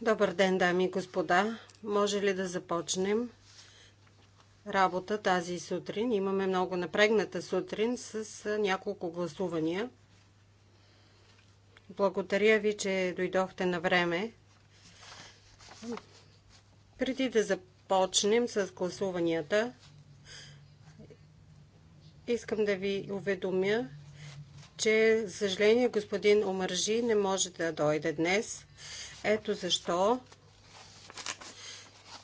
Добър ден, дами и господа! Може ли да започнем работа тази сутрин? Имаме много напрегната сутрин с няколко гласувания. Благодаря ви, че дойдохте на време. Преди да започнем с гласуванията, искам да ви уведомя, че, за съжаление, господин Омържи не може да дойде днес – ето защо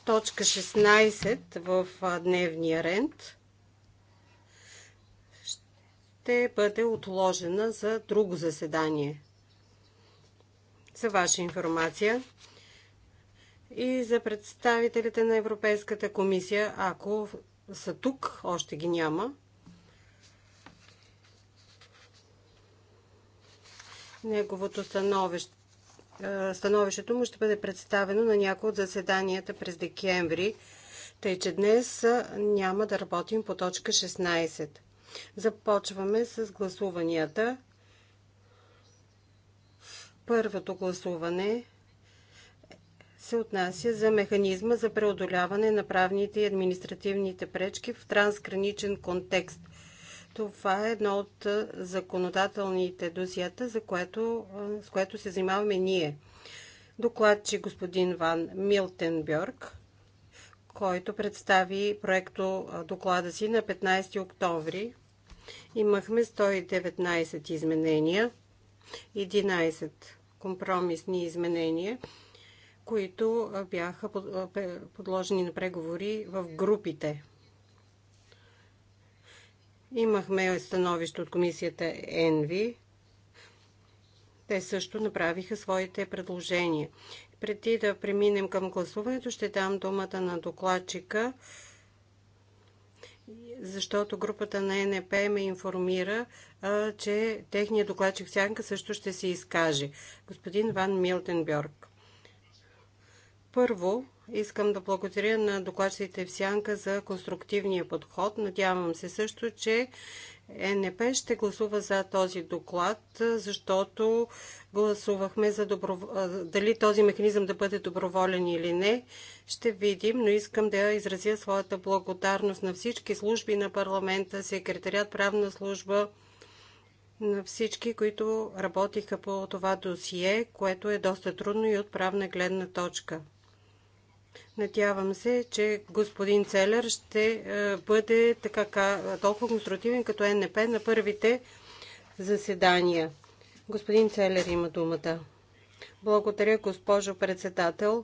точка 16 в дневния рент ще бъде отложена за друго заседание. За ваша информация и за представителите на Европейската комисия, ако са тук, още ги няма. Неговото становище е, становището му ще бъде представено на някои от заседанията през декември, тъй че днес е, няма да работим по точка 16. Започваме с гласуванията. Първото гласуване се отнася за механизма за преодоляване на правните и административните пречки в трансграничен контекст – това е едно от законодателните досията, за което, с което се занимаваме ние. Докладчик господин Ван Милтенбьорг, който представи проекто доклада си на 15 октомври. Имахме 119 изменения, 11 компромисни изменения, които бяха подложени на преговори в групите. Имахме становище от комисията ЕНВИ. Те също направиха своите предложения. Преди да преминем към гласуването, ще дам думата на докладчика, защото групата на НП ме информира, че техният докладчик Сянка също ще се изкаже. Господин Ван Милтенбьорг. Първо, Искам да благодаря на докладчиците в Сянка за конструктивния подход. Надявам се също, че ЕНП ще гласува за този доклад, защото гласувахме за добро... дали този механизъм да бъде доброволен или не. Ще видим, но искам да изразя своята благодарност на всички служби на парламента, секретарят, правна служба, на всички, които работиха по това досие, което е доста трудно и от правна гледна точка. Надявам се, че господин Целер ще е, бъде така, толкова конструктивен като НП на първите заседания. Господин Целер има думата. Благодаря, госпожо председател.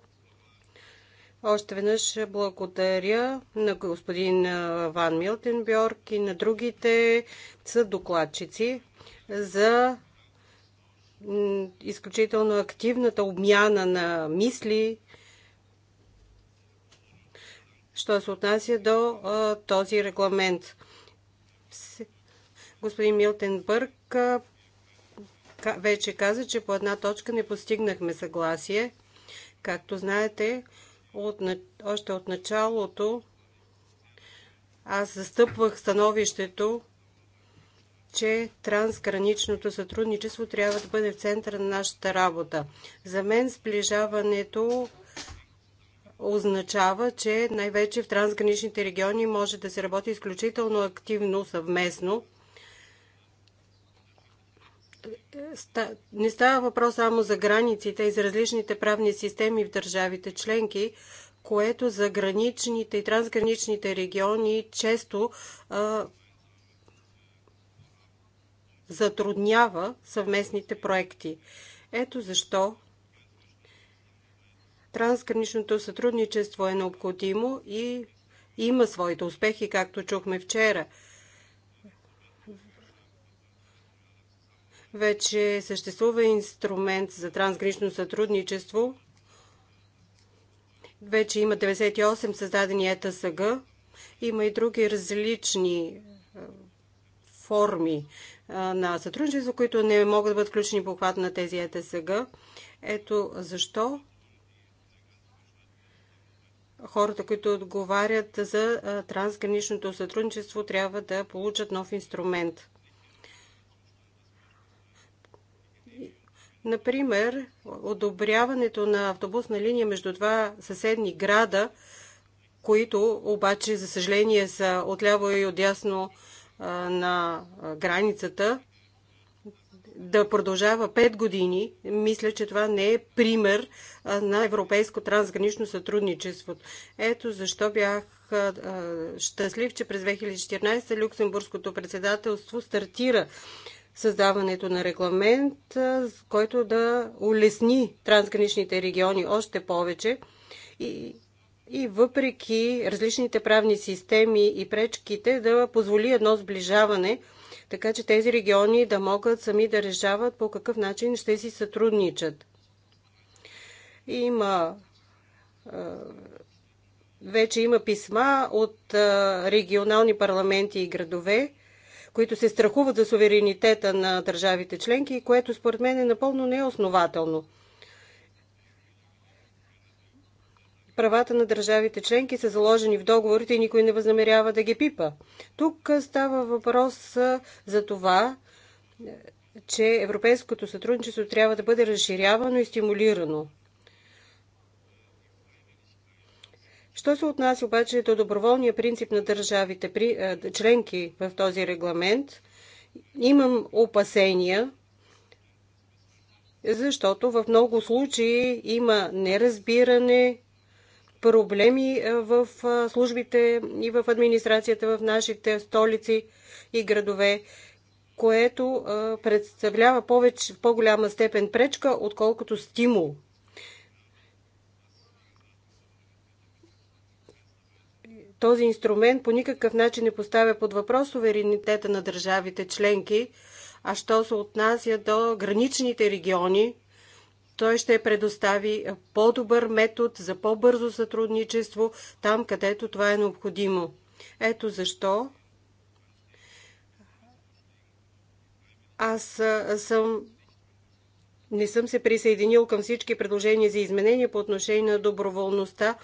Още веднъж благодаря на господин е, Ван Милтенбьорг и на другите съдокладчици за изключително активната обмяна на мисли, що се отнася до а, този регламент. Господин Милтенбърг а, вече каза, че по една точка не постигнахме съгласие. Както знаете, от, още от началото аз застъпвах становището, че трансграничното сътрудничество трябва да бъде в центъра на нашата работа. За мен сближаването означава, че най-вече в трансграничните региони може да се работи изключително активно съвместно. Не става въпрос само за границите и за различните правни системи в държавите членки, което за граничните и трансграничните региони често а, затруднява съвместните проекти. Ето защо Трансграничното сътрудничество е необходимо и има своите успехи, както чухме вчера. Вече съществува инструмент за трансгранично сътрудничество. Вече има 98 създадени ЕТСГ. Има и други различни форми на сътрудничество, които не могат да бъдат включени по хват на тези ЕТСГ. Ето защо хората, които отговарят за трансграничното сътрудничество, трябва да получат нов инструмент. Например, одобряването на автобусна линия между два съседни града, които обаче, за съжаление, са отляво и отясно на границата, да продължава 5 години, мисля, че това не е пример на европейско трансгранично сътрудничество. Ето защо бях щастлив, че през 2014 Люксембургското председателство стартира създаването на регламент, който да улесни трансграничните региони още повече и, и въпреки различните правни системи и пречките да позволи едно сближаване – така че тези региони да могат сами да решават по какъв начин ще си сътрудничат. Има вече има писма от регионални парламенти и градове, които се страхуват за суверенитета на държавите членки, което според мен е напълно неоснователно. правата на държавите членки са заложени в договорите и никой не възнамерява да ги пипа. Тук става въпрос за това, е, че европейското сътрудничество трябва да бъде разширявано и стимулирано. Що се отнася обаче до доброволния принцип на държавите при, е, членки в този регламент, имам опасения, защото в много случаи има неразбиране проблеми е, в е, службите и в администрацията в нашите столици и градове, което е, представлява повече, по-голяма степен пречка, отколкото стимул. Този инструмент по никакъв начин не поставя под въпрос суверенитета на държавите членки, а що се отнася до граничните региони – той ще предостави по-добър метод за по-бързо сътрудничество там, където това е необходимо. Ето защо аз съм не съм се присъединил към всички предложения за изменения по отношение на доброволността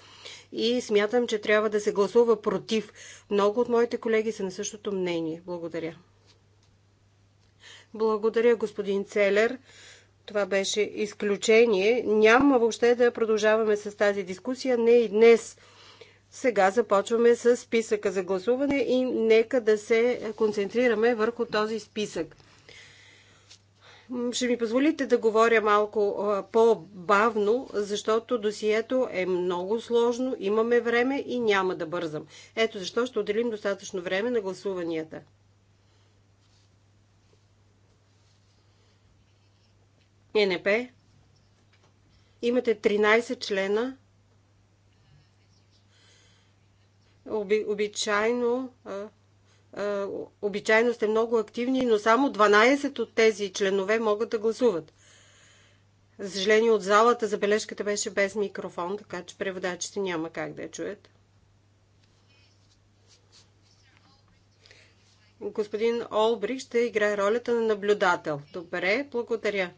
и смятам, че трябва да се гласува против. Много от моите колеги са на същото мнение. Благодаря. Благодаря, господин Целер. Това беше изключение. Няма въобще да продължаваме с тази дискусия, не и днес. Сега започваме с списъка за гласуване и нека да се концентрираме върху този списък. Ще ми позволите да говоря малко по-бавно, защото досието е много сложно, имаме време и няма да бързам. Ето защо ще отделим достатъчно време на гласуванията. ЕНП, имате 13 члена. Оби, обичайно, а, а, обичайно сте много активни, но само 12 от тези членове могат да гласуват. За съжаление от залата забележката беше без микрофон, така че преводачите няма как да я чуят. Господин Олбрих ще играе ролята на наблюдател. Добре, благодаря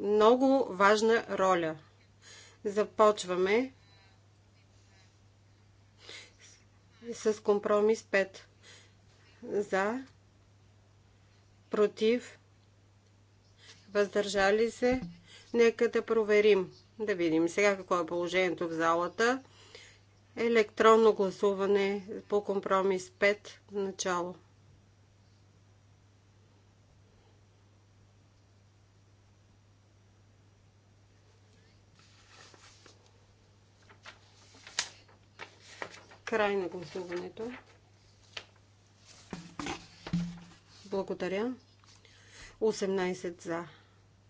много важна роля. Започваме с компромис 5. За, против, въздържали се. Нека да проверим. Да видим сега какво е положението в залата. Електронно гласуване по компромис 5. Начало. Край на гласуването. Благодаря. 18 за,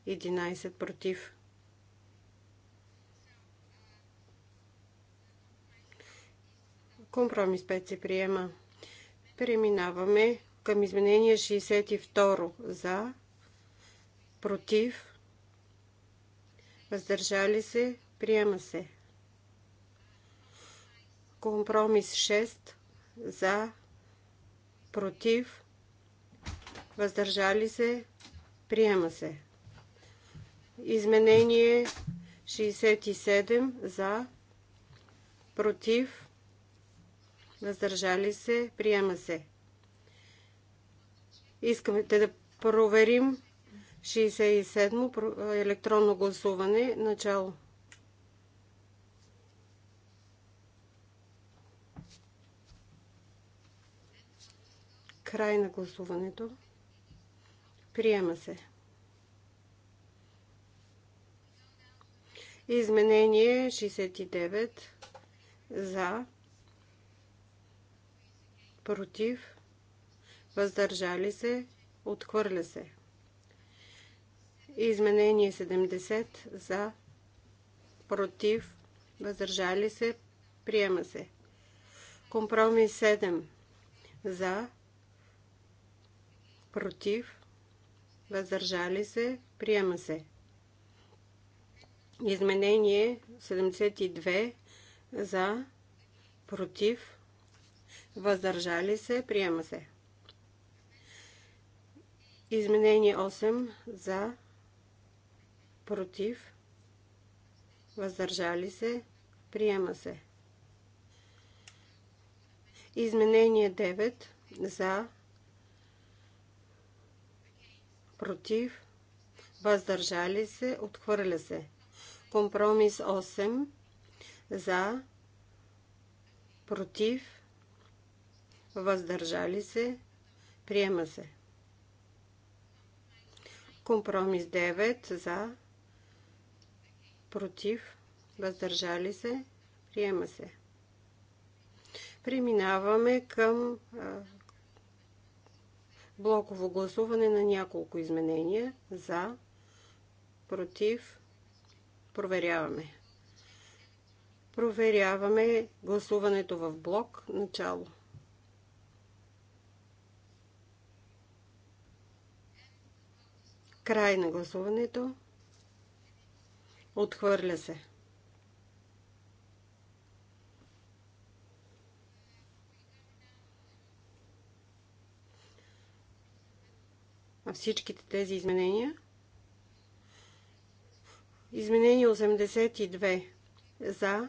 11 против. Компромис 5 се приема. Преминаваме към изменение 62 за, против, въздържали се, приема се. Компромис 6 за, против, въздържали се, приема се. Изменение 67 за, против, въздържали се, приема се. Искаме да проверим 67 електронно гласуване, начало. Край на гласуването. Приема се. Изменение 69 за против въздържали се отхвърля се. Изменение 70 за против въздържали се приема се. Компромис 7 за против, въздържали се, приема се. Изменение 72 за, против, въздържали се, приема се. Изменение 8 за, против, въздържали се, приема се. Изменение 9 за, против, въздържали се, отхвърля се. Компромис 8 за, против, въздържали се, приема се. Компромис 9 за, против, въздържали се, приема се. Преминаваме към Блоково гласуване на няколко изменения. За, против, проверяваме. Проверяваме гласуването в блок начало. Край на гласуването. Отхвърля се. всичките тези изменения. Изменение 82 за,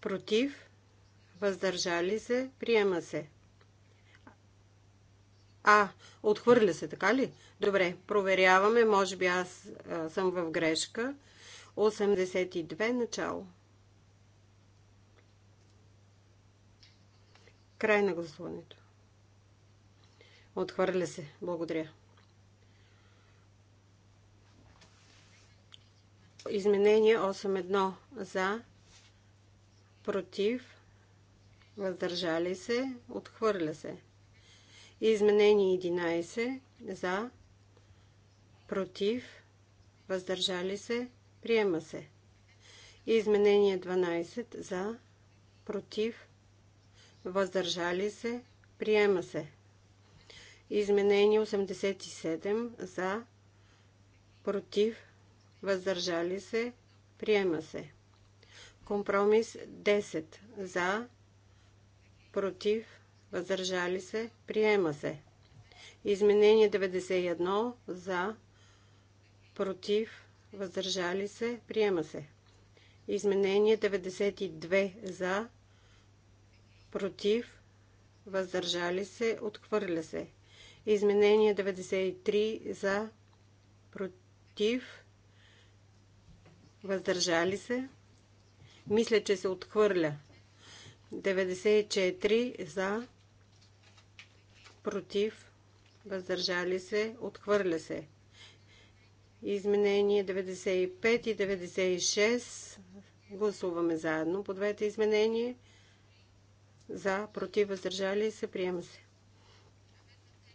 против, въздържали се, приема се. А, отхвърля се, така ли? Добре, проверяваме, може би аз а, съм в грешка. 82 начало. Край на гласуването. Отхвърля се. Благодаря. Изменение 8.1 за, против, въздържали се, отхвърля се. Изменение 11 за, против, въздържали се, приема се. Изменение 12 за, против, въздържали се, приема се. Изменение 87 за, против, въздържали се, приема се. Компромис 10 за, против, въздържали се, приема се. Изменение 91 за, против, въздържали се, приема се. Изменение 92 за, против, въздържали се, отхвърля се. Изменение 93 за, против, въздържали се. Мисля, че се отхвърля. 94 за, против, въздържали се, отхвърля се. Изменение 95 и 96. Гласуваме заедно по двете изменения. За, против, въздържали се, приема се.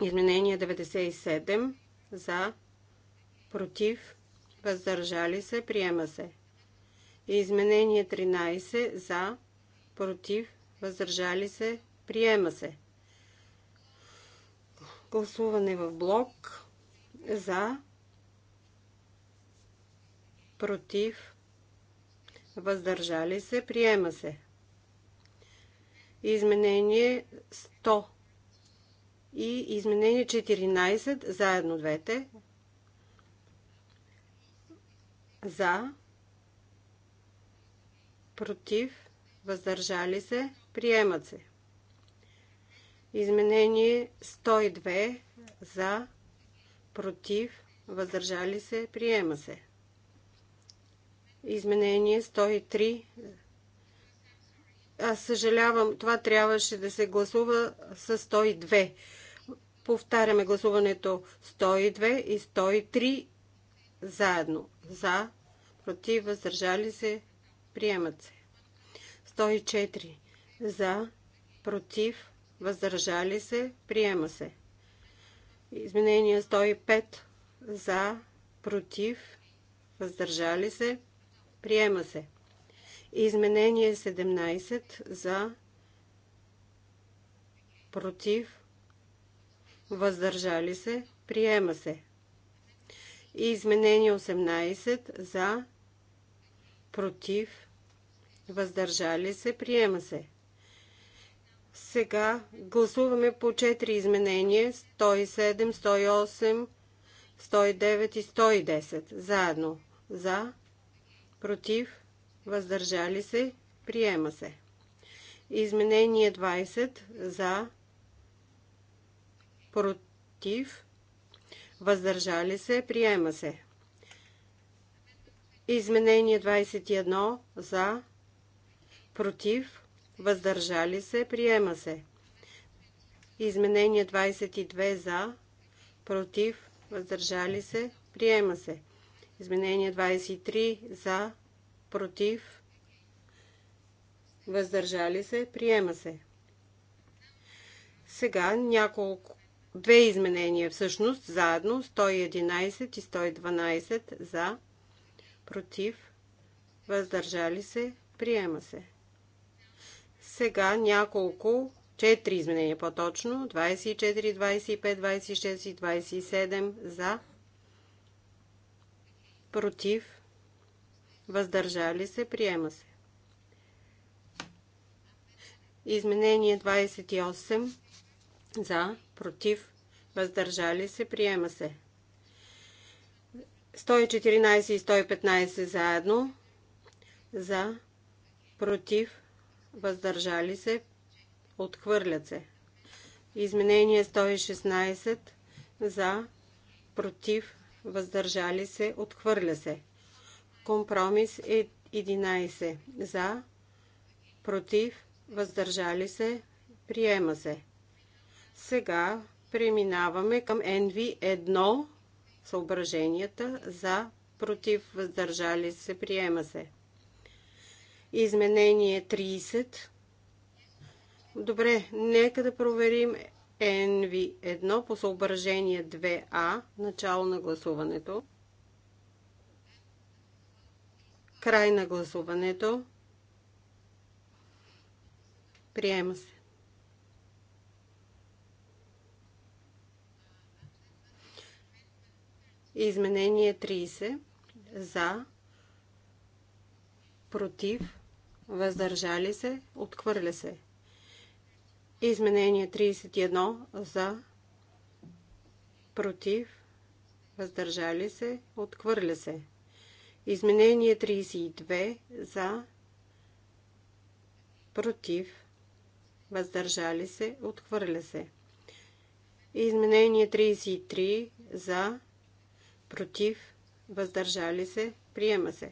Изменение 97 за, против, въздържали се, приема се. Изменение 13 за, против, въздържали се, приема се. Гласуване в блок за, против, въздържали се, приема се. Изменение 100 и изменение 14, заедно двете. За, против, въздържали се, приемат се. Изменение 102 за, против, въздържали се, приема се. Изменение 103. Аз съжалявам, това трябваше да се гласува с 102. Повтаряме гласуването 102 и 103 заедно. За, против, въздържали се, приемат се. 104. За, против, въздържали се, приема се. Изменение 105. За, против, въздържали се, приема се. Изменение 17. За, против, въздържали се, приема се. И изменение 18 за, против, въздържали се, приема се. Сега гласуваме по 4 изменения 107, 108, 109 и 110 заедно. За, против, въздържали се, приема се. Изменение 20 за, против, въздържали се, приема се. Изменение 21 за, против, въздържали се, приема се. Изменение 22 за, против, въздържали се, приема се. Изменение 23 за, против, въздържали се, приема се. Сега няколко Две изменения всъщност заедно 111 и 112 за, против, въздържали се, приема се. Сега няколко, 4 изменения по-точно, 24, 25, 26 и 27 за, против, въздържали се, приема се. Изменение 28 за, против, въздържали се, приема се. 114 и 115 заедно, за, против, въздържали се, отхвърлят се. Изменение 116 за, против, въздържали се, отхвърля се. Компромис е 11 за, против, въздържали се, приема се. Сега преминаваме към NV1 съображенията за против въздържали се приема се. Изменение 30. Добре, нека да проверим NV1 по съображение 2А, начало на гласуването. Край на гласуването. Приема се. Изменение 30 за, против, въздържали се, отхвърля се. Изменение 31 за, против, въздържали се, отхвърля се. Изменение 32 за, против, въздържали се, отхвърля се. Изменение 33 за, против, въздържали се, приема се.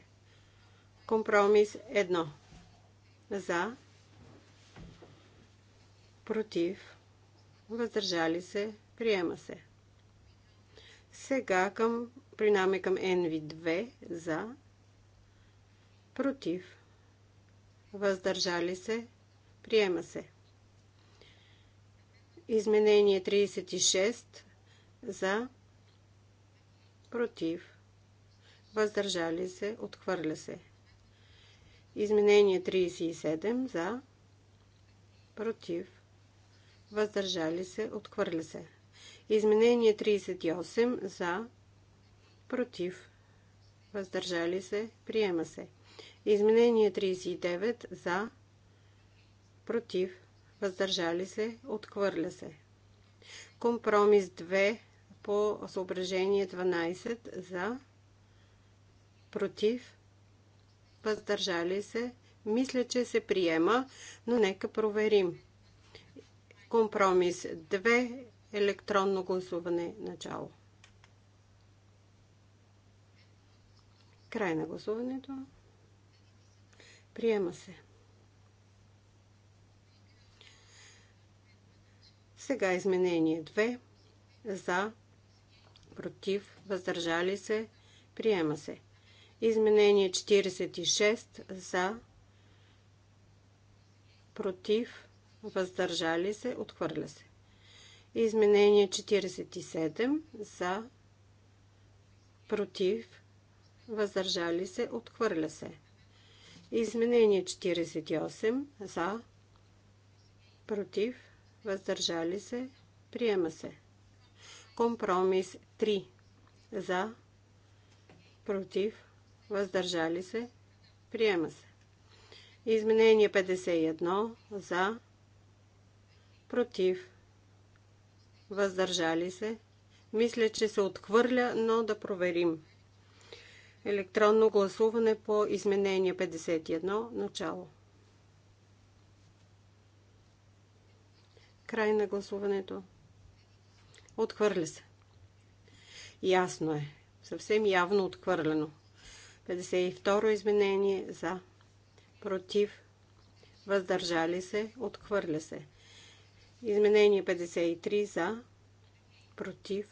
Компромис 1. За, против, въздържали се, приема се. Сега към, принаме към NV2 за, против, въздържали се, приема се. Изменение 36 за, против, против, въздържали се, отхвърля се. Изменение 37 за, против, въздържали се, отхвърля се. Изменение 38 за, против, въздържали се, приема се. Изменение 39 за, против, въздържали се, отхвърля се. Компромис 2 по съображение 12 за, против, въздържали се. Мисля, че се приема, но нека проверим. Компромис 2. Електронно гласуване начало. Край на гласуването. Приема се. Сега изменение 2. За, против, въздържали се, приема се. Изменение 46 за, против, въздържали се, отхвърля се. Изменение 47 за, против, въздържали се, отхвърля се. Изменение 48 за, против, въздържали се, приема се. Компромис 3 за, против, въздържали се, приема се. Изменение 51 за, против, въздържали се. Мисля, че се отхвърля, но да проверим. Електронно гласуване по изменение 51 начало. Край на гласуването. Отхвърля се. Ясно е. Съвсем явно отхвърлено. 52 изменение за. Против. Въздържали се. Отхвърля се. Изменение 53 за. Против.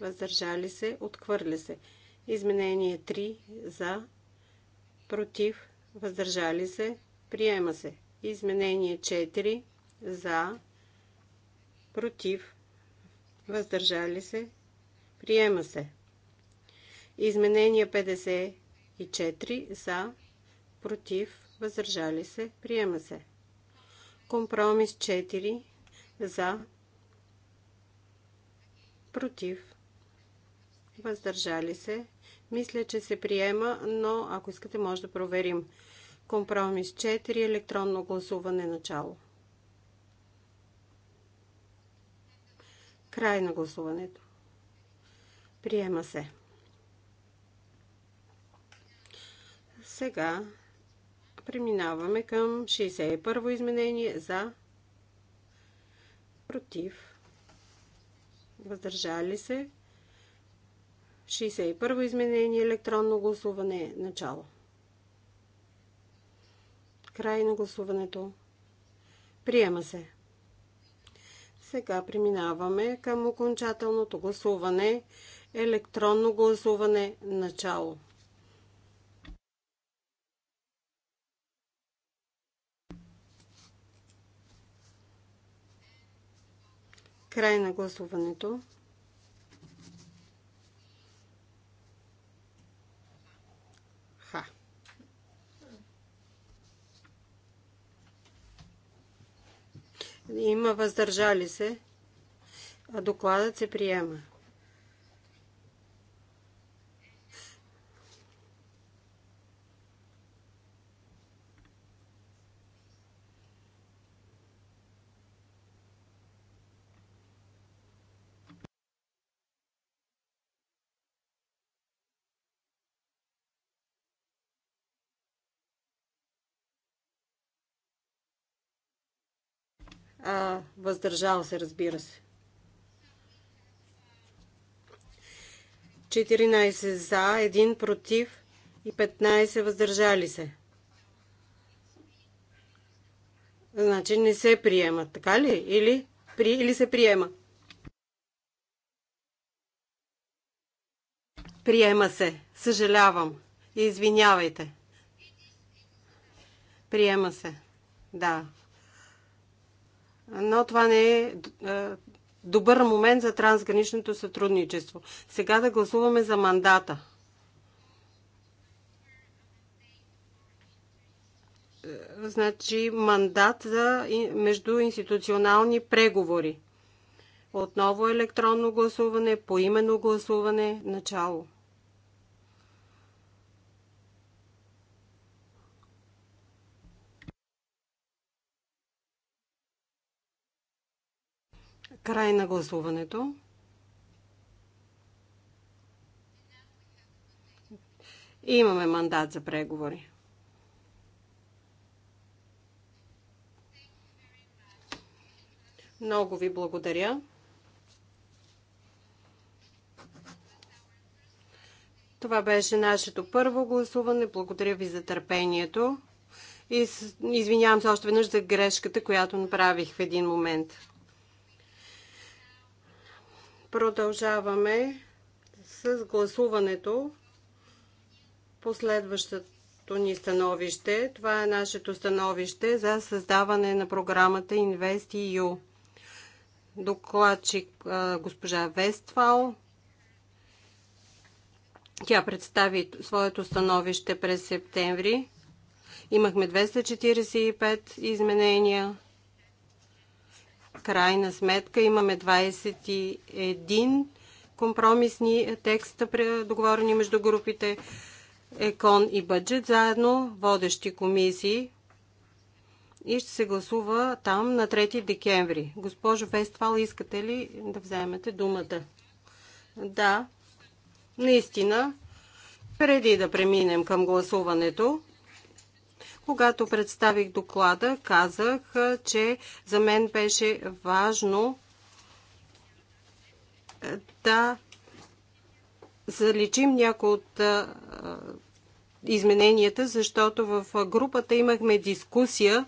Въздържали се. Отхвърля се. Изменение 3 за. Против. Въздържали се. Приема се. Изменение 4 за. Против въздържали се, приема се. Изменение 54 за, против, въздържали се, приема се. Компромис 4 за, против, въздържали се. Мисля, че се приема, но ако искате може да проверим. Компромис 4 електронно гласуване начало. Край на гласуването. Приема се. Сега преминаваме към 61-во изменение за против въздържали се 61-во изменение електронно гласуване начало край на гласуването приема се сега преминаваме към окончателното гласуване. Електронно гласуване начало. Край на гласуването. въздържали се. Докладът се приема. а, въздържал се, разбира се. 14 за, 1 против и 15 въздържали се. Значи не се приема, така ли? Или, при, или се приема? Приема се. Съжалявам. извинявайте. Приема се. Да но това не е, е добър момент за трансграничното сътрудничество. Сега да гласуваме за мандата. Е, значи мандат за междуинституционални преговори. Отново електронно гласуване, поименно гласуване, начало. Край на гласуването. И имаме мандат за преговори. Много ви благодаря. Това беше нашето първо гласуване. Благодаря ви за търпението. И извинявам се още веднъж за грешката, която направих в един момент. Продължаваме с гласуването по следващото ни становище. Това е нашето становище за създаване на програмата InvestEU. Докладчик госпожа Вествал. Тя представи своето становище през септември. Имахме 245 изменения крайна сметка имаме 21 компромисни текста, договорени между групите ЕКОН и Бъджет, заедно водещи комисии и ще се гласува там на 3 декември. Госпожо Вествал, искате ли да вземете думата? Да, наистина. Преди да преминем към гласуването, когато представих доклада, казах, че за мен беше важно да заличим някои от измененията, защото в групата имахме дискусия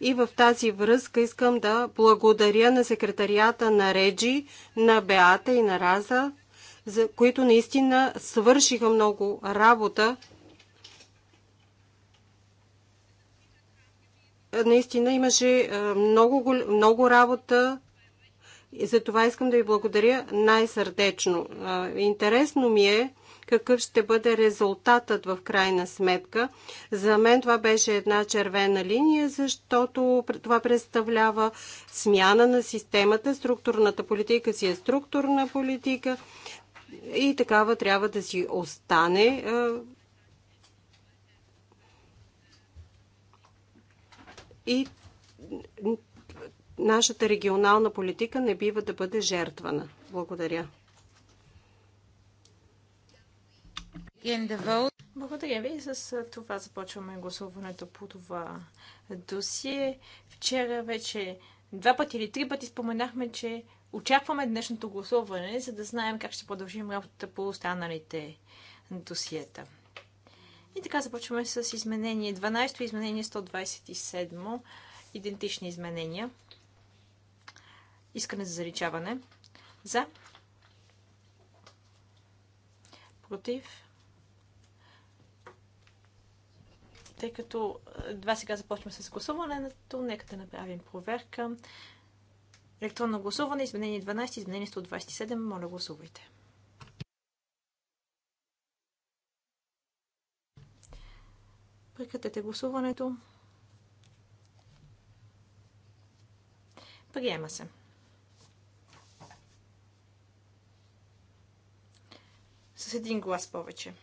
и в тази връзка искам да благодаря на секретарията на Реджи, на Беата и на Раза, за които наистина свършиха много работа наистина имаше много, много работа. И за това искам да ви благодаря най-сърдечно. Интересно ми е какъв ще бъде резултатът в крайна сметка. За мен това беше една червена линия, защото това представлява смяна на системата. Структурната политика си е структурна политика и такава трябва да си остане и нашата регионална политика не бива да бъде жертвана. Благодаря. Благодаря ви. С това започваме гласуването по това досие. Вчера вече два пъти или три пъти споменахме, че очакваме днешното гласуване, за да знаем как ще продължим работата по останалите досиета. И така започваме с изменение 12, изменение 127, идентични изменения. Искане за заличаване. За. Против. Тъй като е, два сега започваме с гласуването, нека да направим проверка. Електронно гласуване, изменение 12, изменение 127. Моля, гласувайте. Прекратете гласуването. Приема се. С един глас повече.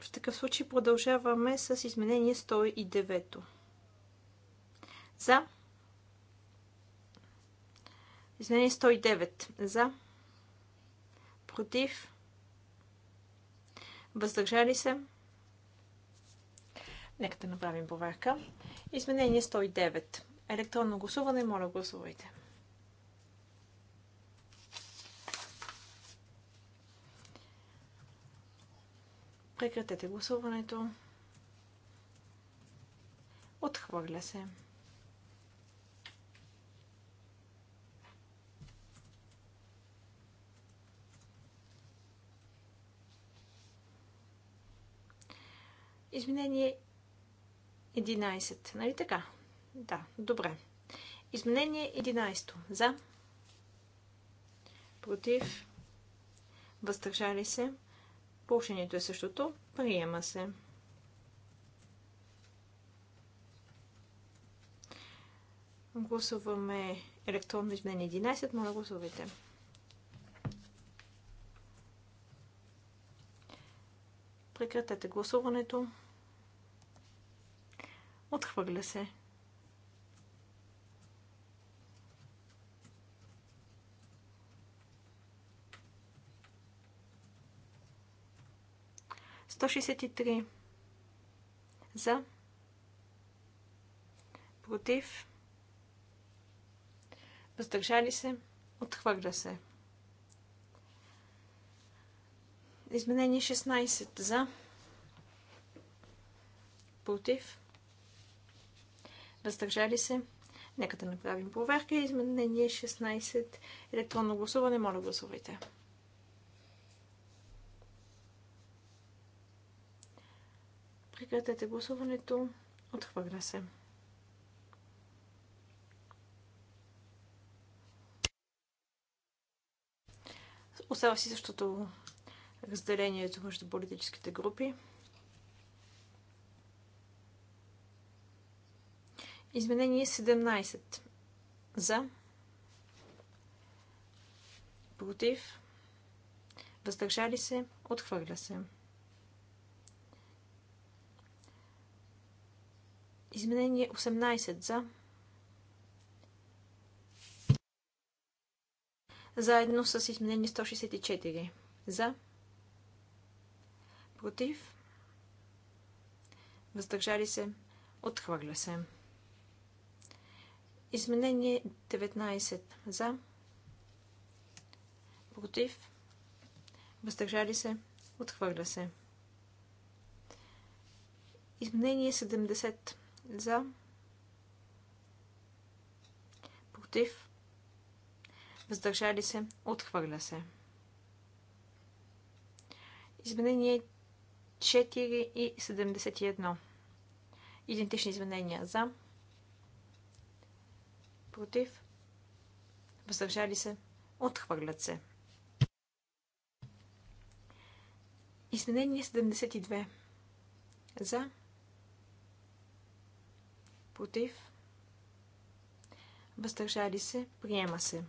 В такъв случай продължаваме с изменение 109. За. Изменение 109. За. Против. Въздържали се? Нека да направим проверка. Изменение 109. Електронно гласуване. Моля, гласувайте. Прекратете гласуването. Отхвърля се. Изменение 11. Нали така? Да, добре. Изменение 11. За. Против. Въздържали се. Положението е същото. Приема се. Гласуваме електронно изменение 11. Моля, гласувайте. Прекратете гласуването. Отхвърля се. Сто и за против въздържали се отхвърля се изменение 16 за против въздържали се. Нека да направим проверка. Изменение 16. Електронно гласуване. Моля, гласувайте. Прекратете гласуването. Отхвърля се. Остава си същото разделението между политическите групи. Изменение 17. За. Против. Въздържали се. Отхвърля се. Изменение 18. За. Заедно с изменение 164. За. Против. Въздържали се. Отхвърля се. Изменение 19 за. Против. Въздържали се. Отхвърля се. Изменение 70 за. Против. Въздържали се. Отхвърля се. Изменение 4 и 71. Идентични изменения за против, въздържали се, отхвърлят се. Изменение 72. За, против, въздържали се, приема се.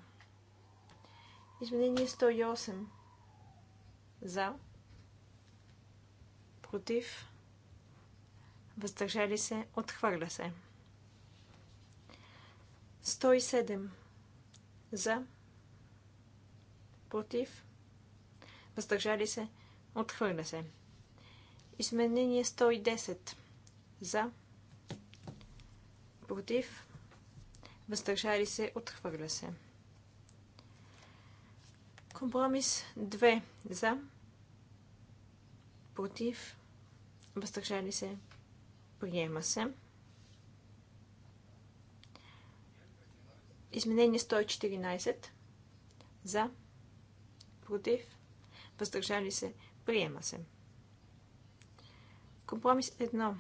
Изменение 108. За, против, въздържали се, отхвърля се. 107 за, против, въздържали се, отхвърля се. Изменение 110 за, против, въздържали се, отхвърля се. Компромис 2 за, против, въздържали се, приема се. Изменение 114. За. Против. Въздържали се. Приема се. Компромис 1.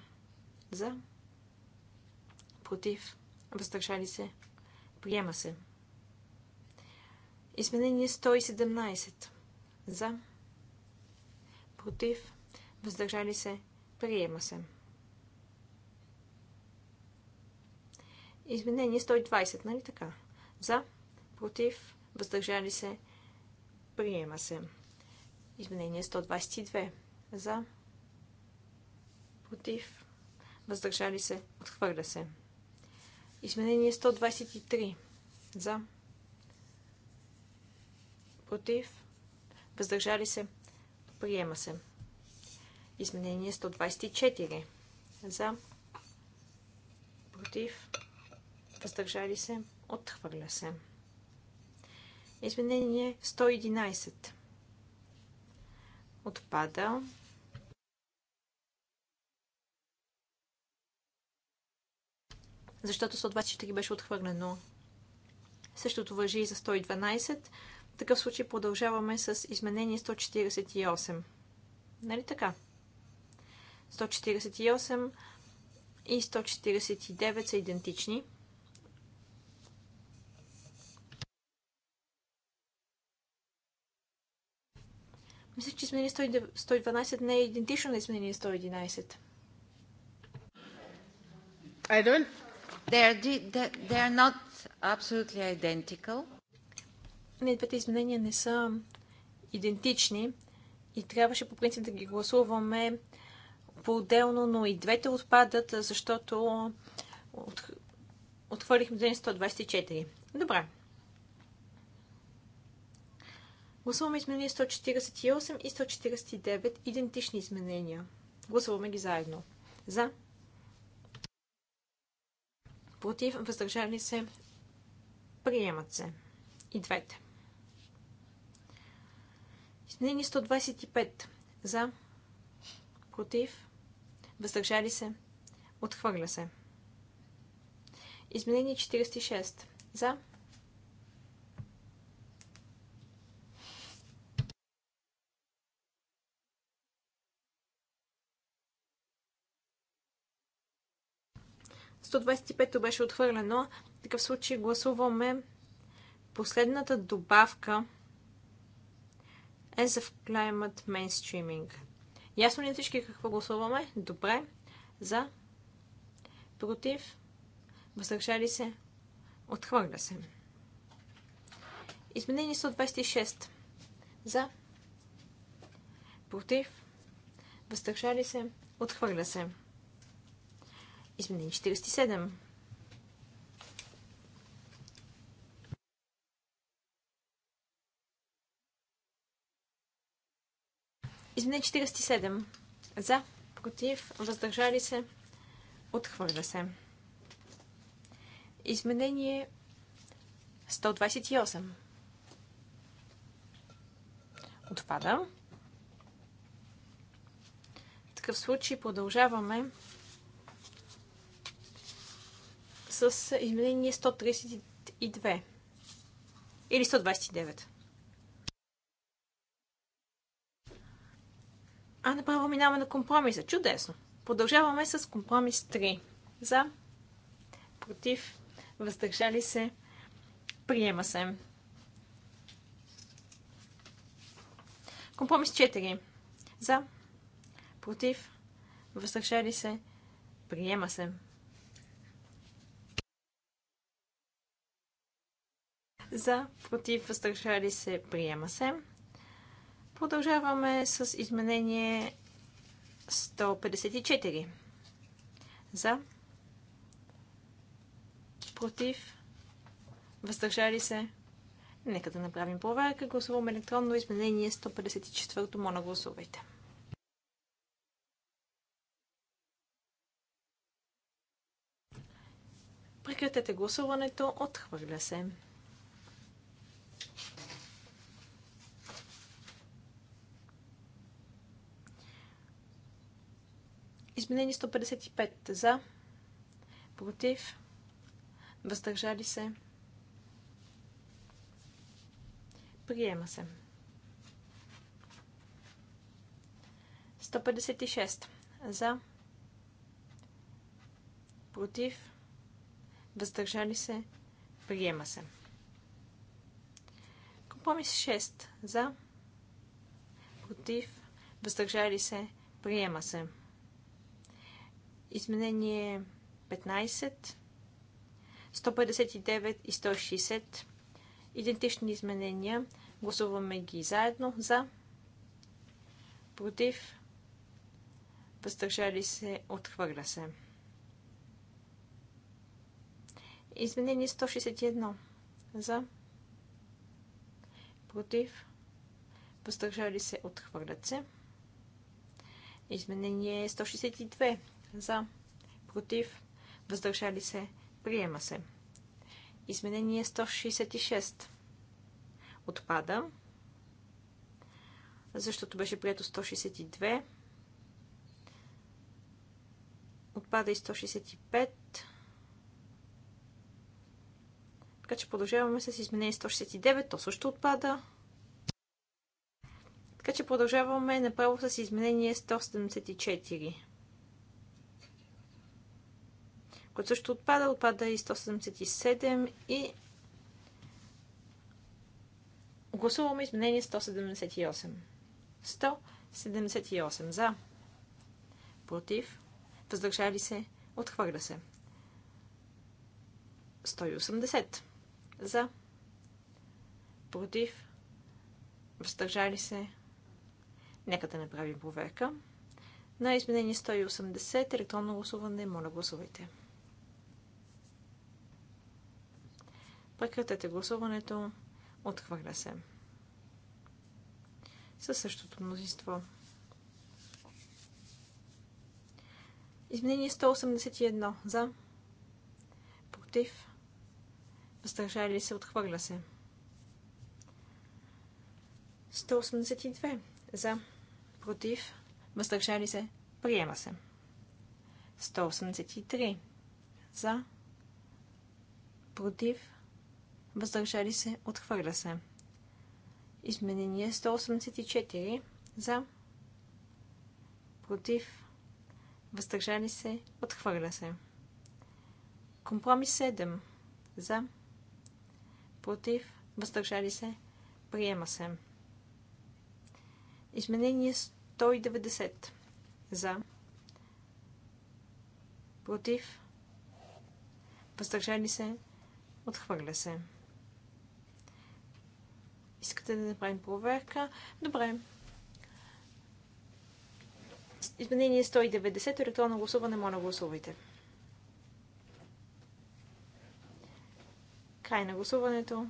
За. Против. Въздържали се. Приема се. Изменение 117. За. Против. Въздържали се. Приема се. Изменение 120, нали така? За, против, въздържали се, приема се. Изменение 122. За, против, въздържали се, отхвърля се. Изменение 123. За, против, въздържали се, приема се. Изменение 124. За, против, въздържали се, отхвърля се. Изменение 111 отпада. Защото 124 беше отхвърлено. Същото въжи и за 112. В такъв случай продължаваме с изменение 148. Нали така? 148 и 149 са идентични. Мисля, че изменение 112 не е идентично на изменение 111. I don't... They are, they are not absolutely identical. Не, двете изменения не са идентични и трябваше по принцип да ги гласуваме по-отделно, но и двете отпадат, защото от... отхвърлихме 124. Добре. Гласуваме изменения 148 и 149, идентични изменения. Гласуваме ги заедно. За. Против, въздържали се, приемат се. И двете. Изменение 125. За. Против, въздържали се, отхвърля се. Изменение 46. За. 125 беше отхвърлено. В такъв случай гласуваме последната добавка as е of climate mainstreaming. Ясно ли всички какво гласуваме? Добре. За. Против. Въздържали се. Отхвърля се. Изменени 126. За. Против. Въздържали се. Отхвърля се. Изменени 47. Изменение 47. За, против, въздържали се, отхвърля се. Изменение 128. Отпада. В такъв случай продължаваме с изменение 132 или 129. А направо минаваме на компромиса. Чудесно! Продължаваме с компромис 3. За, против, въздържали се, приема се. Компромис 4. За, против, въздържали се, приема се. за, против, въздържали се, приема се. Продължаваме с изменение 154. За, против, въздържали се. Нека да направим проверка. Гласуваме електронно изменение 154. Моля, гласувайте. Прекратете гласуването. Отхвърля се. Изменени 155 за, против, въздържали се, приема се. 156 за, против, въздържали се, приема се. Компромис 6 за, против, въздържали се, приема се. Изменение 15, 159 и 160. Идентични изменения. Гласуваме ги заедно за, против, въздържали се, отхвърля се. Изменение 161 за, против, въздържали се, отхвърлят се. Изменение 162 за, против, въздържали се, приема се. Изменение 166 отпада, защото беше прието 162. Отпада и 165. Така че продължаваме с изменение 169. То също отпада. Така че продължаваме направо с изменение 174. който също отпада. Отпада и 177 и гласуваме изменение 178. 178 за. Против. Въздържали се. Отхвърля се. 180 за. Против. Въздържали се. Нека да направим проверка. На изменение 180 електронно гласуване, моля гласувайте. Прекратете гласуването. Отхвърля се. Със същото мнозинство. Изменение 181. За. Против. Въздържали се. Отхвърля се. 182. За. Против. Въздържали се. Приема се. 183. За. Против въздържали се, отхвърля се. Изменение 184 за, против, въздържали се, отхвърля се. Компромис 7 за, против, въздържали се, приема се. Изменение 190 за, против, въздържали се, отхвърля се. Искате да направим проверка? Добре. Изменение 190, електронно гласуване, моля гласувайте. Край на гласуването.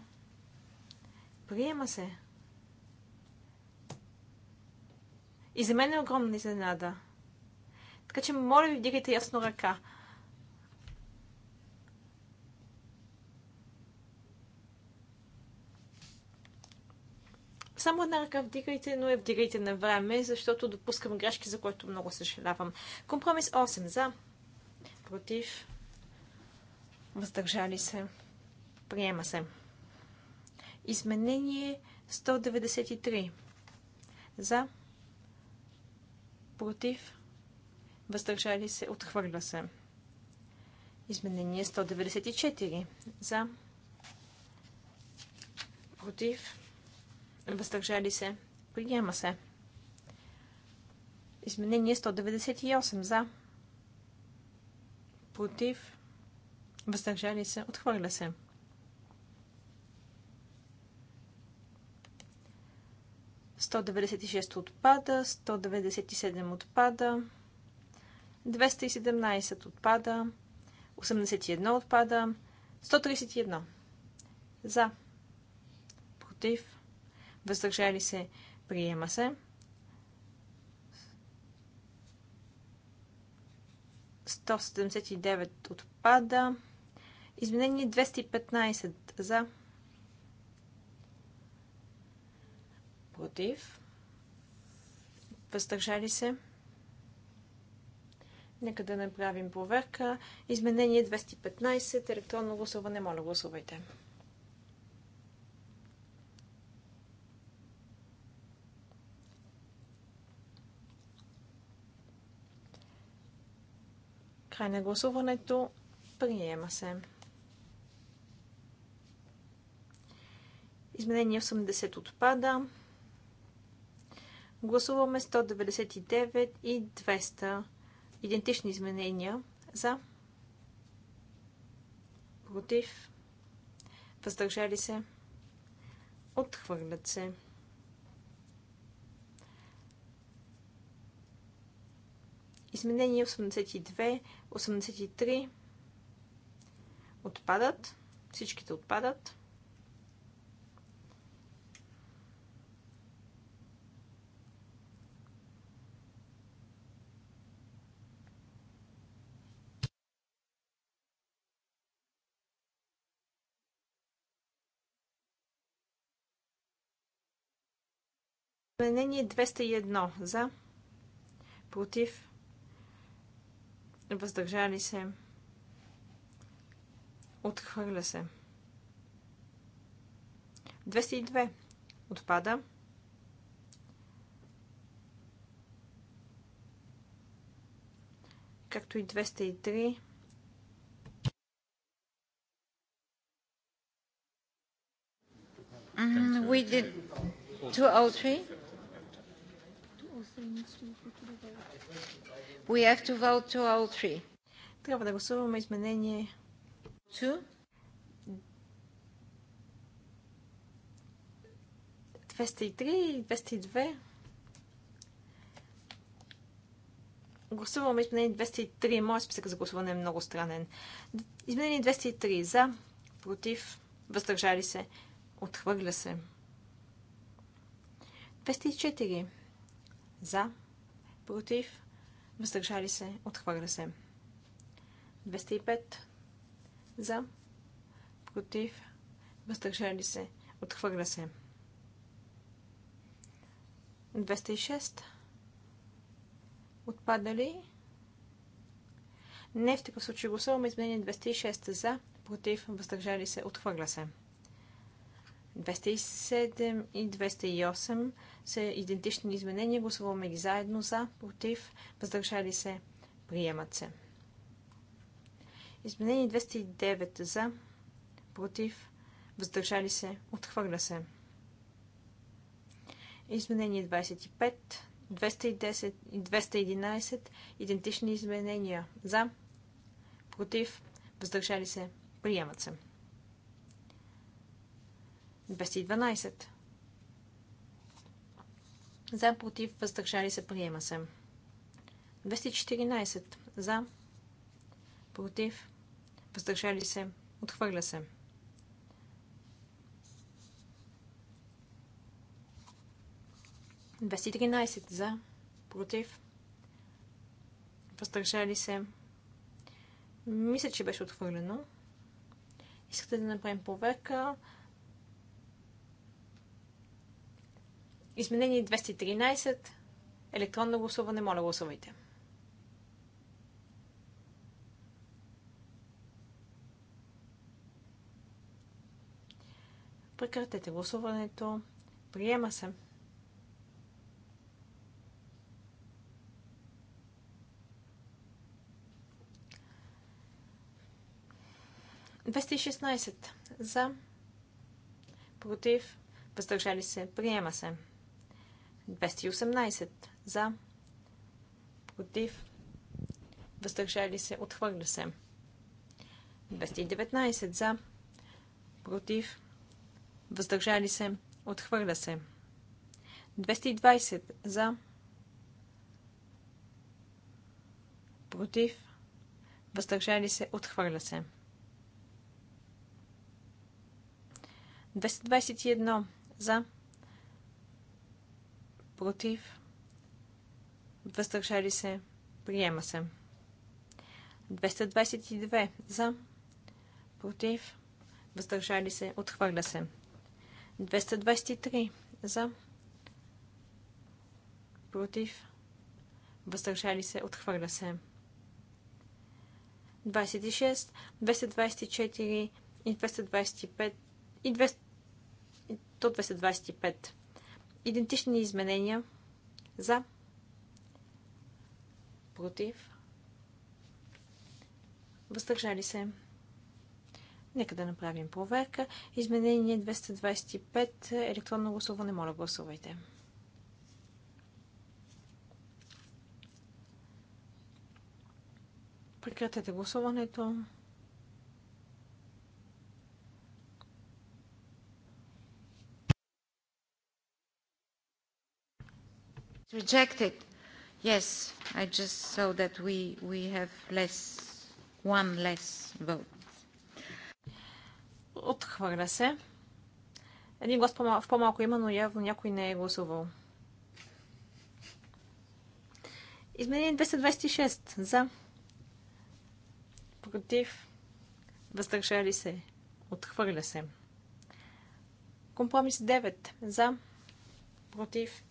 Приема се. И за мен е огромна изненада. Така че, моля ви, вдигайте ясно ръка. само една ръка вдигайте, но я вдигайте на време, защото допускам грешки, за което много съжалявам. Компромис 8 за, против, въздържали се, приема се. Изменение 193 за, против, въздържали се, отхвърля се. Изменение 194 за, против, Въздържали се. Приема се. Изменение 198 за. Против. Въздържали се. Отхвърля се. Сто отпада, 197 отпада, 217 отпада, 81 отпада, 131 за, против, въздържали се, приема се. 179 отпада. Изменение 215 за. Против. Въздържали се. Нека да направим проверка. Изменение 215. Електронно гласуване. Моля, гласувайте. Край на гласуването. Приема се. Изменение 80 отпада. Гласуваме 199 и 200 идентични изменения за против въздържали се отхвърлят се. Изменение 82, 83 отпадат. Всичките отпадат. Изменение 201 за против въздържали се, отхвърля се. 202 отпада. както и 203. we did 203. We have to vote to all three. Трябва да гласуваме изменение 2. 203 и 202. Гласуваме изменение 203. Моят списък за гласуване е много странен. Изменение 203. За, против, въздържали се, отхвърля се. 204. За, против, въздържали се, отхвърля се. 205 за, против, въздържали се, отхвърля се. 206 отпадали. Не в такъв случай гласуваме изменение 206 за, против, въздържали се, отхвърля се. 207 и 208 са идентични изменения. Гласуваме ги заедно за, против, въздържали се, приемат се. Изменение 209 за, против, въздържали се, отхвърля се. Изменение 25, 210 и 211 идентични изменения за, против, въздържали се, приемат се. 212. За, против, въздържали се, приема се. 214. За, против, въздържали се, отхвърля се. 213 за, против, въздържали се. Мисля, че беше отхвърлено. Искате да направим проверка. Изменение 213. Електронно гласуване. Моля, гласувайте. Прекратете гласуването. Приема се. Двеста за против въздържали се. Приема се. 218 за, против, въздържали се, отхвърля се. 219 за, против, въздържали се, отхвърля се. 220 за, против, въздържали се, отхвърля се. 221 за, против, против, въздържали се, приема се. 222 за, против, въздържали се, отхвърля се. 223 за, против, въздържали се, отхвърля се. 26, 224 и 225 и 200 225 Идентични изменения за, против, въздържали се. Нека да направим проверка. Изменение 225. Електронно гласуване. Моля, гласувайте. Прекратете гласуването. Rejected. Yes, I just saw that we, we have less, one less vote. Отхвърля се. Един глас в по-малко има, но явно някой не е гласувал. Изменение 226 за. Против. Въздържали се. Отхвърля се. Компромис 9 за. Против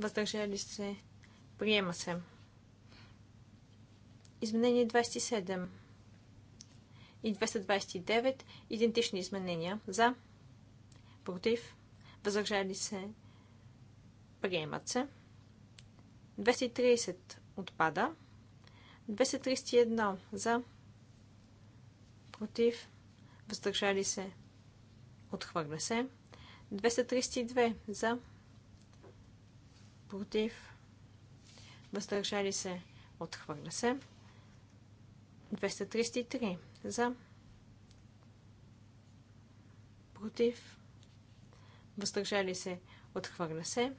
въздържали се, приема се. Изменение 27 и 229 идентични изменения за, против, въздържали се, приемат се. 230 отпада. 231 за, против, въздържали се, отхвърля се. 232 за, против, въздържали се, отхвърля се. 233 за, против, въздържали се, отхвърля се.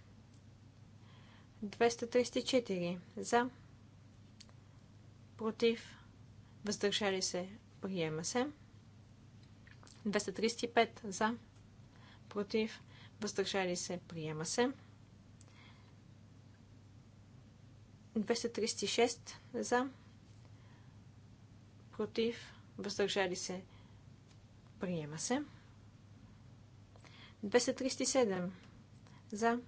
234 за, против, въздържали се, приема се. 235 за, против, въздържали се, приема се. 236 за, против, въздържали се, приема се. 237 за,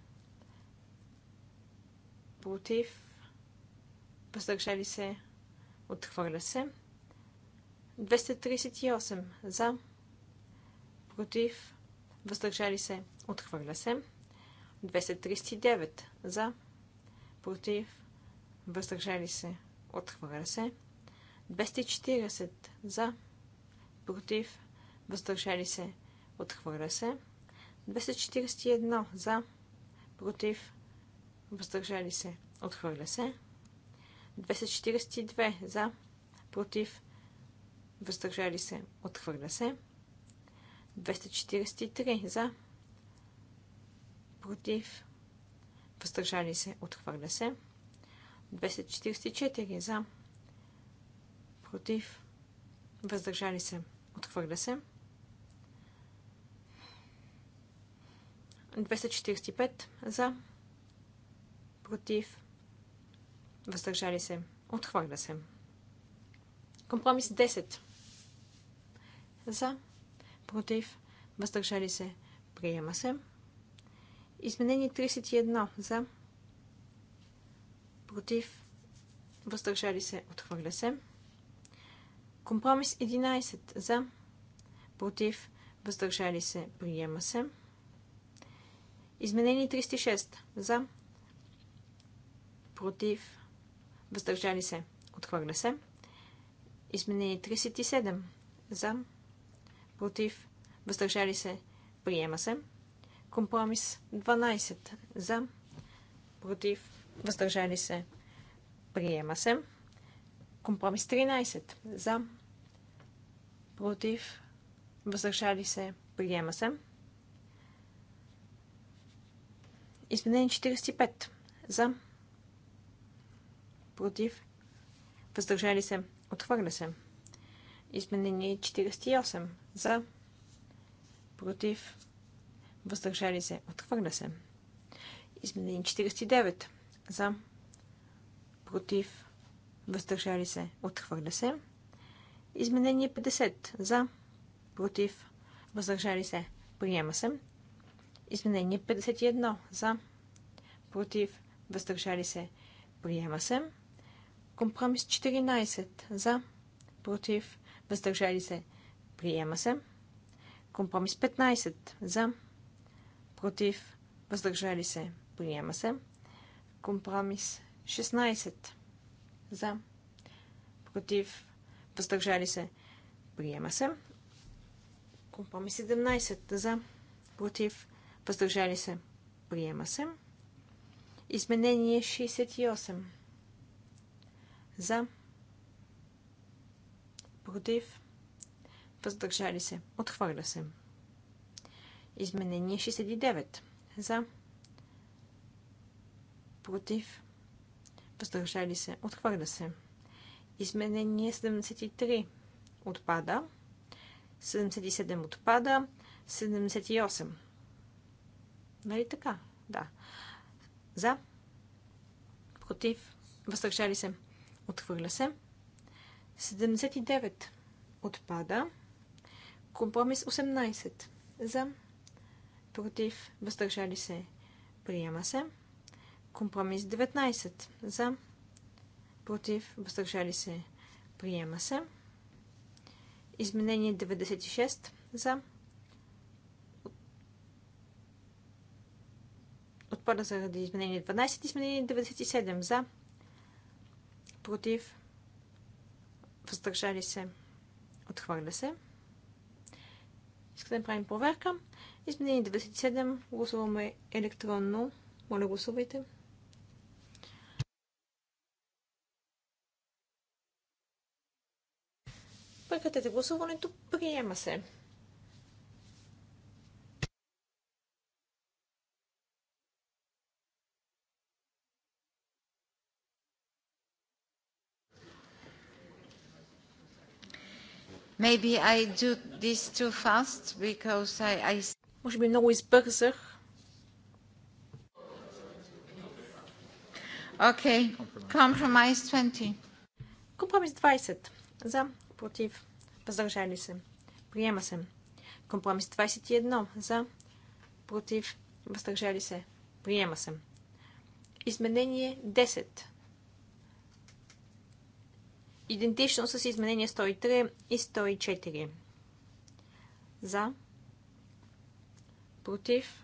против, въздържали се, отхвърля се. 238 за, против, въздържали се, отхвърля се. 239 за, против, въздържали се, отхвърля се. 240 за, против, въздържали се, отхвърля се. 241 за, против, въздържали се, отхвърля се. 242 за, против, въздържали се, отхвърля се. 243 за, против, въздържали се, отхвърля се. 244 за. Против. Въздържали се. Отхвърля се. 245 за. Против. Въздържали се. Отхвърля се. Компромис 10 за. Против. Въздържали се. Приема се. Изменение 31 за против, въздържали се, отхвърля се. Компромис 11 за, против, въздържали се, приема се. Изменение 306 за, против, въздържали се, отхвърля се. Изменение 37 за, против, въздържали се, приема се. Компромис 12 за, против, въздържали се, приема се. Компромис 13 за, против, въздържали се, приема се. Изменение 45 за, против, въздържали се, отхвърля се. Изменение 48 за, против, въздържали се, отхвърля се. Изменение 49 за, против, въздържали се, отхвърля се. Изменение 50 за, против, въздържали се, приема се. Изменение 51 за, против, въздържали се, приема се. Компромис 14 за, против, въздържали се, приема се. Компромис 15 за, против, въздържали се, приема се. Компромис 16. За. Против. Въздържали се. Приема се. Компромис 17. За. Против. Въздържали се. Приема се. Изменение 68. За. Против. Въздържали се. Отхвърля се. Изменение 69. За против, въздържали се, отхвърля се. Изменение 73 отпада, 77 отпада, 78. Нали така? Да. За, против, въздържали се, отхвърля се. 79 отпада. Компромис 18 за, против, въздържали се, приема се. Компромис 19 за, против, въздържали се, приема се. Изменение 96 за. Отпада заради изменение 12, изменение 97 за, против, въздържали се, отхвърля се. Искате да направим проверка. Изменение 97. Гласуваме електронно. Моля, гласувайте. Прекратете гласуването. Приема се. Maybe I do this too fast because I, I... Може би много избързах. Okay. Compromise 20. Компромис 20. За, против, Въздържали се. Приема се. Компромис 21. За. Против. Въздържали се. Приема се. Изменение 10. Идентично с изменение 103 и 104. За. Против.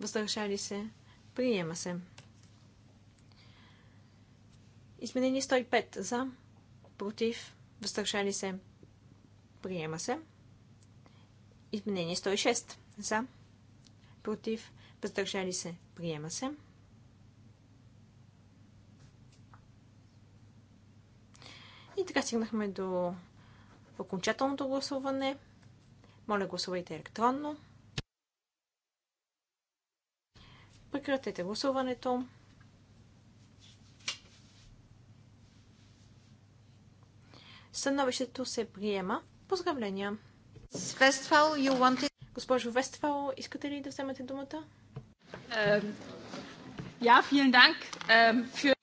Въздържали се. Приема се. Изменение 105. За. Против. Въздържали се. Приема се. Изменение 106. За. Против. Въздържали се. Приема се. И така стигнахме до окончателното гласуване. Моля, гласувайте електронно. Прекратете гласуването. Съновището се приема Поздравления! Вестфал, you wanted... Госпожо Вестфал, искате ли да вземете думата? Ja, vielen Dank. Für...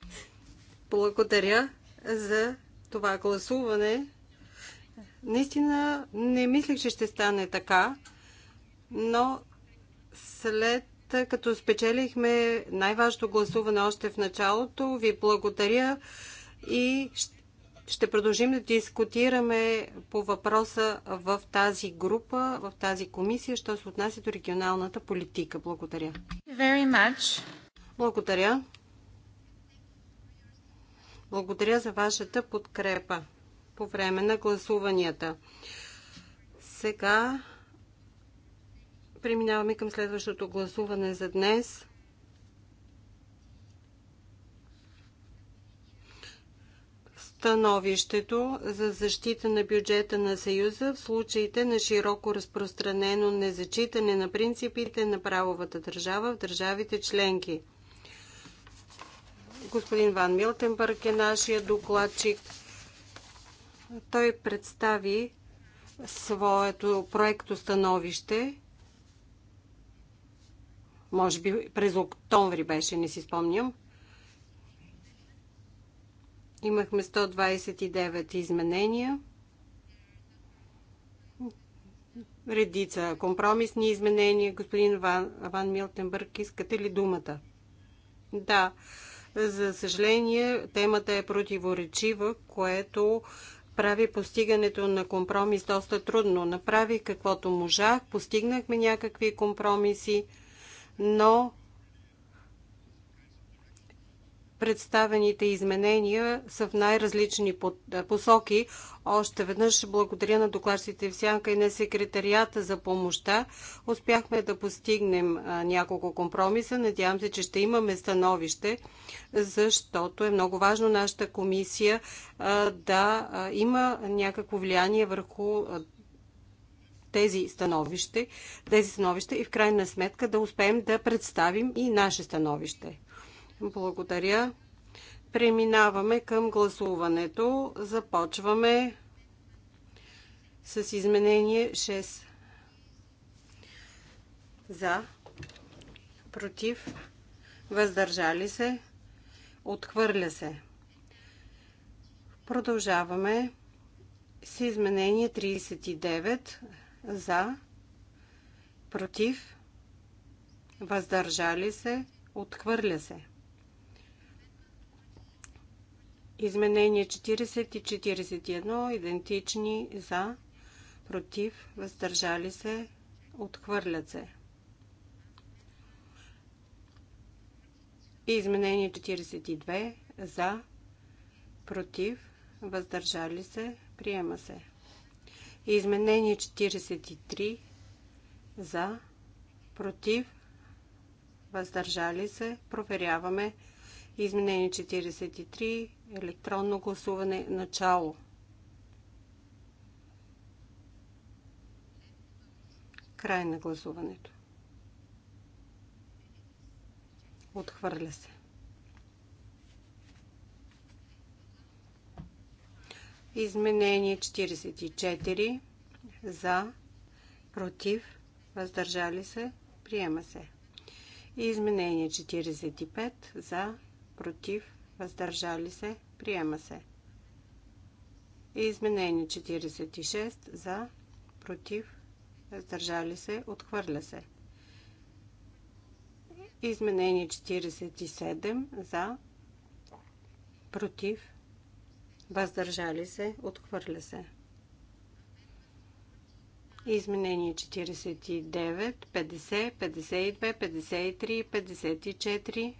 Благодаря за това гласуване. Наистина не мислех, че ще стане така, но след като спечелихме най-важното гласуване още в началото, ви благодаря и ще продължим да дискутираме по въпроса в тази група, в тази комисия, що се отнася до регионалната политика. Благодаря. Благодаря. Благодаря за вашата подкрепа по време на гласуванията. Сега преминаваме към следващото гласуване за днес – становището за защита на бюджета на Съюза в случаите на широко разпространено незачитане на принципите на правовата държава в държавите членки. Господин Ван Милтенбърг е нашия докладчик. Той представи своето проекто становище. Може би през октомври беше, не си спомням. Имахме 129 изменения. Редица компромисни изменения. Господин Ван, Ван Милтенбърг, искате ли думата? Да. За съжаление, темата е противоречива, което прави постигането на компромис доста трудно. Направих каквото можах, постигнахме някакви компромиси, но Представените изменения са в най-различни посоки. Още веднъж благодаря на докладчите в Сянка и на секретарията за помощта. Успяхме да постигнем няколко компромиса. Надявам се, че ще имаме становище, защото е много важно нашата комисия да има някакво влияние върху тези становище, тези становища и в крайна сметка да успеем да представим и наше становище. Благодаря. Преминаваме към гласуването. Започваме с изменение 6. За, против, въздържали се, отхвърля се. Продължаваме с изменение 39. За, против, въздържали се, отхвърля се. Изменение 40 и 41 идентични за, против, въздържали се, отхвърлят се. И изменение 42 за, против, въздържали се, приема се. И изменение 43 за, против, въздържали се, проверяваме. Изменение 43 Електронно гласуване начало. Край на гласуването. Отхвърля се. Изменение 44 за, против, въздържали се, приема се. изменение 45 за, против, въздържали се, приема се. И изменение 46 за, против, въздържали се, отхвърля се. Изменение 47 за, против, въздържали се, отхвърля се. Изменение 49, 50, 52, 53, 54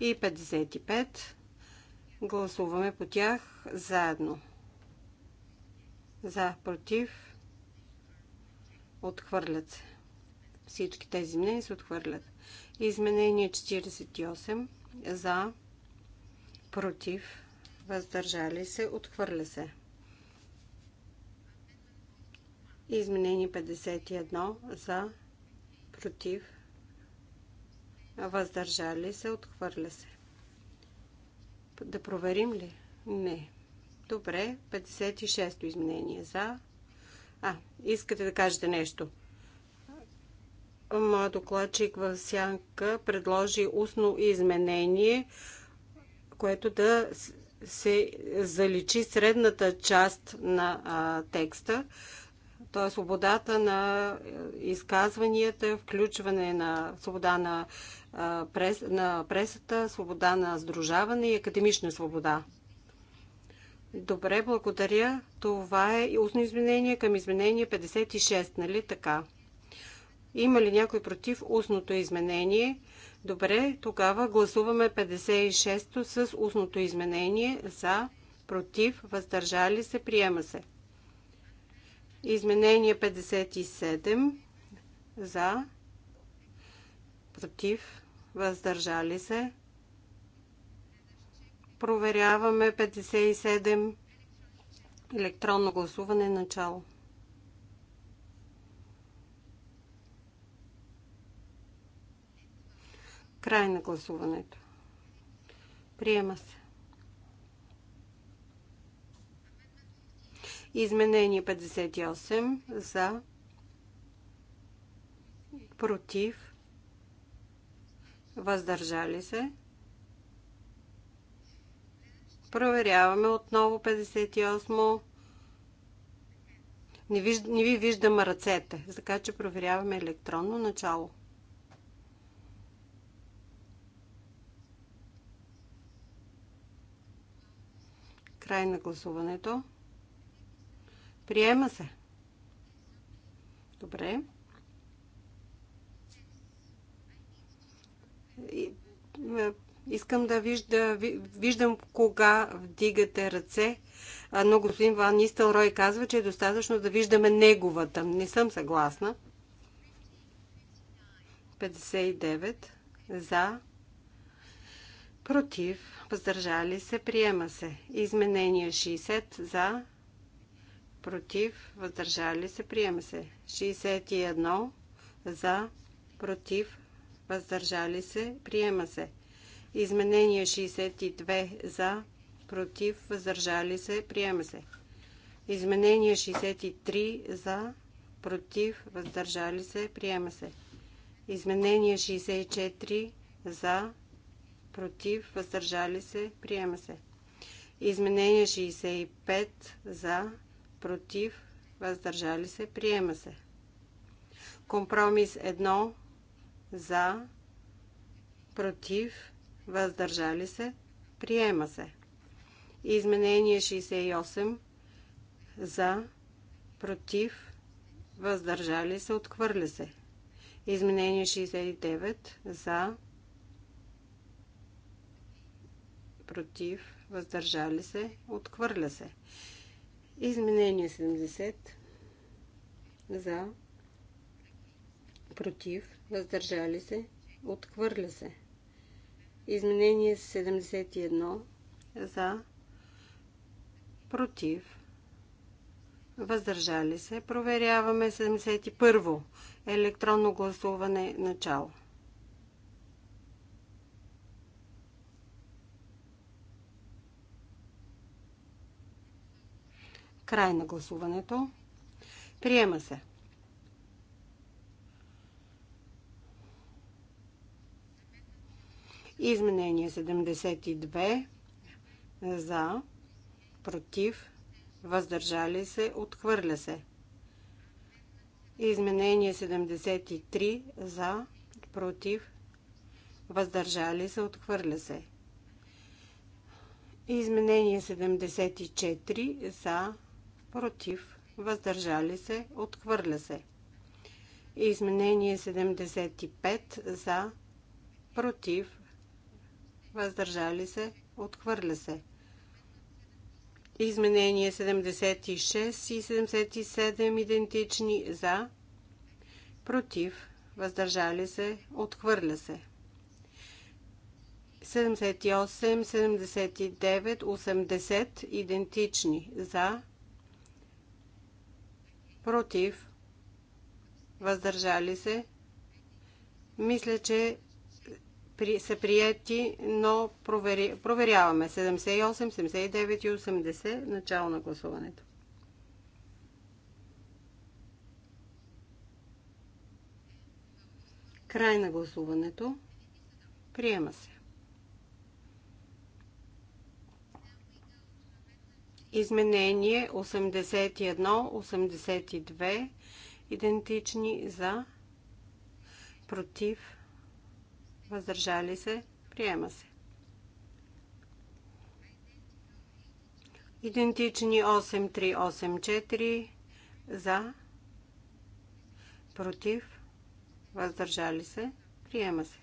и 55. Гласуваме по тях заедно. За, против, отхвърлят се. Всички тези мнения се отхвърлят. Изменение 48. За, против, въздържали се, отхвърля се. Изменение 51. За, против, въздържали се, отхвърля се. Да проверим ли? Не. Добре, 56-то изменение за. А, искате да кажете нещо. Моя докладчик в сянка предложи устно изменение, което да се заличи средната част на а, текста т.е. свободата на е, изказванията, включване на свобода на, е, прес, на пресата, свобода на сдружаване и академична свобода. Добре, благодаря. Това е устно изменение към изменение 56, нали така? Има ли някой против устното изменение? Добре, тогава гласуваме 56-то с устното изменение за, против, въздържали се, приема се. Изменение 57 за, против, въздържали се. Проверяваме 57 електронно гласуване начало. Край на гласуването. Приема се. Изменение 58 за против въздържали се. Проверяваме отново 58. Не, вижд, не ви виждам ръцете, така че проверяваме електронно начало. Край на гласуването. Приема се. Добре. Е, искам да вижда, виждам кога вдигате ръце, но господин Ван Нистелрой казва, че е достатъчно да виждаме неговата. Не съм съгласна. 59 за, против, въздържали се, приема се. Изменение 60 за, против, въздържали се, приема се. 61 за, против, въздържали се, приема се. Изменение 62 за, против, въздържали се, приема се. Изменение 63 за, против, въздържали се, приема се. Изменение 64 за, против, въздържали се, приема се. Изменение 65 за, против, въздържали се, приема се. Компромис 1 за, против, въздържали се, приема се. Изменение 68 за, против, въздържали се, отхвърля се. Изменение 69 за, против, въздържали се, отхвърля се. Изменение 70 за, против, въздържали се, отхвърля се. Изменение 71 за, против, въздържали се. Проверяваме 71. Електронно гласуване начало. Край на гласуването. Приема се. Изменение 72 за, против, въздържали се, отхвърля се. Изменение 73 за, против, въздържали се, отхвърля се. Изменение 74 за, против, въздържали се, отхвърля се. Изменение 75 за, против, въздържали се, отхвърля се. Изменение 76 и 77 идентични за, против, въздържали се, отхвърля се. 78, 79, 80 идентични за, против, въздържали се. Мисля, че при, са приети, но провери, проверяваме. 78, 79 и 80, начало на гласуването. Край на гласуването. Приема се. Изменение 81-82 идентични за против въздържали се приема се. Идентични 8384 за против въздържали се приема се.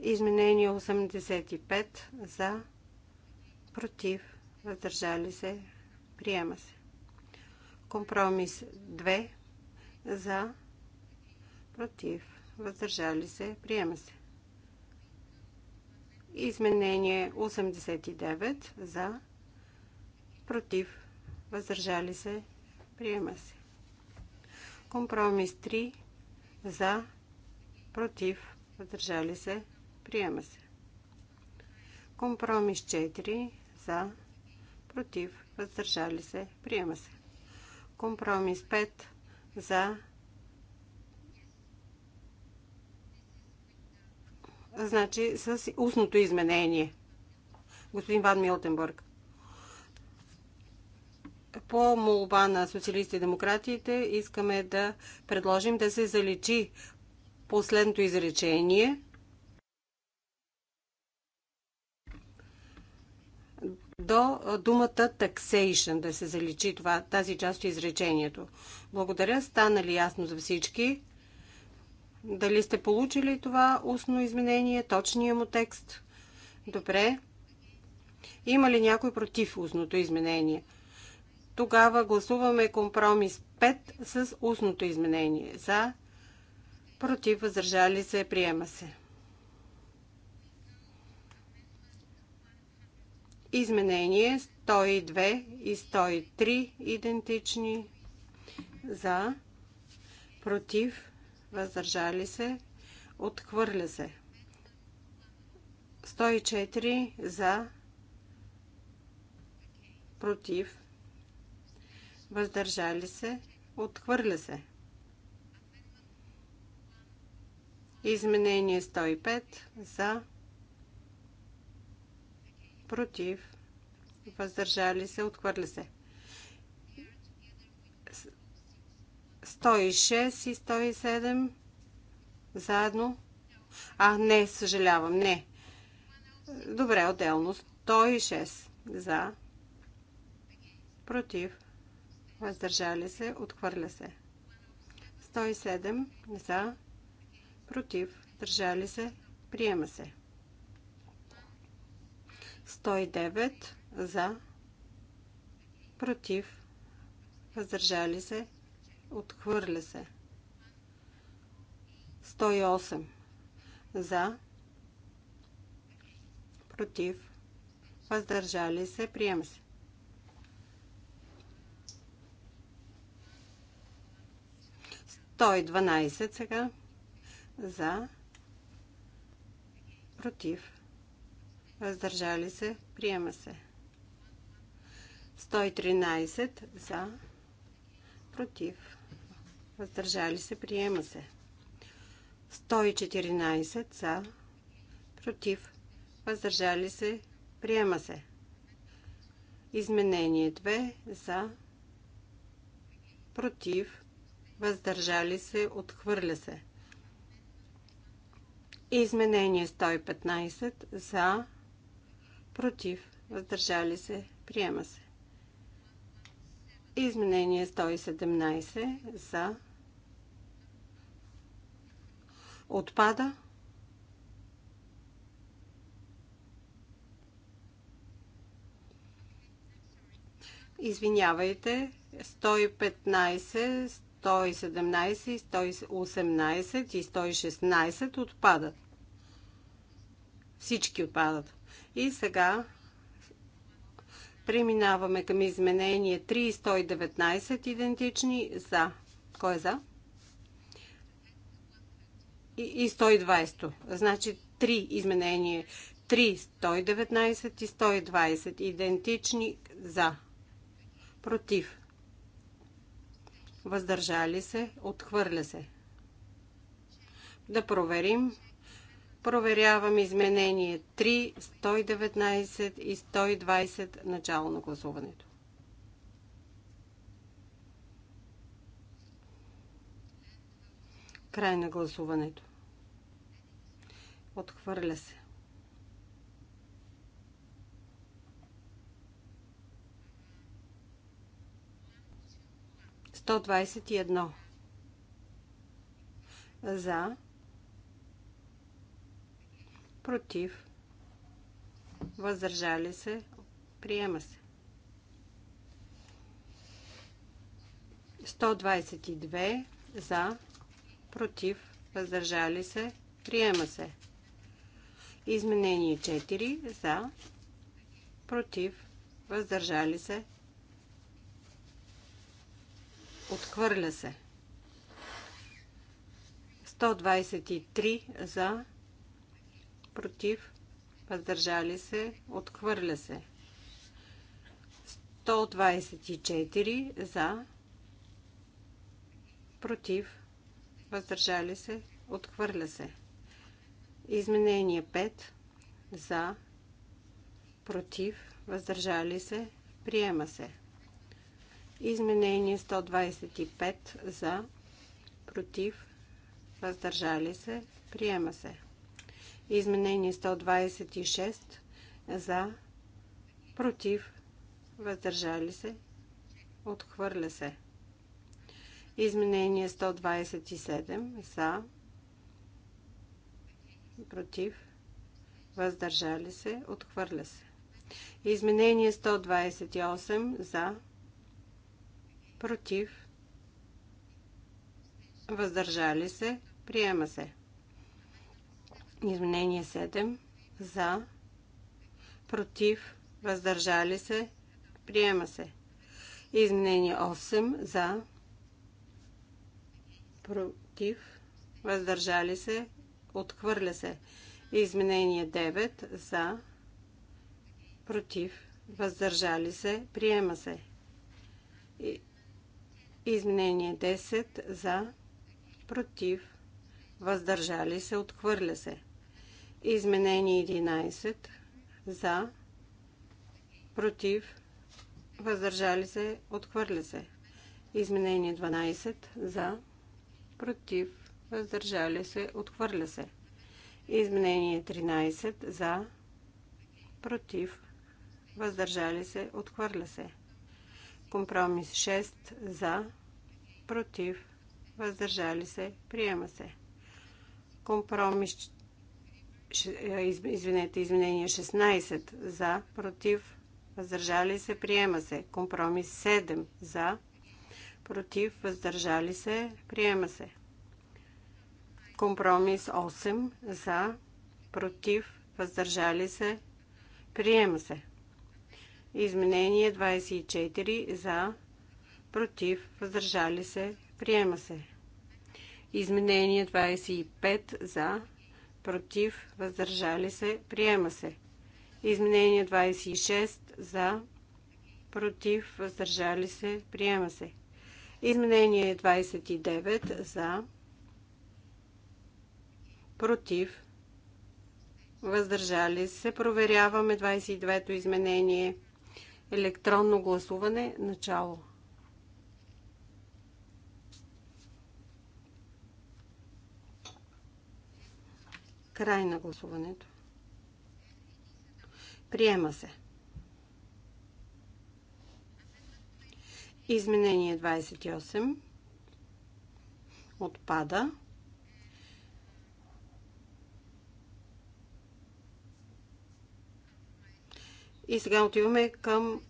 Изменение 85 за против въздържали се, приема се. Компромис 2 за, против, въздържали се, приема се. Изменение 89 за, против, въздържали се, приема се. Компромис 3 за, против, въздържали се, приема се. Компромис 4 за, против, против, въздържали се, приема се. Компромис 5 за. Значи с устното изменение. Господин Ван Милтенбърг. По молба на социалисти и демократите искаме да предложим да се заличи последното изречение до думата taxation, да се заличи това, тази част от изречението. Благодаря, стана ли ясно за всички? Дали сте получили това устно изменение, точния му текст? Добре. Има ли някой против устното изменение? Тогава гласуваме компромис 5 с устното изменение. За, против, въздържали се, приема се. Изменение 102 и 103 идентични за, против, въздържали се, отхвърля се. 104 за, против, въздържали се, отхвърля се. Изменение 105 за, против, против, въздържали се, отхвърля се. 106 и 107 заедно. А, не, съжалявам, не. Добре, отделно. 106 за, против, въздържали се, отхвърля се. 107 за, против, държали се, приема се. 109 за, против, въздържали се, отхвърля се. 108 за, против, въздържали се, приема се. 112 сега за, против, въздържали се, приема се. 113 за, против, въздържали се, приема се. 114 за, против, въздържали се, приема се. Изменение 2 за, против, въздържали се, отхвърля се. Изменение 115 за, против, въздържали се, приема се. Изменение 117 за отпада. Извинявайте, 115, 117, 118 и 116 отпадат. Всички отпадат. И сега преминаваме към изменение 3 119 идентични за. Кой е за? И, и 120. Значи 3 изменение 3, 119 и 120 идентични за. Против. Въздържали се, отхвърля се. Да проверим Проверявам изменение 3, 119 и 120 начало на гласуването. Край на гласуването. Отхвърля се. Сто двадесет и едно. За против, въздържали се, приема се. 122 за, против, въздържали се, приема се. Изменение 4 за, против, въздържали се, отхвърля се. 123 за, против, въздържали се, отхвърля се. 124 за, против, въздържали се, отхвърля се. Изменение 5 за, против, въздържали се, приема се. Изменение 125 за, против, въздържали се, приема се. Изменение 126 за, против, въздържали се, отхвърля се. Изменение 127 за, против, въздържали се, отхвърля се. Изменение 128 за, против, въздържали се, приема се. Изменение 7. За. Против. Въздържали се. Приема се. Изменение 8. За. Против. Въздържали се. Отхвърля се. Изменение 9. За. Против. Въздържали се. Приема се. Изменение 10. За. Против. Въздържали се. Отхвърля се. Изменение 11 за, против, въздържали се, отхвърля се. Изменение 12 за, против, въздържали се, отхвърля се. Изменение 13 за, против, въздържали се, отхвърля се. Компромис 6 за, против, въздържали се, приема се. Компромис е, извинете, изменение 16 за, против, въздържали се, приема се. Компромис 7 за, против, въздържали се, приема се. Компромис 8 за, против, въздържали се, приема се. Изменение 24 за, против, въздържали се, приема се. Изменение 25 за, против, въздържали се, приема се. Изменение 26 за, против, въздържали се, приема се. Изменение 29 за, против, въздържали се. Проверяваме 22-то изменение. Електронно гласуване, начало. Край на гласуването. Приема се. Изменение 28 отпада. И сега отиваме към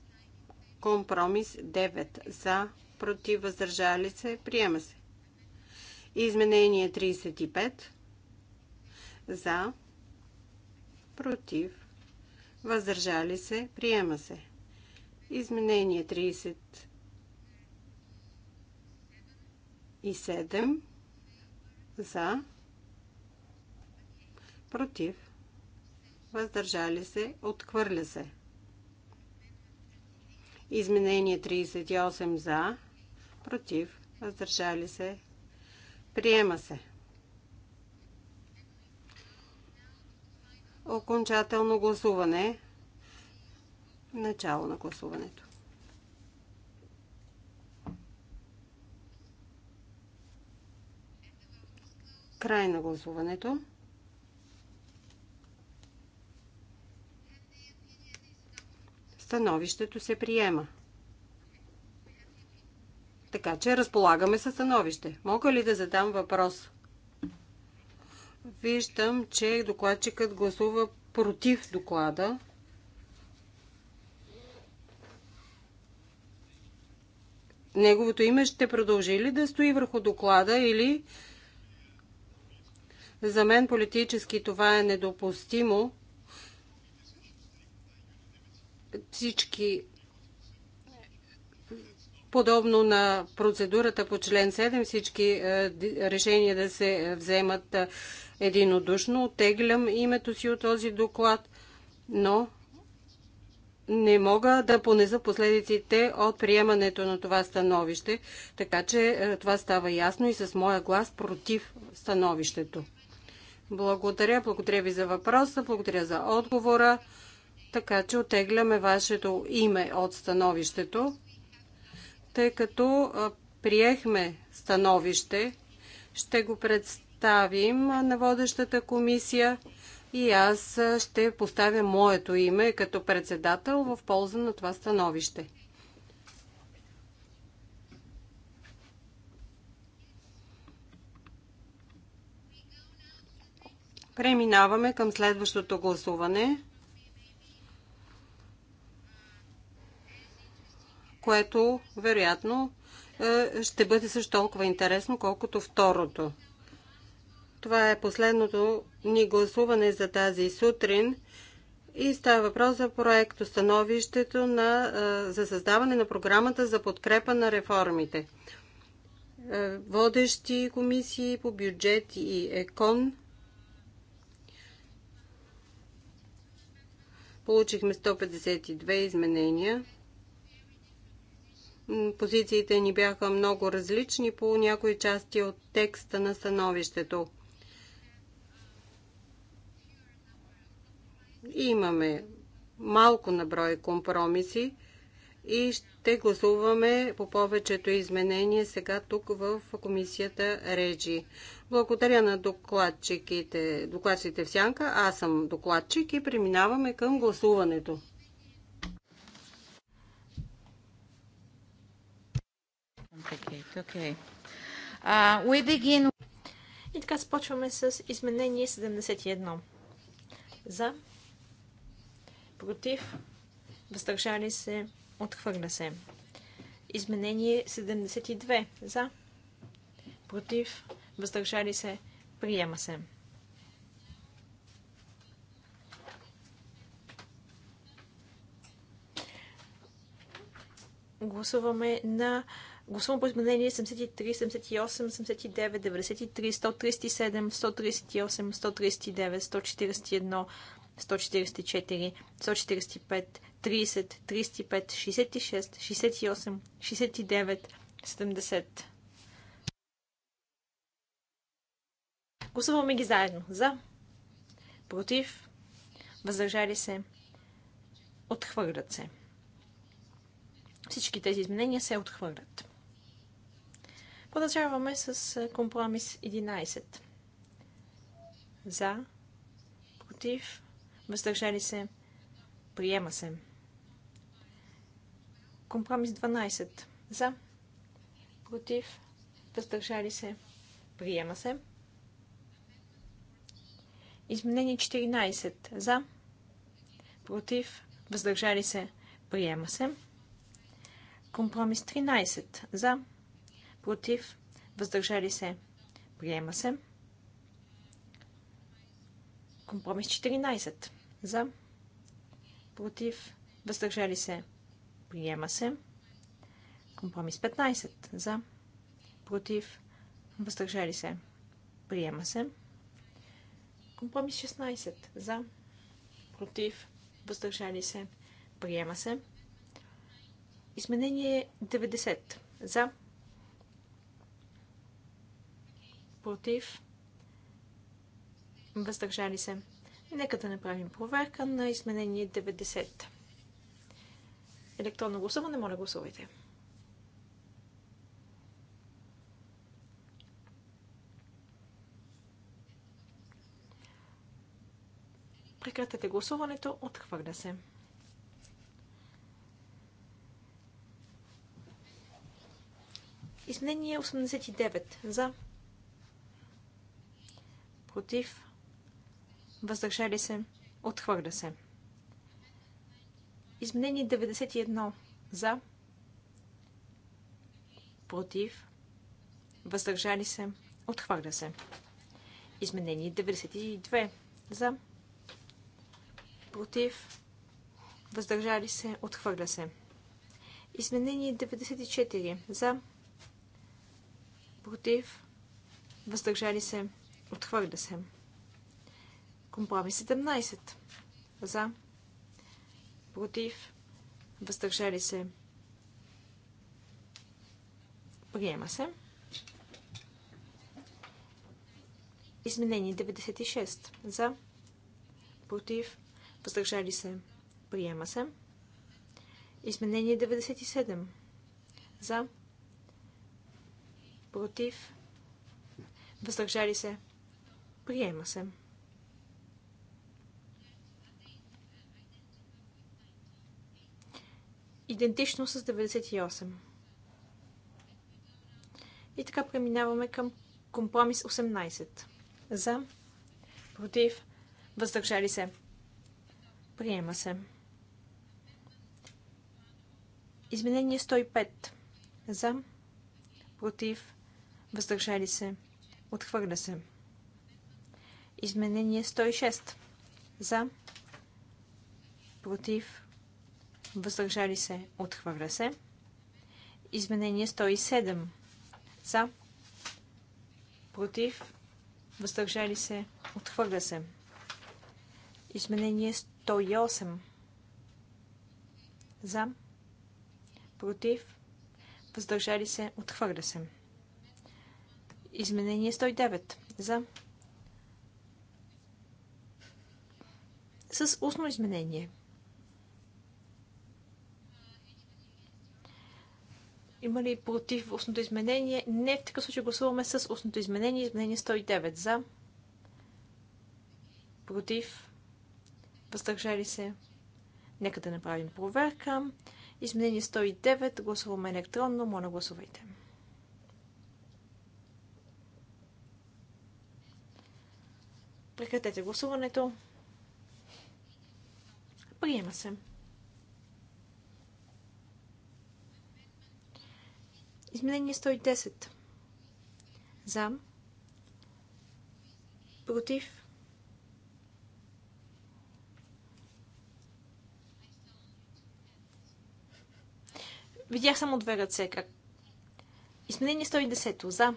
компромис 9 за, против, въздържали се, приема се. Изменение 35 за, против, въздържали се, приема се. Изменение 30 и 7 за, против, въздържали се, отхвърля се. Изменение 38 за, против, въздържали се, приема се. окончателно гласуване. Начало на гласуването. Край на гласуването. Становището се приема. Така че разполагаме със становище. Мога ли да задам въпрос? Виждам, че докладчикът гласува против доклада. Неговото име ще продължи ли да стои върху доклада или за мен политически това е недопустимо. Всички подобно на процедурата по член 7, всички е, решения да се вземат е, единодушно. Оттеглям името си от този доклад, но не мога да понеза последиците от приемането на това становище, така че е, това става ясно и с моя глас против становището. Благодаря, благодаря ви за въпроса, благодаря за отговора, така че отегляме вашето име от становището, тъй като е, приехме становище, ще го представим представим на водещата комисия и аз ще поставя моето име като председател в полза на това становище. Преминаваме към следващото гласуване, което вероятно е, ще бъде също толкова интересно, колкото второто. Това е последното ни гласуване за тази сутрин и става въпрос за проект становището на, за създаване на програмата за подкрепа на реформите. Водещи комисии по бюджет и ЕКОН Получихме 152 изменения. Позициите ни бяха много различни по някои части от текста на становището. Имаме малко наброй компромиси и ще гласуваме по повечето изменения сега тук в комисията Реджи. Благодаря на докладчиките, докладчите в Сянка. Аз съм докладчик и преминаваме към гласуването. Okay. Uh, begin... И така започваме с изменение 71. За, против, въздържали се, отхвърля се. Изменение 72 за, против, въздържали се, приема се. Гласуваме на Гласувам по изменение 73, 78, 79, 93, 137, 138, 139, 141, 144, 145, 30, 35, 66, 68, 69, 70. Гласуваме ги заедно. За, против, въздържали се, отхвърлят се. Всички тези изменения се отхвърлят. Продължаваме с компромис 11. За, против, въздържали се, приема се. Компромис 12 за, против, въздържали се, приема се. Изменение 14 за, против, въздържали се, приема се. Компромис 13 за, против, въздържали се, приема се. Компромис 14. За. Против. Въздържали се. Приема се. Компромис 15. За. Против. Въздържали се. Приема се. Компромис 16. За. Против. Въздържали се. Приема се. Изменение 90. За. Против. Въздържали се. Нека да направим проверка на изменение 90. Електронно гласуване, моля гласувайте. Прекратете гласуването, отхвърля се. Изменение 89 за против въздържали се, отхвърля се. Изменение 91 за, против, въздържали се, отхвърля се. Изменение 92 за, против, въздържали се, отхвърля се. Изменение 94 за, против, въздържали се, отхвърля се. Компромис 17. За. Против. Въздържали се. Приема се. Изменение 96. За. Против. Въздържали се. Приема се. Изменение 97. За. Против. Въздържали се. Приема се. идентично с 98. И така преминаваме към компромис 18. За, против, въздържали се. Приема се. Изменение 105. За, против, въздържали се. Отхвърля се. Изменение 106. За, против, въздържали се, отхвърля се. Изменение 107 за, против, въздържали се, отхвърля се. Изменение 108 за, против, въздържали се, отхвърля се. Изменение 109 за, с устно изменение. Има ли против устното изменение? Не, в такъв случай гласуваме с устното изменение. Изменение 109 за. Против. Въздържали се. Нека да направим проверка. Изменение 109. Гласуваме електронно. Моля, гласувайте. Прекратете гласуването. Приема се. Изменение 110. За. Против. Видях само две ръце. Как... Изменение 110. За.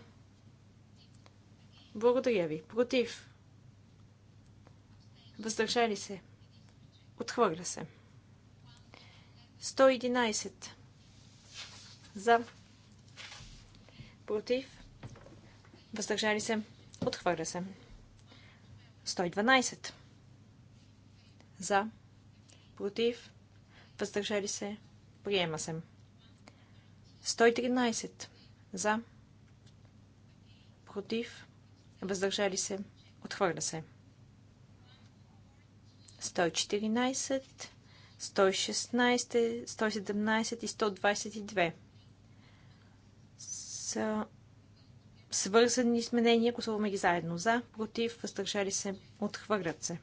Благодаря ви. Против. Въздържали се. Отхвърля се. 111. За против, въздържали се, отхвърля се. 112 за, против, въздържали се, приема се. 113 за, против, въздържали се, отхвърля се. 114, 116, 117 и 122 са свързани изменения. Гласуваме ги заедно. За, против, въздържали се, отхвърлят се.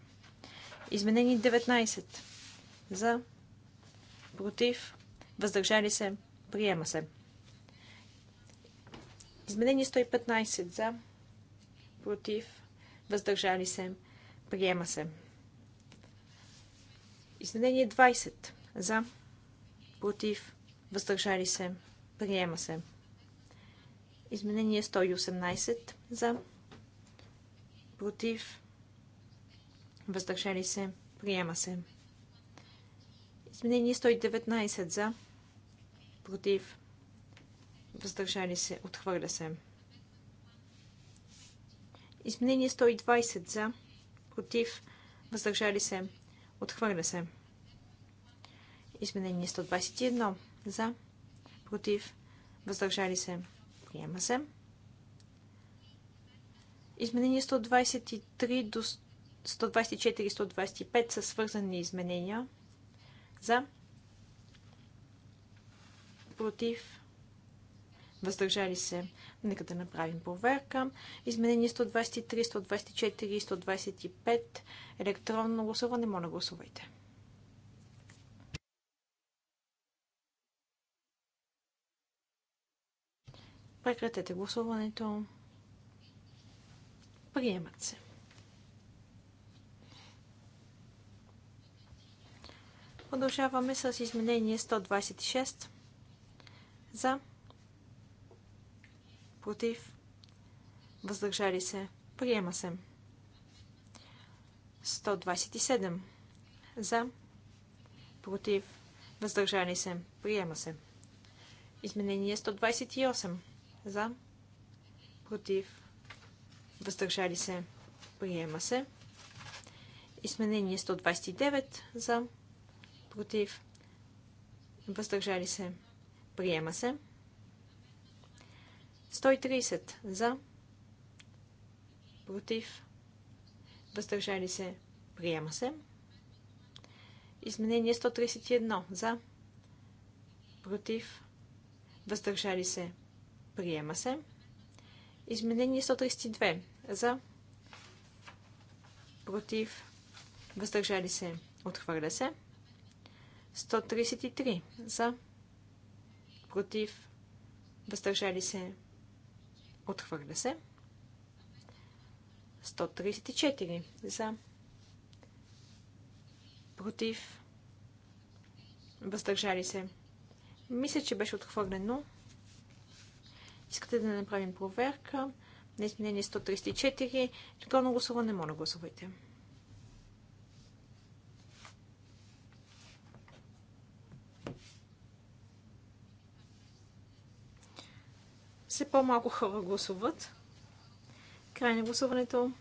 Изменени 19. За, против, въздържали се, приема се. Изменени 115. За, против, въздържали се, приема се. Изменение 20. За, против, въздържали се, приема се. Изменение 118 за против въздържали се приема се. Изменение 119 за против въздържали се отхвърля се. Изменение 120 за против въздържали се отхвърля се. Изменение 121 за против въздържали се Приема се. Изменения 123 до 124 и 125 са свързани изменения. За. Против. Въздържали се. Нека да направим проверка. Изменение 123, 124 и 125. Електронно гласуване. Моля, гласувайте. Прекратете гласуването. Приемат се. Продължаваме с изменение 126. За. Против. Въздържали се. Приема се. 127. За. Против. Въздържали се. Приема се. Изменение 128. За. Против. Въздържали се. Приема се. Изменение 129. За. Против. Въздържали се. Приема се. 130. За. Против. Въздържали се. Приема се. Изменение 131. За. Против. Въздържали се. Приема се. Изменение 132. За. Против. Въздържали се. Отхвърля се. 133. За. Против. Въздържали се. Отхвърля се. 134. За. Против. Въздържали се. Мисля, че беше отхвърлено. Искате да направим проверка на изменение 134. Електронно гласуване, моля гласувайте. Все по-малко хора гласуват. Край на гласуването.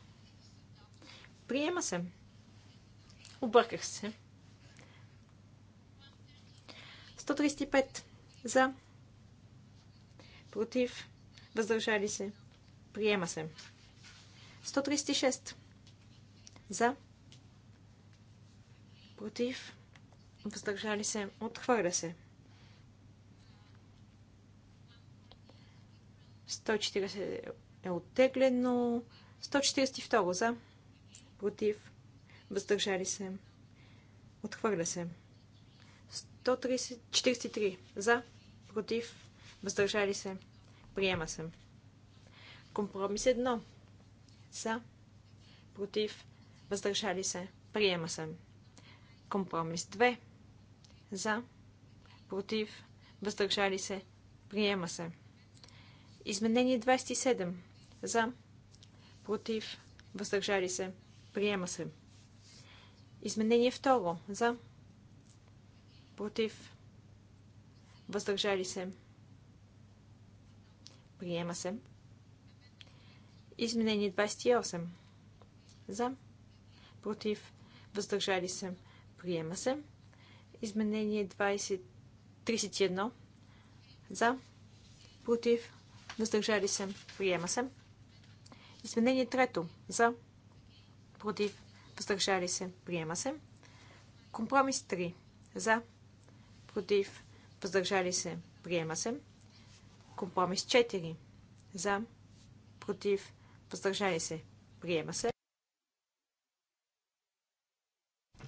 Приема се. Обърках се. 135 за против, въздържали се, приема се. 136 за, против, въздържали се, отхвърля се. 140 е оттеглено, 142 за, против, въздържали се, отхвърля се. 143 за, против, Въздържали се. Приема се. Компромис едно За. Против. Въздържали се. Приема се. Компромис 2. За. Против. Въздържали се. Приема се. Изменение 27. За. Против. Въздържали се. Приема се. Изменение второ, За. Против. Въздържали се. Приема се. Изменение 28. За. Против. Въздържали се. Приема се. Изменение 20... 31. За. Против. Въздържали се. Приема се. Изменение трето. За. Против. Въздържали се. Приема се. Компромис 3. За. Против. Въздържали се. Приема се. Компромис 4. За. Против. Въздържали се. Приема се.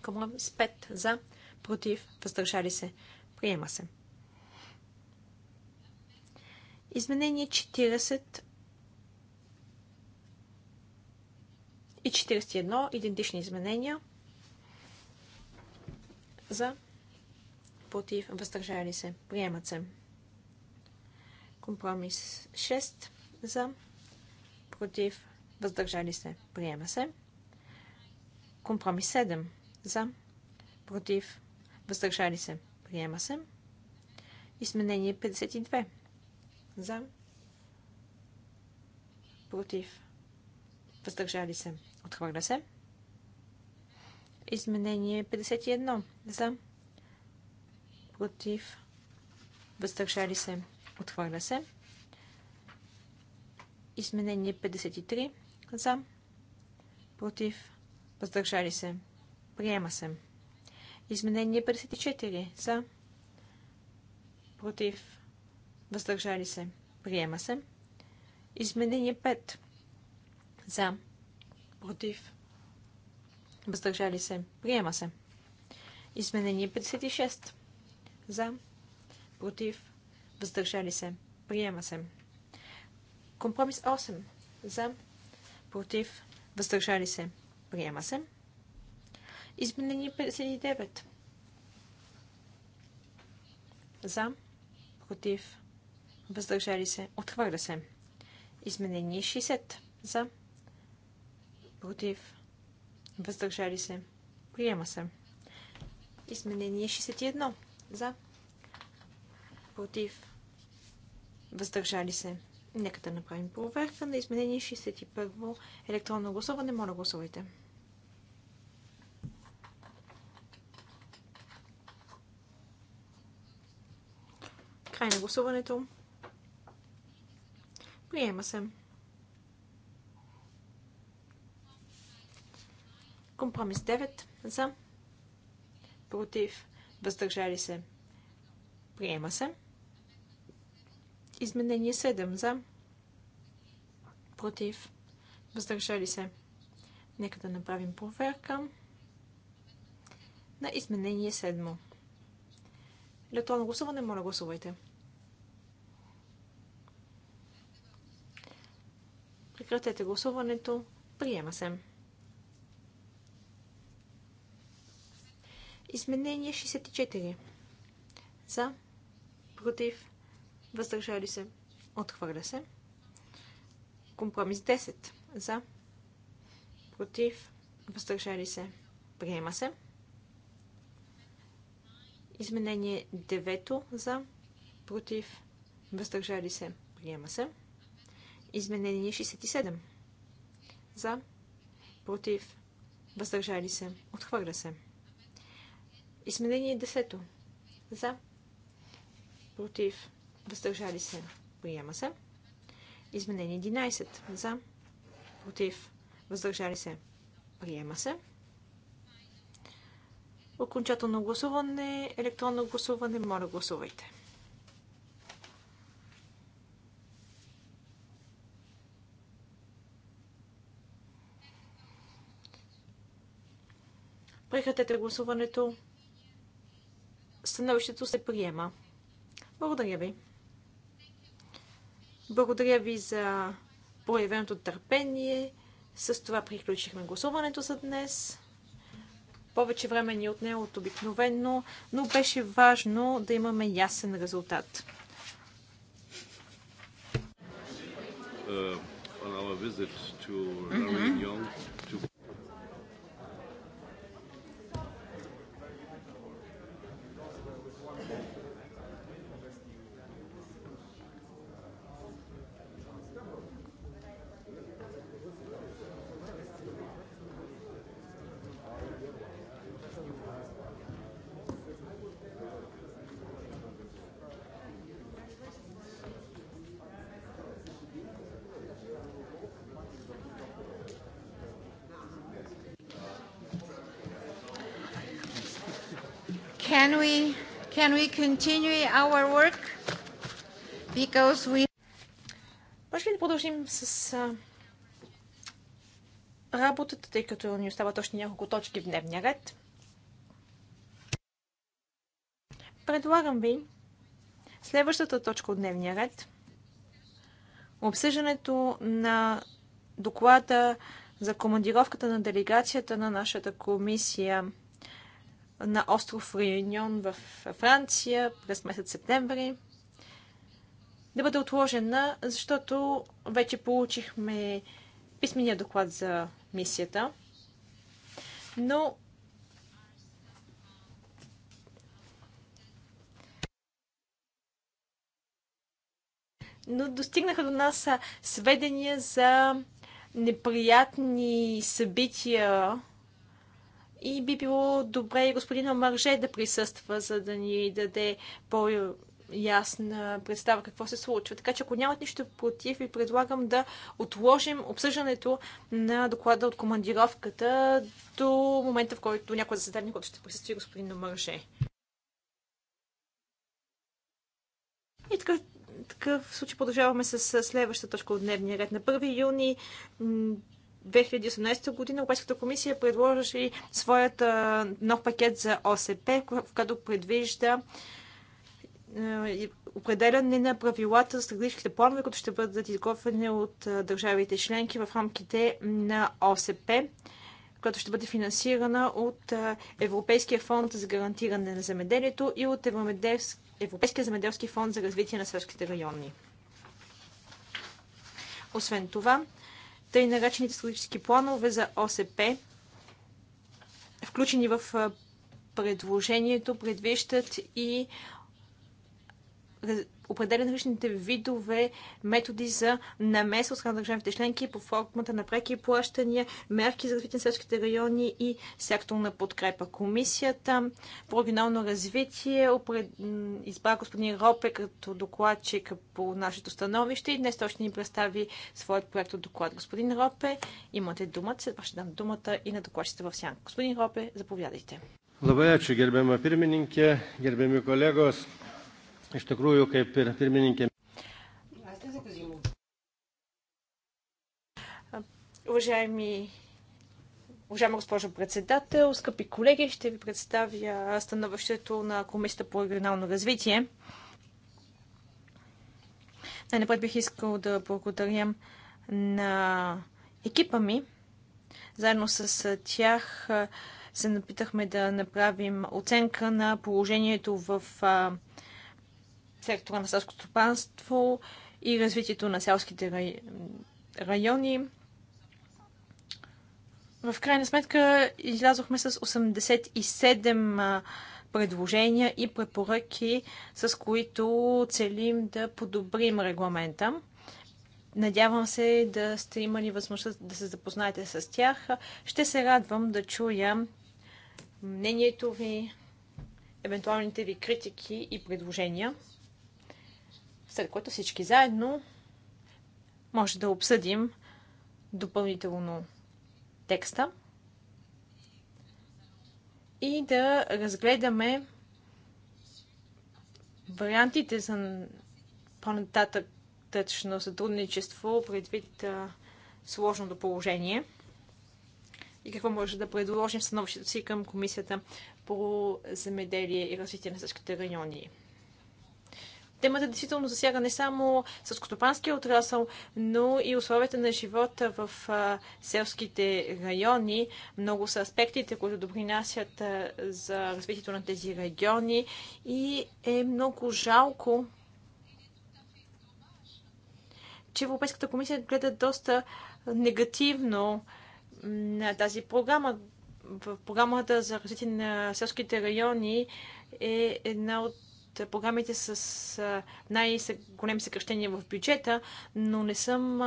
Компромис 5. За. Против. Въздържали се. Приема се. Изменение 40 и 41. Идентични изменения. За. Против. Въздържали се. Приемат се. Компромис 6 за, против, въздържали се, приема се. Компромис 7 за, против, въздържали се, приема се. Изменение 52 за, против, въздържали се, отхвърля се. Изменение 51 за, против, въздържали се, Отхвърля се. Изменение 53 за. Против. Въздържали се. Приема се. Изменение 54 за. Против. Въздържали се. Приема се. Изменение 5 за. Против. Въздържали се. Приема се. Изменение 56 за. Против въздържали се, приема се. Компромис 8 за, против, въздържали се, приема се. Изменение 59 за, против, въздържали се, отхвърля се. Изменение 60 за, против, въздържали се, приема се. Изменение 61 за, против, въздържали се. Нека да направим проверка на изменение 61 електронно гласуване. Моля, гласувайте. Край на гласуването. Приема се. Компромис 9 за. Против. Въздържали се. Приема се. Изменение 7 за. Против. Въздържали се. Нека да направим проверка на изменение 7. Електронно гласуване, моля гласувайте. Прекратете гласуването. Приема се. Изменение 64. За. Против въздържали се, отхвърля се. Компромис 10 за, против, въздържали се, приема се. Изменение 9 за, против, въздържали се, приема се. Изменение 67 за, против, въздържали се, отхвърля се. Изменение 10 за, против, въздържали се, приема се. Изменение 11 за, против, въздържали се, приема се. Окончателно гласуване, електронно гласуване, моля гласувайте. Прекратете гласуването. Становището се приема. Благодаря ви. Благодаря ви за проявеното търпение. С това приключихме гласуването за днес. Повече време ни е отне от обикновено, но беше важно да имаме ясен резултат. Uh, on our visit to mm-hmm. can we continue our work? Because we... Може ли да продължим с а, работата, тъй като ни остават още няколко точки в дневния ред? Предлагам ви следващата точка от дневния ред обсъждането на доклада за командировката на делегацията на нашата комисия на остров Реюнион в Франция през месец септември да бъде отложена, защото вече получихме писмения доклад за мисията. Но но достигнаха до нас сведения за неприятни събития и би било добре и господина Марже да присъства, за да ни даде по ясна представа какво се случва. Така че ако нямат нищо против, ви предлагам да отложим обсъждането на доклада от командировката до момента, в който някой заседание, който ще присъства господин Марже. И така, такъв случай продължаваме с следващата точка от дневния ред. На 1 юни 2018 година Европейската комисия предложи своят нов пакет за ОСП, в който предвижда определяне на правилата за стратегическите планове, които ще бъдат изготвени от държавите членки в рамките на ОСП, която ще бъде финансирана от Европейския фонд за гарантиране на земеделието и от Европейския земеделски фонд за развитие на селските райони. Освен това, тъй наречените стратегически планове за ОСП, включени в предложението, предвиждат и определя различните видове методи за намеса от страна на държавите членки по формата на преки плащания, мерки за развитие на селските райони и секторна подкрепа. Комисията по регионално развитие избра господин Ропе като докладчик по нашето становище и днес той ще ни представи своят проект от доклад. Господин Ропе, имате думата, след това ще дам думата и на докладчите в сянка. Господин Ропе, заповядайте. Labai ačiū gerbiama pirmininkė, gerbiami kolegos. Iš tikrųjų, kaip ir pirmininkė. Уважаеми Уважаема госпожо председател, скъпи колеги, ще ви представя становището на Комисията по регионално развитие. Най-напред бих искал да благодаря на екипа ми. Заедно с тях се напитахме да направим оценка на положението в сектора на селското стопанство и развитието на селските райони. В крайна сметка излязохме с 87 предложения и препоръки, с които целим да подобрим регламента. Надявам се да сте имали възможност да се запознаете с тях. Ще се радвам да чуя мнението ви, евентуалните ви критики и предложения след което всички заедно може да обсъдим допълнително текста и да разгледаме вариантите за по-нататъчно сътрудничество предвид сложното положение и какво може да предложим становището си към Комисията по земеделие и развитие на сърските райони. Темата действително засяга не само съскотопанския отрасъл, но и условията на живота в селските райони. Много са аспектите, които допринасят за развитието на тези региони и е много жалко, че Европейската комисия гледа доста негативно на тази програма. В програмата за развитие на селските райони е една от програмите с най-големи съкръщения в бюджета, но не съм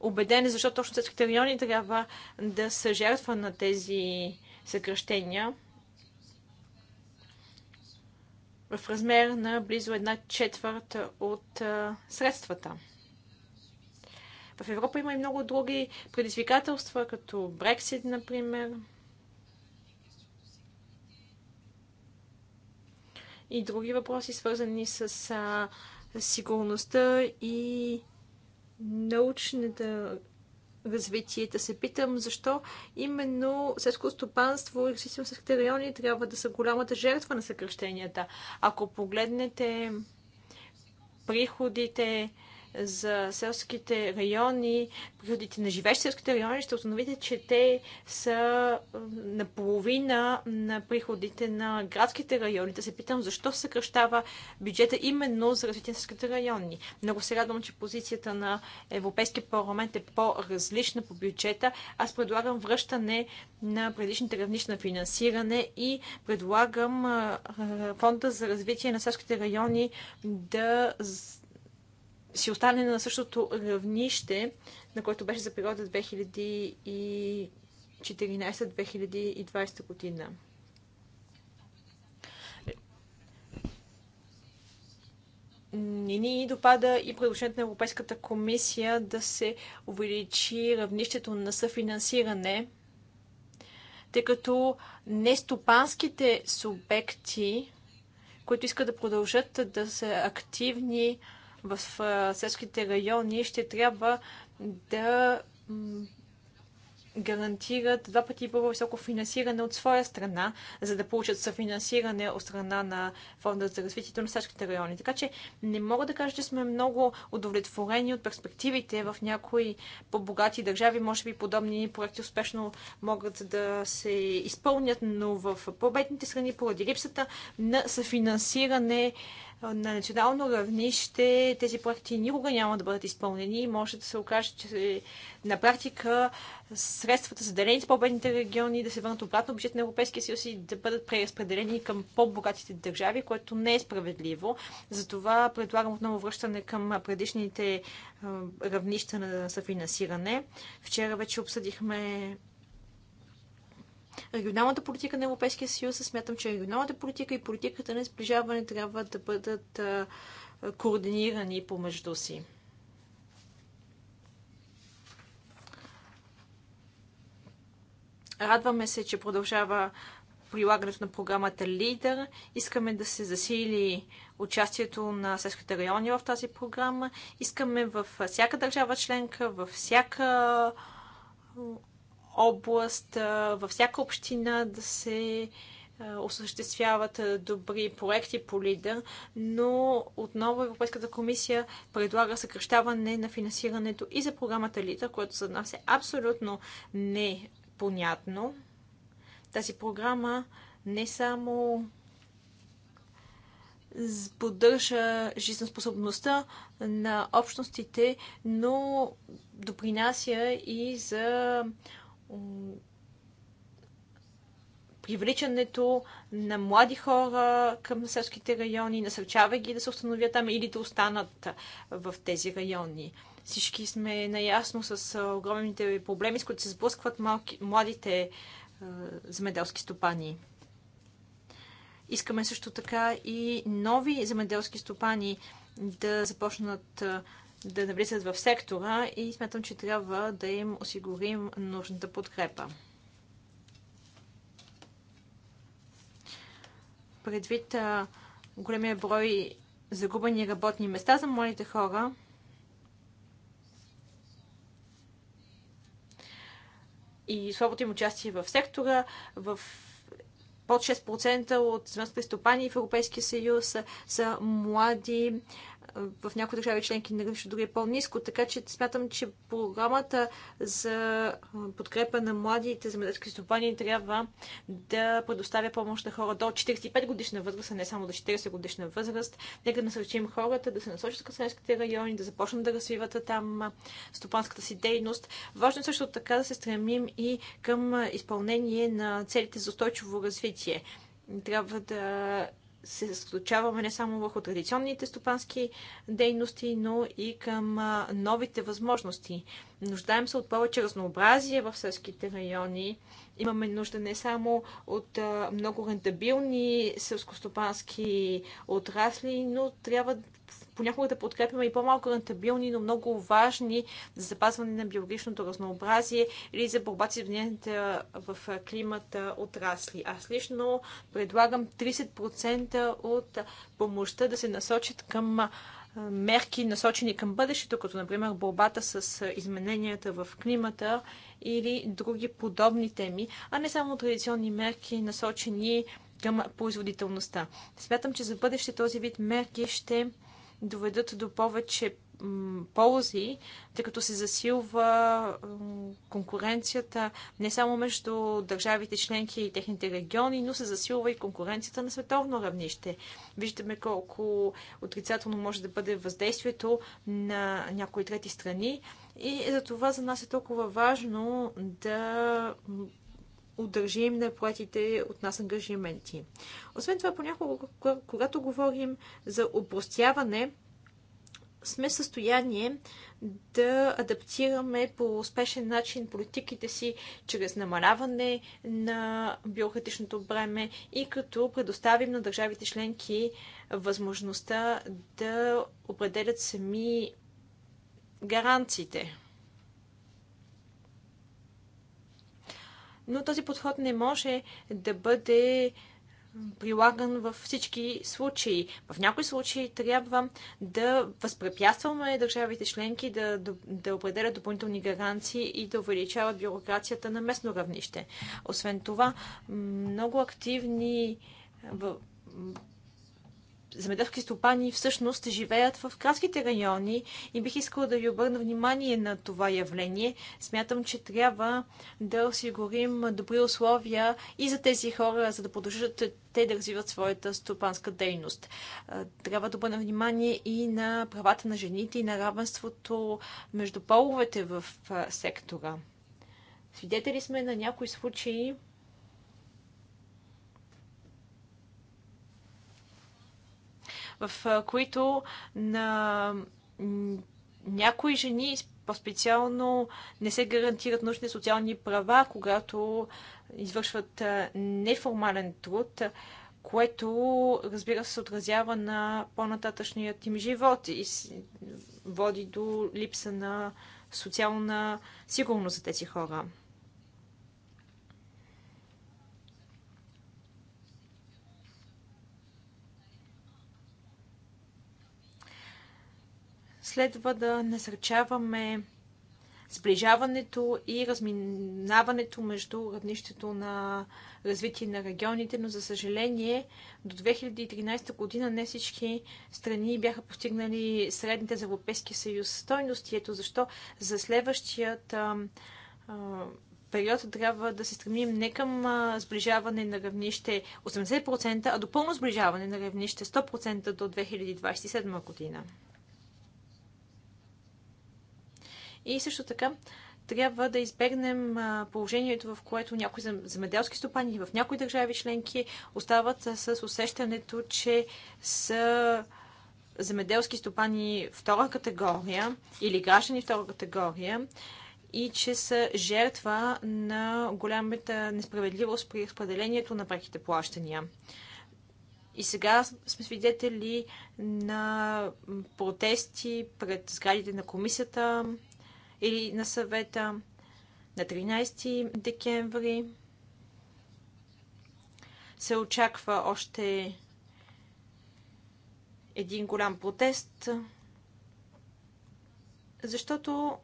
убеден, защото точно сетските райони трябва да са жертва на тези съкръщения в размер на близо една четвърт от средствата. В Европа има и много други предизвикателства, като Брексит, например – и други въпроси, свързани с а, сигурността и научната развитие. Да се питам защо именно селско стопанство и селските райони трябва да са голямата жертва на съкръщенията. Ако погледнете приходите за селските райони, приходите на живещи селските райони, ще установите, че те са наполовина на приходите на градските райони. Да се питам защо се съкръщава бюджета именно за развитие на селските райони. Много се радвам, че позицията на Европейския парламент е по-различна по бюджета. Аз предлагам връщане на предишните равнища на финансиране и предлагам фонда за развитие на селските райони да си остане на същото равнище, на което беше за периода 2014-2020 година. не ни допада и предложението на Европейската комисия да се увеличи равнището на съфинансиране, тъй като нестопанските субекти, които искат да продължат да са активни в селските райони ще трябва да гарантират два пъти по-високо финансиране от своя страна, за да получат съфинансиране от страна на Фонда за развитието на всичките райони. Така че не мога да кажа, че сме много удовлетворени от перспективите в някои по-богати държави. Може би подобни проекти успешно могат да се изпълнят, но в по-бедните страни, поради липсата на съфинансиране, на национално равнище тези проекти никога няма да бъдат изпълнени и може да се окаже, че на практика средствата делени с по-бедните региони да се върнат обратно в бюджет на Европейския съюз и да бъдат преразпределени към по-богатите държави, което не е справедливо. Затова предлагам отново връщане към предишните равнища на съфинансиране. Вчера вече обсъдихме регионалната политика на Европейския съюз. Смятам, че регионалната политика и политиката на сближаване трябва да бъдат координирани помежду си. Радваме се, че продължава прилагането на програмата Лидер. Искаме да се засили участието на селските райони в тази програма. Искаме във всяка държава членка, във всяка област, във всяка община да се осъществяват добри проекти по ЛИДА, но отново Европейската комисия предлага съкръщаване на финансирането и за програмата ЛИДА, което за нас е абсолютно непонятно. Тази програма не само поддържа жизнеспособността на общностите, но допринася и за привличането на млади хора към селските райони, насърчава ги да се установят там или да останат в тези райони. Всички сме наясно с огромните проблеми, с които се сблъскват малки, младите е, земеделски стопани. Искаме също така и нови земеделски стопани да започнат да навлизат в сектора и смятам, че трябва да им осигурим нужната подкрепа. Предвид големия брой загубени работни места за младите хора, и слабото им участие в сектора, в под 6% от земеделските стопани в Европейския съюз са млади в някои държави членки на равнище дори е по-низко, така че смятам, че програмата за подкрепа на младите земеделски стопани трябва да предоставя помощ на хора до 45 годишна възраст, а не само до 40 годишна възраст. Нека да насърчим хората да се насочат към селските райони, да започнат да развиват там стопанската си дейност. Важно е също така да се стремим и към изпълнение на целите за устойчиво развитие. Трябва да се случаваме не само върху традиционните стопански дейности, но и към новите възможности. Нуждаем се от повече разнообразие в селските райони. Имаме нужда не само от много рентабилни селскостопански отрасли, но трябва понякога да подкрепяме и по-малко рентабилни, но много важни за запазване на биологичното разнообразие или за борба с измененията в климата отрасли. Аз лично предлагам 30% от помощта да се насочат към мерки, насочени към бъдещето, като например борбата с измененията в климата или други подобни теми, а не само традиционни мерки, насочени към производителността. Смятам, че за бъдеще този вид мерки ще доведат до повече ползи, тъй като се засилва конкуренцията не само между държавите членки и техните региони, но се засилва и конкуренцията на световно равнище. Виждаме колко отрицателно може да бъде въздействието на някои трети страни и за това за нас е толкова важно да удържим на платите от нас ангажименти. Освен това, понякога, когато говорим за упростяване, сме в състояние да адаптираме по успешен начин политиките си чрез намаляване на бюрократичното бреме и като предоставим на държавите членки възможността да определят сами гаранциите. но този подход не може да бъде прилаган във всички случаи. В някои случаи трябва да възпрепятстваме държавите членки да, да, да определят допълнителни гаранции и да увеличават бюрокрацията на местно равнище. Освен това, много активни земеделски стопани всъщност живеят в кралските райони и бих искала да ви обърна внимание на това явление. Смятам, че трябва да осигурим добри условия и за тези хора, за да продължат те да развиват своята стопанска дейност. Трябва да обърна внимание и на правата на жените и на равенството между половете в сектора. Свидетели сме на някои случаи, в които на някои жени по-специално не се гарантират нужни социални права, когато извършват неформален труд, което, разбира се, отразява на по-нататъчният им живот и води до липса на социална сигурност за тези хора. следва да насърчаваме сближаването и разминаването между равнището на развитие на регионите, но за съжаление до 2013 година не всички страни бяха постигнали средните за Европейския съюз стойности. Ето защо за следващият а, а, период трябва да се стремим не към а, сближаване на равнище 80%, а до пълно сближаване на равнище 100% до 2027 година. И също така трябва да избегнем положението, в което някои земеделски стопани в някои държави членки остават с усещането, че са земеделски стопани втора категория или граждани втора категория и че са жертва на голямата несправедливост при разпределението на преките плащания. И сега сме свидетели на протести пред сградите на комисията, или на съвета на 13 декември. Се очаква още един голям протест, защото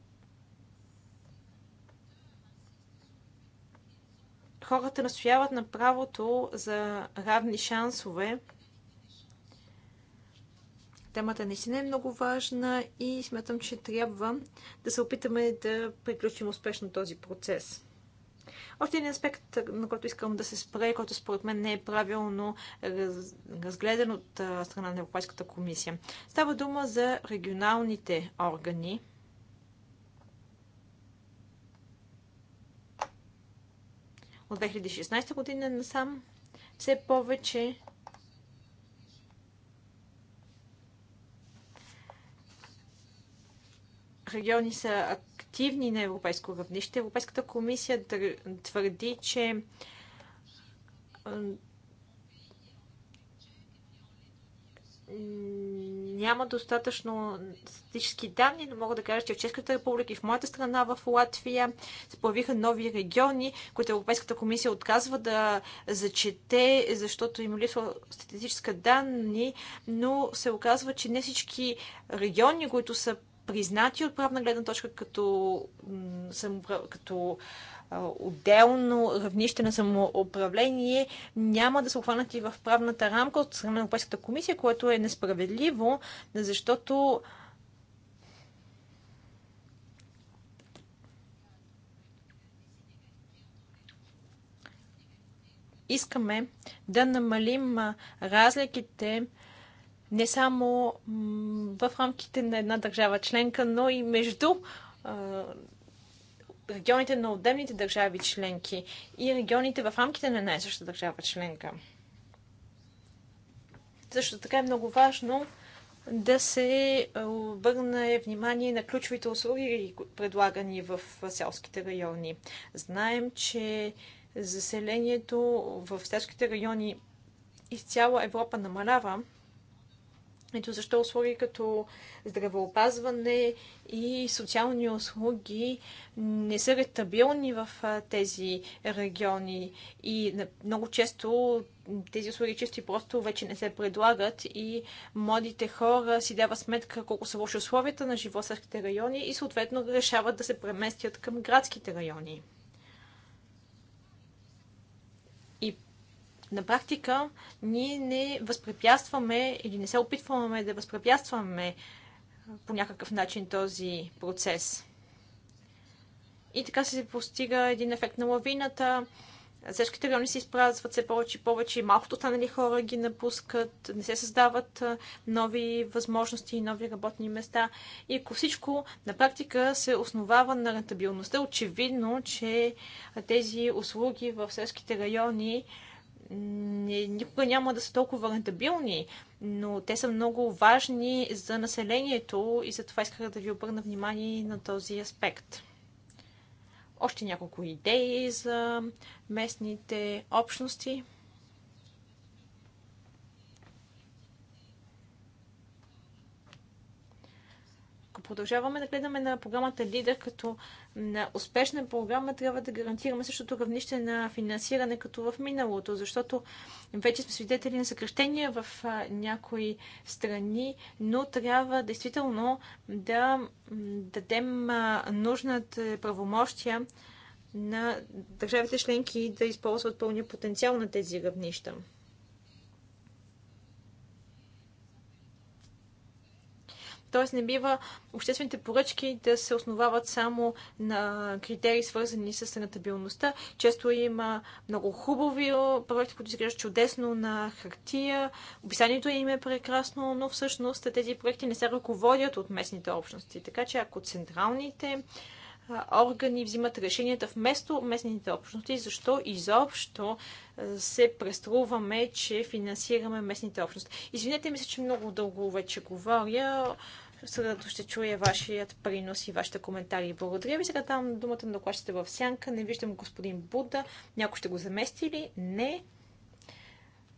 хората настояват на правото за равни шансове Темата наистина е много важна и смятам, че трябва да се опитаме да приключим успешно този процес. Още един аспект, на който искам да се спре, който според мен не е правилно разгледан от страна на Европейската комисия. Става дума за регионалните органи. От 2016 година насам все повече региони са активни на европейско равнище. Европейската комисия твърди, че няма достатъчно статистически данни, но мога да кажа, че в Чешката република и в моята страна, в Латвия, се появиха нови региони, които Европейската комисия отказва да зачете, защото им липсва статистическа данни, но се оказва, че не всички региони, които са признати от правна гледна точка като, като отделно равнище на самоуправление няма да са обхванати в правната рамка от страна на Европейската комисия, което е несправедливо, защото искаме да намалим разликите не само в рамките на една държава членка, но и между регионите на отделните държави членки и регионите в рамките на една и съща държава членка. Също така е много важно да се обърне внимание на ключовите услуги, предлагани в селските райони. Знаем, че заселението в селските райони из цяла Европа намалява, ето защо услуги като здравеопазване и социални услуги не са ретабилни в тези региони и много често тези услуги чисти просто вече не се предлагат и младите хора си дават сметка колко са лоши условията на живота в райони и съответно решават да се преместят към градските райони. На практика ние не възпрепятстваме или не се опитваме да възпрепятстваме по някакъв начин този процес. И така се постига един ефект на лавината. Селските райони се изпразват все повече и повече. Малкото останали хора ги напускат, не се създават нови възможности и нови работни места. И ако всичко на практика се основава на рентабилността, очевидно, че тези услуги в селските райони не, никога няма да са толкова рентабилни, но те са много важни за населението и затова исках да ви обърна внимание на този аспект. Още няколко идеи за местните общности. продължаваме да гледаме на програмата Лидер като на успешна програма, трябва да гарантираме същото равнище на финансиране като в миналото, защото вече сме свидетели на съкрещения в някои страни, но трябва действително да дадем нужната правомощия на държавите членки да използват пълния потенциал на тези равнища. Тоест не бива обществените поръчки да се основават само на критерии, свързани с рентабилността. Често има много хубави проекти, които изглеждат чудесно на хартия. Описанието им е прекрасно, но всъщност тези проекти не се ръководят от местните общности. Така че ако централните органи взимат решенията вместо местните общности. Защо изобщо се преструваме, че финансираме местните общности? Извинете ми се, че много дълго вече говоря. Средато ще чуя вашият принос и вашите коментари. Благодаря ви. Сега там думата на докладчите в сянка. Не виждам господин Буда. Някой ще го замести ли? Не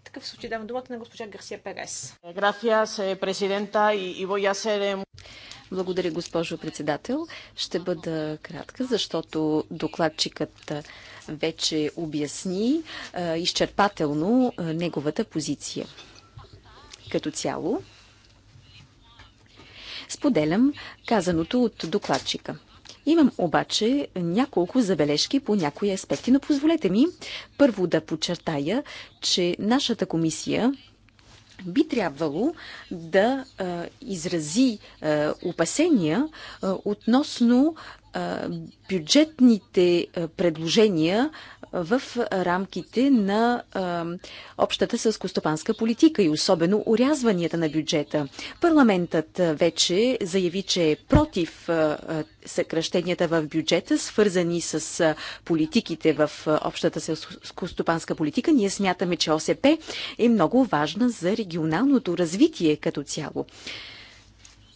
такъв случай давам думата на госпожа Гарсия Перес. Gracias, президента, eh, и voy a ser... Благодаря, госпожо председател. Ще бъда кратка, защото докладчикът вече обясни изчерпателно неговата позиция. Като цяло, споделям казаното от докладчика. Имам обаче няколко забележки по някои аспекти, но позволете ми първо да подчертая, че нашата комисия би трябвало да изрази опасения относно бюджетните предложения в рамките на общата сълскостопанска политика и особено урязванията на бюджета. Парламентът вече заяви, че е против съкръщенията в бюджета, свързани с политиките в общата сълскостопанска политика. Ние смятаме, че ОСП е много важна за регионалното развитие като цяло.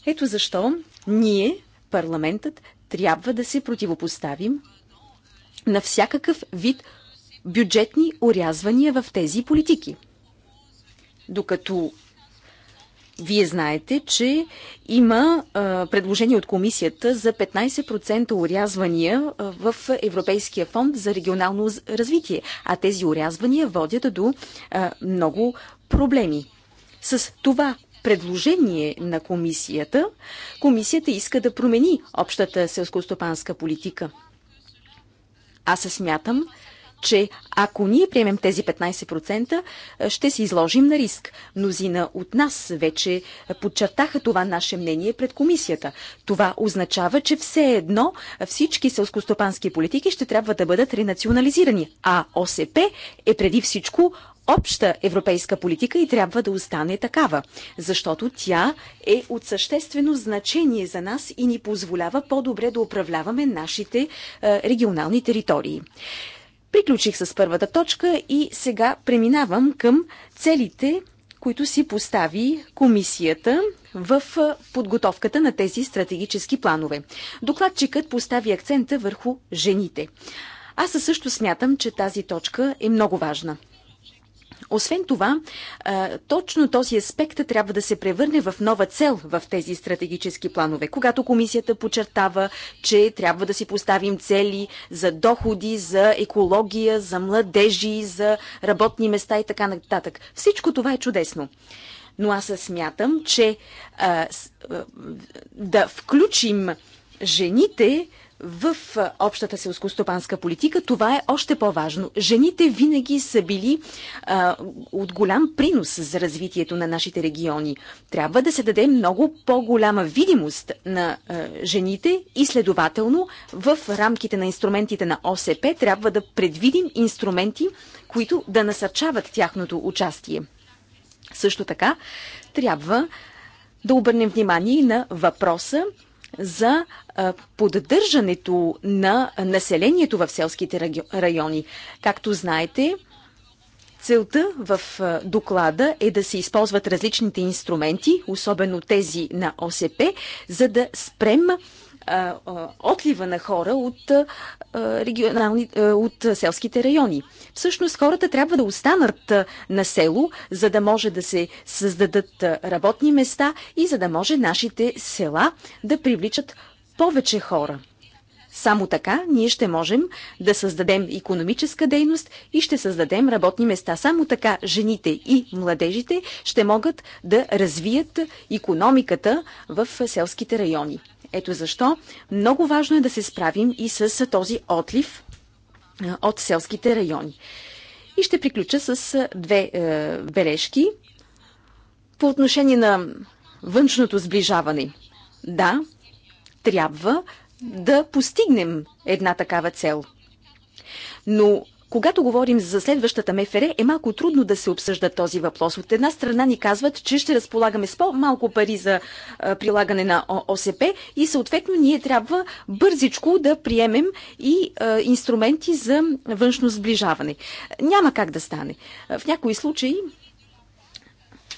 Ето защо ние парламентът трябва да се противопоставим на всякакъв вид бюджетни урязвания в тези политики. Докато вие знаете, че има а, предложение от комисията за 15% урязвания в Европейския фонд за регионално развитие, а тези урязвания водят до а, много проблеми. С това предложение на комисията, комисията иска да промени общата селскостопанска политика. Аз се смятам, че ако ние приемем тези 15%, ще се изложим на риск. Мнозина от нас вече подчертаха това наше мнение пред комисията. Това означава, че все едно всички селскостопански политики ще трябва да бъдат ренационализирани, а ОСП е преди всичко обща европейска политика и трябва да остане такава, защото тя е от съществено значение за нас и ни позволява по-добре да управляваме нашите е, регионални територии. Приключих с първата точка и сега преминавам към целите, които си постави комисията в е, подготовката на тези стратегически планове. Докладчикът постави акцента върху жените. Аз също смятам, че тази точка е много важна. Освен това, точно този аспект трябва да се превърне в нова цел в тези стратегически планове. Когато комисията подчертава, че трябва да си поставим цели за доходи, за екология, за младежи, за работни места и така нататък. Всичко това е чудесно но аз смятам, че а, да включим жените в общата селскостопанска политика, това е още по-важно. Жените винаги са били а, от голям принос за развитието на нашите региони. Трябва да се даде много по-голяма видимост на а, жените и следователно в рамките на инструментите на ОСП трябва да предвидим инструменти, които да насърчават тяхното участие. Също така трябва да обърнем внимание на въпроса за поддържането на населението в селските райони. Както знаете, Целта в доклада е да се използват различните инструменти, особено тези на ОСП, за да спрем отлива на хора от, регионални, от селските райони. Всъщност хората трябва да останат на село, за да може да се създадат работни места и за да може нашите села да привличат повече хора. Само така ние ще можем да създадем економическа дейност и ще създадем работни места. Само така жените и младежите ще могат да развият економиката в селските райони. Ето защо много важно е да се справим и с този отлив от селските райони. И ще приключа с две е, бележки по отношение на външното сближаване. Да, трябва да постигнем една такава цел. Но когато говорим за следващата МФР, е малко трудно да се обсъжда този въпрос. От една страна ни казват, че ще разполагаме с по-малко пари за а, прилагане на ОСП и съответно ние трябва бързичко да приемем и а, инструменти за външно сближаване. Няма как да стане. В някои случаи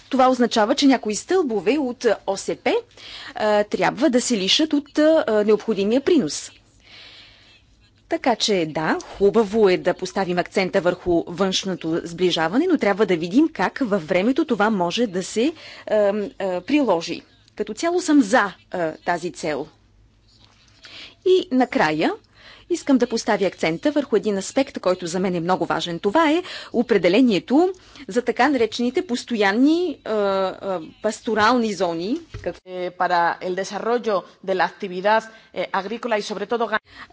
това означава, че някои стълбове от ОСП а, трябва да се лишат от а, необходимия принос. Така че да, хубаво е да поставим акцента върху външното сближаване, но трябва да видим как във времето това може да се е, е, приложи. Като цяло съм за е, тази цел. И накрая Искам да поставя акцента върху един аспект, който за мен е много важен. Това е определението за така наречените постоянни а, е, а, е, пасторални зони. Para е, el desarrollo de la actividad agrícola y sobre todo...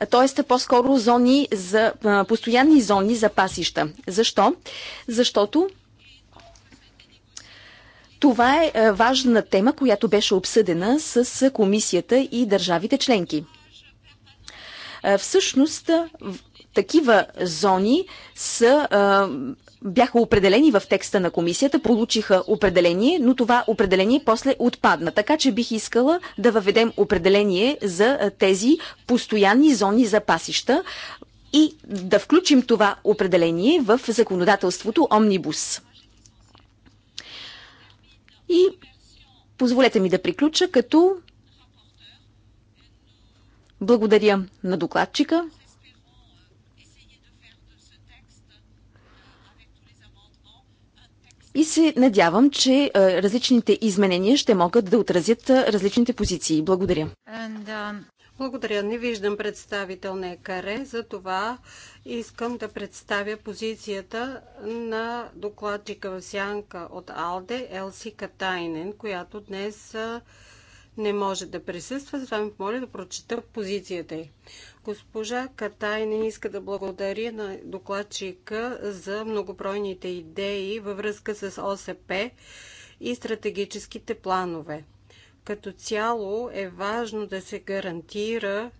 Тоест, по-скоро зони за, постоянни зони за пасища. Защо? Защото това е важна тема, която беше обсъдена с комисията и държавите членки всъщност такива зони са, бяха определени в текста на комисията, получиха определение, но това определение после отпадна. Така че бих искала да въведем определение за тези постоянни зони за пасища и да включим това определение в законодателството Омнибус. И позволете ми да приключа, като благодаря на докладчика. И се надявам, че различните изменения ще могат да отразят различните позиции. Благодаря. Благодаря. Не виждам представител на ЕКАРЕ, затова искам да представя позицията на докладчика в сянка от АЛДЕ Елси Катайнен, която днес не може да присъства, затова ми помоля да прочета позицията й. Госпожа Катай не иска да благодари на докладчика за многобройните идеи във връзка с ОСП и стратегическите планове. Като цяло е важно да се гарантира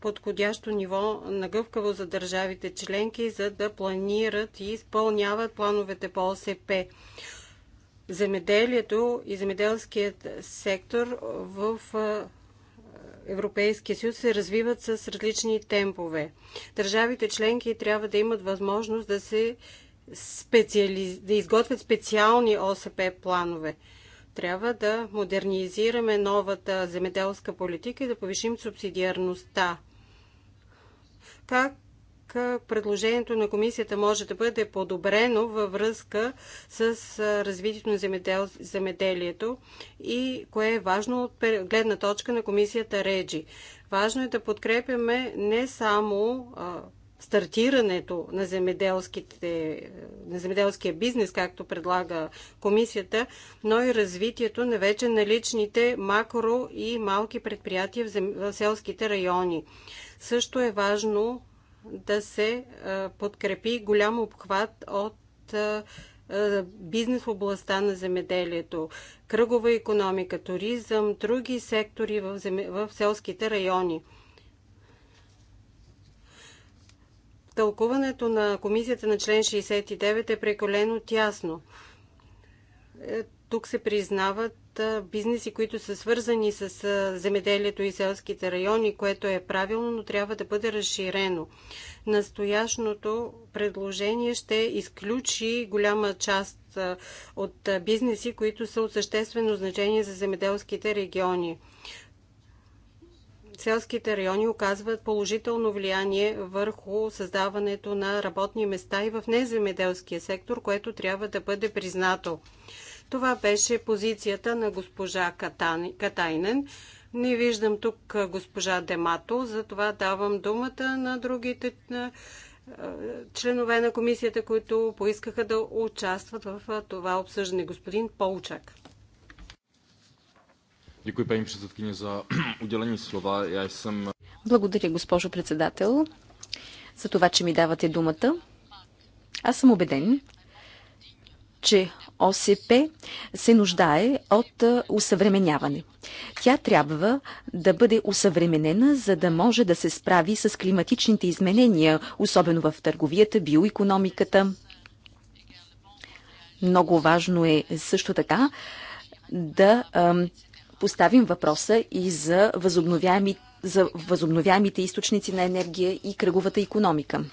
подходящо ниво на гъвкаво за държавите членки, за да планират и изпълняват плановете по ОСП земеделието и земеделският сектор в Европейския съюз се развиват с различни темпове. Държавите членки трябва да имат възможност да се специализ... да изготвят специални ОСП планове. Трябва да модернизираме новата земеделска политика и да повишим субсидиарността. Как как предложението на комисията може да бъде подобрено във връзка с развитието на земедел... земеделието и кое е важно от гледна точка на комисията Реджи. Важно е да подкрепяме не само стартирането на, на земеделския бизнес, както предлага комисията, но и развитието на вече наличните макро и малки предприятия в, зем... в селските райони. Също е важно да се подкрепи голям обхват от бизнес в областта на земеделието, кръгова економика, туризъм, други сектори в, селските райони. Тълкуването на комисията на член 69 е прекалено тясно. Е, тук се признават бизнеси, които са свързани с земеделието и селските райони, което е правилно, но трябва да бъде разширено. Настоящното предложение ще изключи голяма част от бизнеси, които са от съществено значение за земеделските региони селските райони оказват положително влияние върху създаването на работни места и в неземеделския сектор, което трябва да бъде признато. Това беше позицията на госпожа Катайнен. Не виждам тук госпожа Демато, затова давам думата на другите членове на комисията, които поискаха да участват в това обсъждане. Господин Полчак. Eh, Благодаря, госпожо председател, за това, че ми давате думата. Аз съм убеден, че ОСП се нуждае от усъвременяване. Тя трябва да бъде усъвременена, за да може да се справи с климатичните изменения, особено в търговията, биоекономиката. Много важно е също така да поставим въпроса и за възобновяемите за възобновяемите източници на енергия и кръговата економика.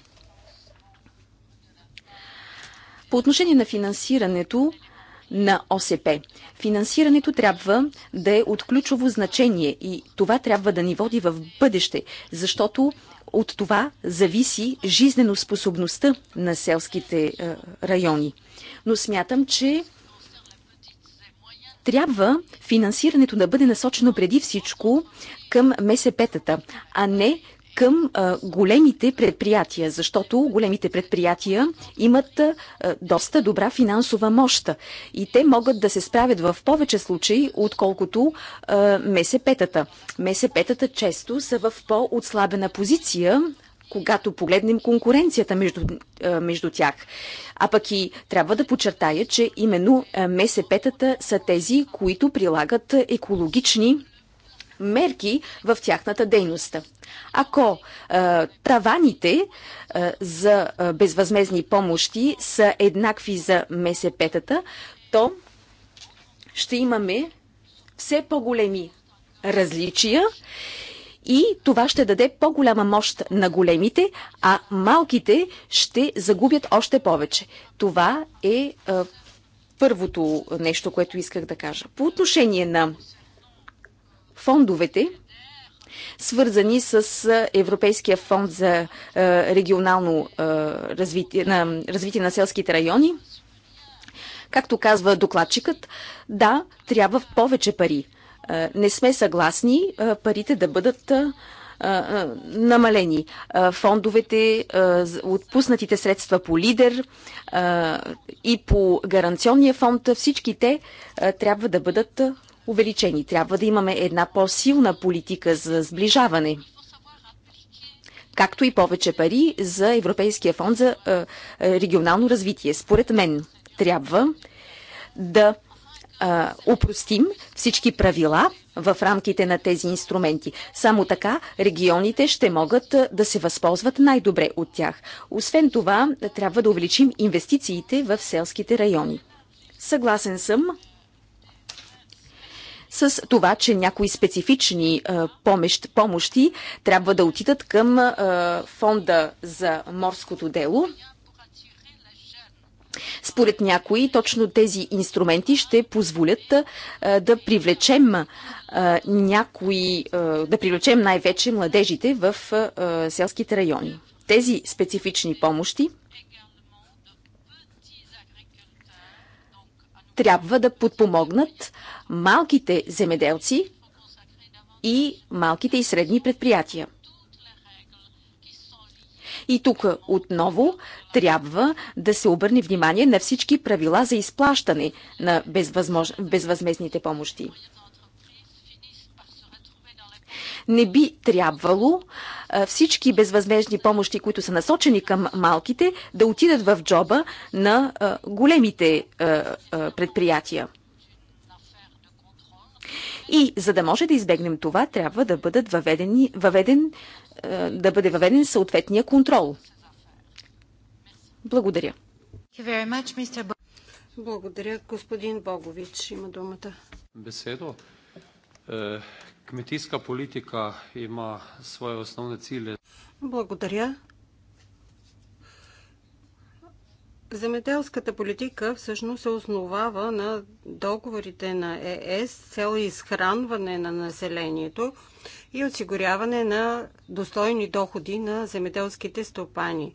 По отношение на финансирането на ОСП, финансирането трябва да е от ключово значение и това трябва да ни води в бъдеще, защото от това зависи жизненоспособността на селските е, райони. Но смятам, че трябва финансирането да бъде насочено преди всичко към МСП-тата, а не към а, големите предприятия, защото големите предприятия имат а, доста добра финансова мощ и те могат да се справят в повече случаи, отколкото МСП-тата. МСП-тата често са в по-отслабена позиция когато погледнем конкуренцията между, между тях. А пък и трябва да подчертая, че именно МСП-тата са тези, които прилагат екологични мерки в тяхната дейност. Ако е, таваните е, за е, безвъзмезни помощи са еднакви за МСП-тата, то ще имаме все по-големи различия и това ще даде по-голяма мощ на големите, а малките ще загубят още повече. Това е е първото нещо, което исках да кажа. По отношение на фондовете, свързани с Европейския фонд за регионално развитие на, развитие на селските райони. Както казва докладчикът, да, трябва повече пари. Не сме съгласни парите да бъдат намалени. Фондовете, отпуснатите средства по лидер и по гаранционния фонд, всички те трябва да бъдат увеличени. Трябва да имаме една по-силна политика за сближаване както и повече пари за Европейския фонд за е, регионално развитие. Според мен трябва да упростим всички правила в рамките на тези инструменти. Само така регионите ще могат да се възползват най-добре от тях. Освен това, трябва да увеличим инвестициите в селските райони. Съгласен съм с това, че някои специфични помещ, помощи трябва да отидат към фонда за морското дело. Според някои, точно тези инструменти ще позволят да привлечем някои, да привлечем най-вече младежите в селските райони. Тези специфични помощи трябва да подпомогнат малките земеделци и малките и средни предприятия. И тук отново трябва да се обърне внимание на всички правила за изплащане на безвъзмезните помощи. Не би трябвало всички безвъзмежни помощи, които са насочени към малките, да отидат в джоба на големите предприятия. И за да може да избегнем това, трябва да, бъдат въведени, въведен, да бъде въведен съответния контрол. Благодаря. Благодаря. Господин Богович има думата. Беседо. Е, Кметийска политика има свои основни цели. Благодаря. Земеделската политика всъщност се основава на договорите на ЕС с цел изхранване на населението и осигуряване на достойни доходи на земеделските стопани.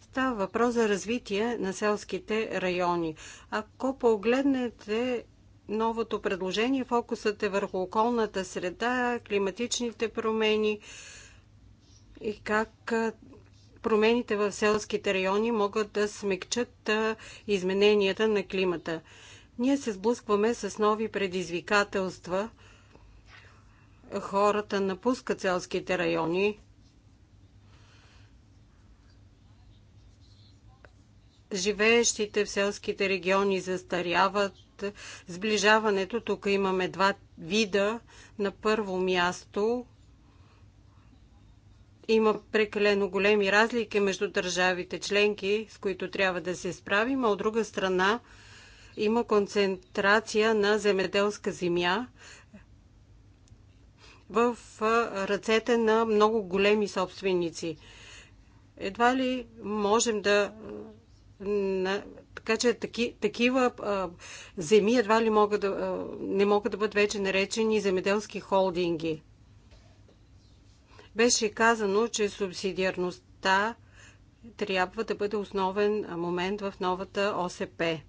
Става въпрос за развитие на селските райони. Ако погледнете новото предложение фокусът е върху околната среда, климатичните промени и как промените в селските райони могат да смекчат измененията на климата. Ние се сблъскваме с нови предизвикателства. Хората напускат селските райони. Живеещите в селските региони застаряват сближаването. Тук имаме два вида. На първо място има прекалено големи разлики между държавите членки, с които трябва да се справим, а от друга страна има концентрация на земеделска земя в ръцете на много големи собственици. Едва ли можем да така че таки, такива а, земи едва ли могат да, а, не могат да бъдат вече наречени земеделски холдинги. Беше казано, че субсидиарността трябва да бъде основен момент в новата ОСП.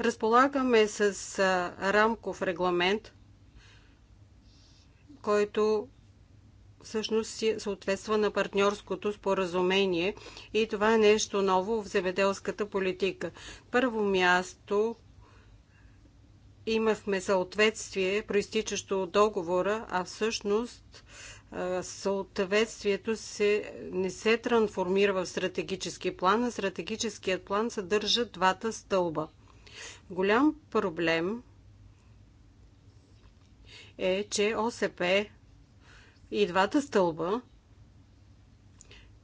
Разполагаме с рамков регламент, който всъщност съответства на партньорското споразумение и това е нещо ново в земеделската политика. Първо място имахме съответствие, проистичащо от договора, а всъщност съответствието се, не се трансформира в стратегически план, а стратегическият план съдържа двата стълба. Голям проблем е, че ОСП и двата стълба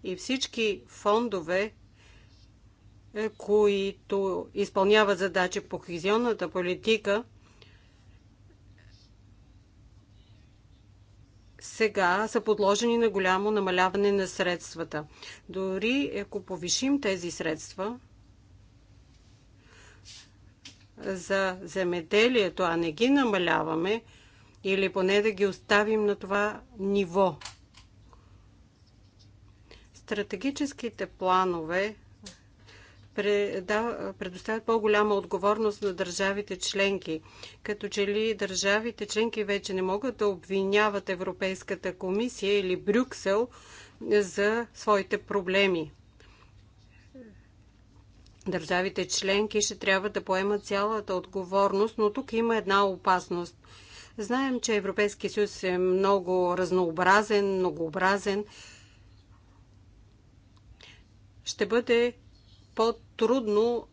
и всички фондове, е, които изпълняват задачи по хизионната политика, сега са подложени на голямо намаляване на средствата. Дори ако повишим тези средства за земеделието, а не ги намаляваме, или поне да ги оставим на това ниво. Стратегическите планове предоставят по-голяма отговорност на държавите членки. Като че ли държавите членки вече не могат да обвиняват Европейската комисия или Брюксел за своите проблеми. Държавите членки ще трябва да поемат цялата отговорност, но тук има една опасност – Знаем, че Европейския съюз е много разнообразен, многообразен. Ще бъде по-трудно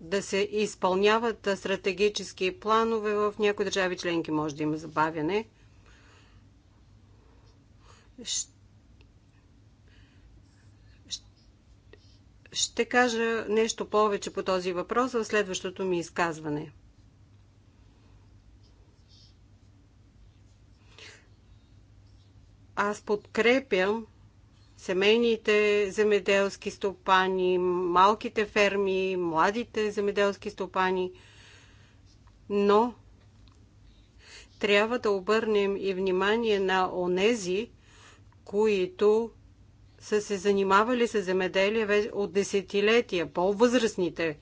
да се изпълняват стратегически планове в някои държави членки. Може да има забавяне. Ще кажа нещо повече по този въпрос в следващото ми изказване. Аз подкрепям семейните земеделски стопани, малките ферми, младите земеделски стопани, но трябва да обърнем и внимание на онези, които са се занимавали с земеделие от десетилетия, по-възрастните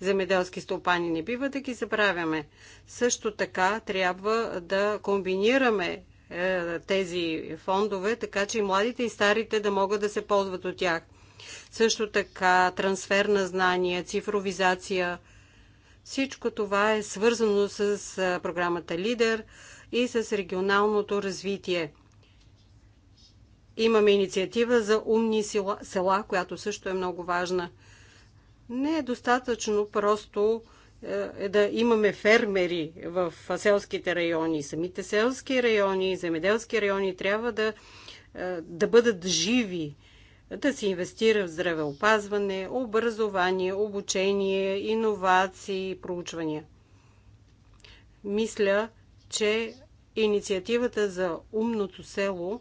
земеделски стопани. Не бива да ги забравяме. Също така трябва да комбинираме е, тези фондове, така че и младите и старите да могат да се ползват от тях. Също така трансфер на знания, цифровизация. Всичко това е свързано с е, програмата Лидер и с регионалното развитие. Имаме инициатива за умни села, която също е много важна. Не е достатъчно просто е, е да имаме фермери в селските райони. Самите селски райони, земеделски райони трябва да, е, да бъдат живи, да се инвестира в здравеопазване, образование, обучение, иновации, проучвания. Мисля, че инициативата за умното село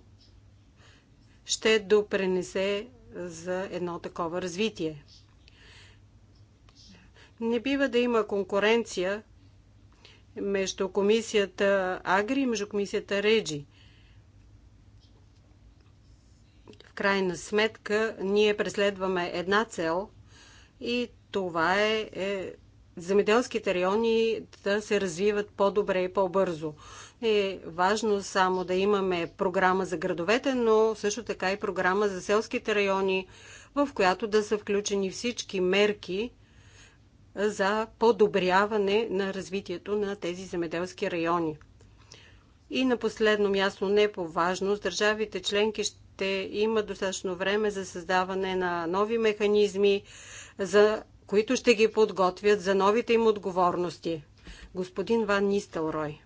ще допренесе за едно такова развитие. Не бива да има конкуренция между комисията Агри и между комисията Реджи. В крайна сметка, ние преследваме една цел и това е, е земеделските райони да се развиват по-добре и по-бързо. Е важно само да имаме програма за градовете, но също така и програма за селските райони, в която да са включени всички мерки, за подобряване на развитието на тези земеделски райони. И на последно място, не по важност, държавите членки ще имат достатъчно време за създаване на нови механизми, за които ще ги подготвят за новите им отговорности. Господин Ван Нистелрой.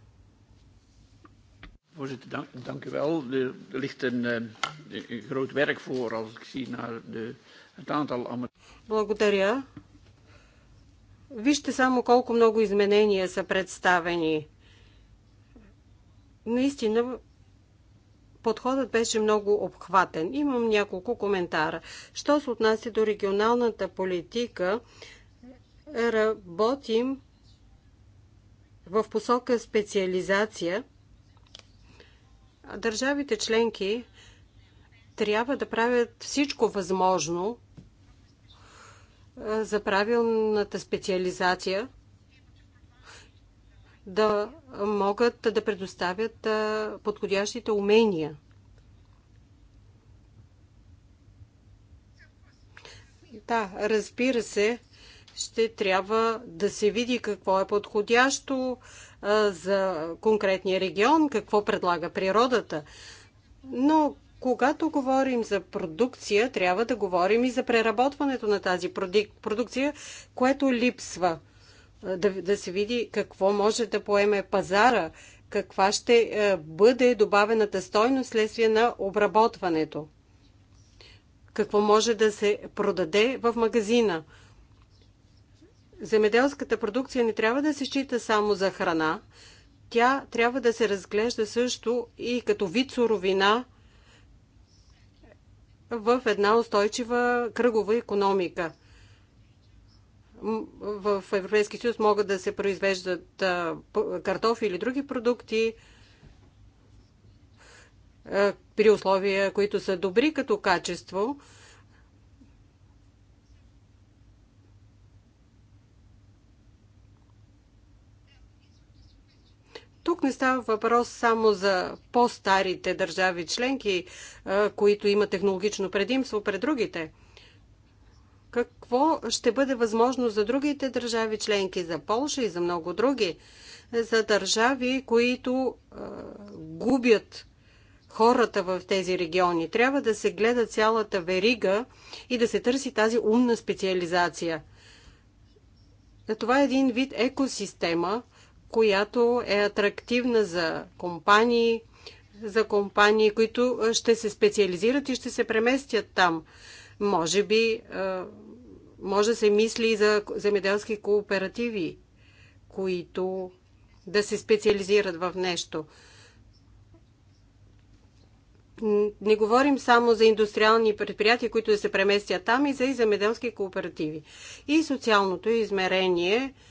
Voorzitter, dank, dank u wel. Er, er ligt een, eh, een groot werk voor als ik zie naar de, het aantal Благодаря. Вижте само колко много изменения са представени. Наистина, подходът беше много обхватен. Имам няколко коментара. Що се отнася до регионалната политика, работим в посока специализация. Държавите членки трябва да правят всичко възможно, за правилната специализация, да могат да предоставят подходящите умения. Да, разбира се, ще трябва да се види какво е подходящо за конкретния регион, какво предлага природата. Но когато говорим за продукция, трябва да говорим и за преработването на тази продукция, което липсва. Да, да се види какво може да поеме пазара, каква ще бъде добавената стойност следствие на обработването. Какво може да се продаде в магазина. Земеделската продукция не трябва да се счита само за храна. Тя трябва да се разглежда също и като вид суровина – в една устойчива кръгова економика. В Европейския съюз могат да се произвеждат картофи или други продукти при условия, които са добри като качество – Тук не става въпрос само за по-старите държави членки, които имат технологично предимство пред другите. Какво ще бъде възможно за другите държави членки, за Полша и за много други, за държави, които губят хората в тези региони. Трябва да се гледа цялата верига и да се търси тази умна специализация. Това е един вид екосистема, която е атрактивна за компании, за компании, които ще се специализират и ще се преместят там. Може би може да се мисли и за земеделски кооперативи, които да се специализират в нещо. Не говорим само за индустриални предприятия, които да се преместят там, и за и земеделски кооперативи. И социалното измерение –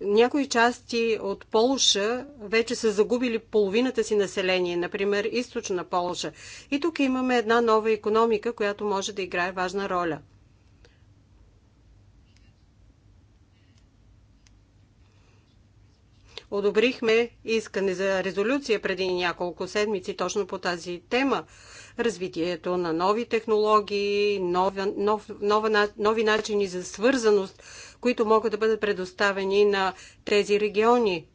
някои части от Полша вече са загубили половината си население, например източна Полша. И тук имаме една нова економика, която може да играе важна роля. Одобрихме искане за резолюция преди няколко седмици точно по тази тема. Развитието на нови технологии, нови, нов, нова, нови начини за свързаност които могат да бъдат предоставени на тези региони.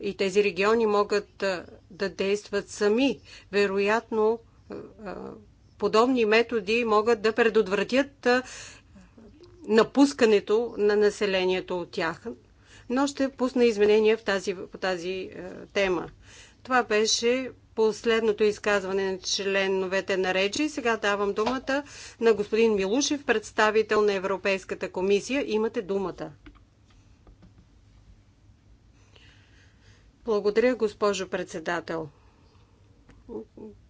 И тези региони могат да, действат сами. Вероятно, подобни методи могат да предотвратят напускането на населението от тях. Но ще пусна изменения в тази, по тази тема. Това беше последното изказване на членовете на Реджи. Сега давам думата на господин Милушев, представител на Европейската комисия. Имате думата. Благодаря, госпожо председател.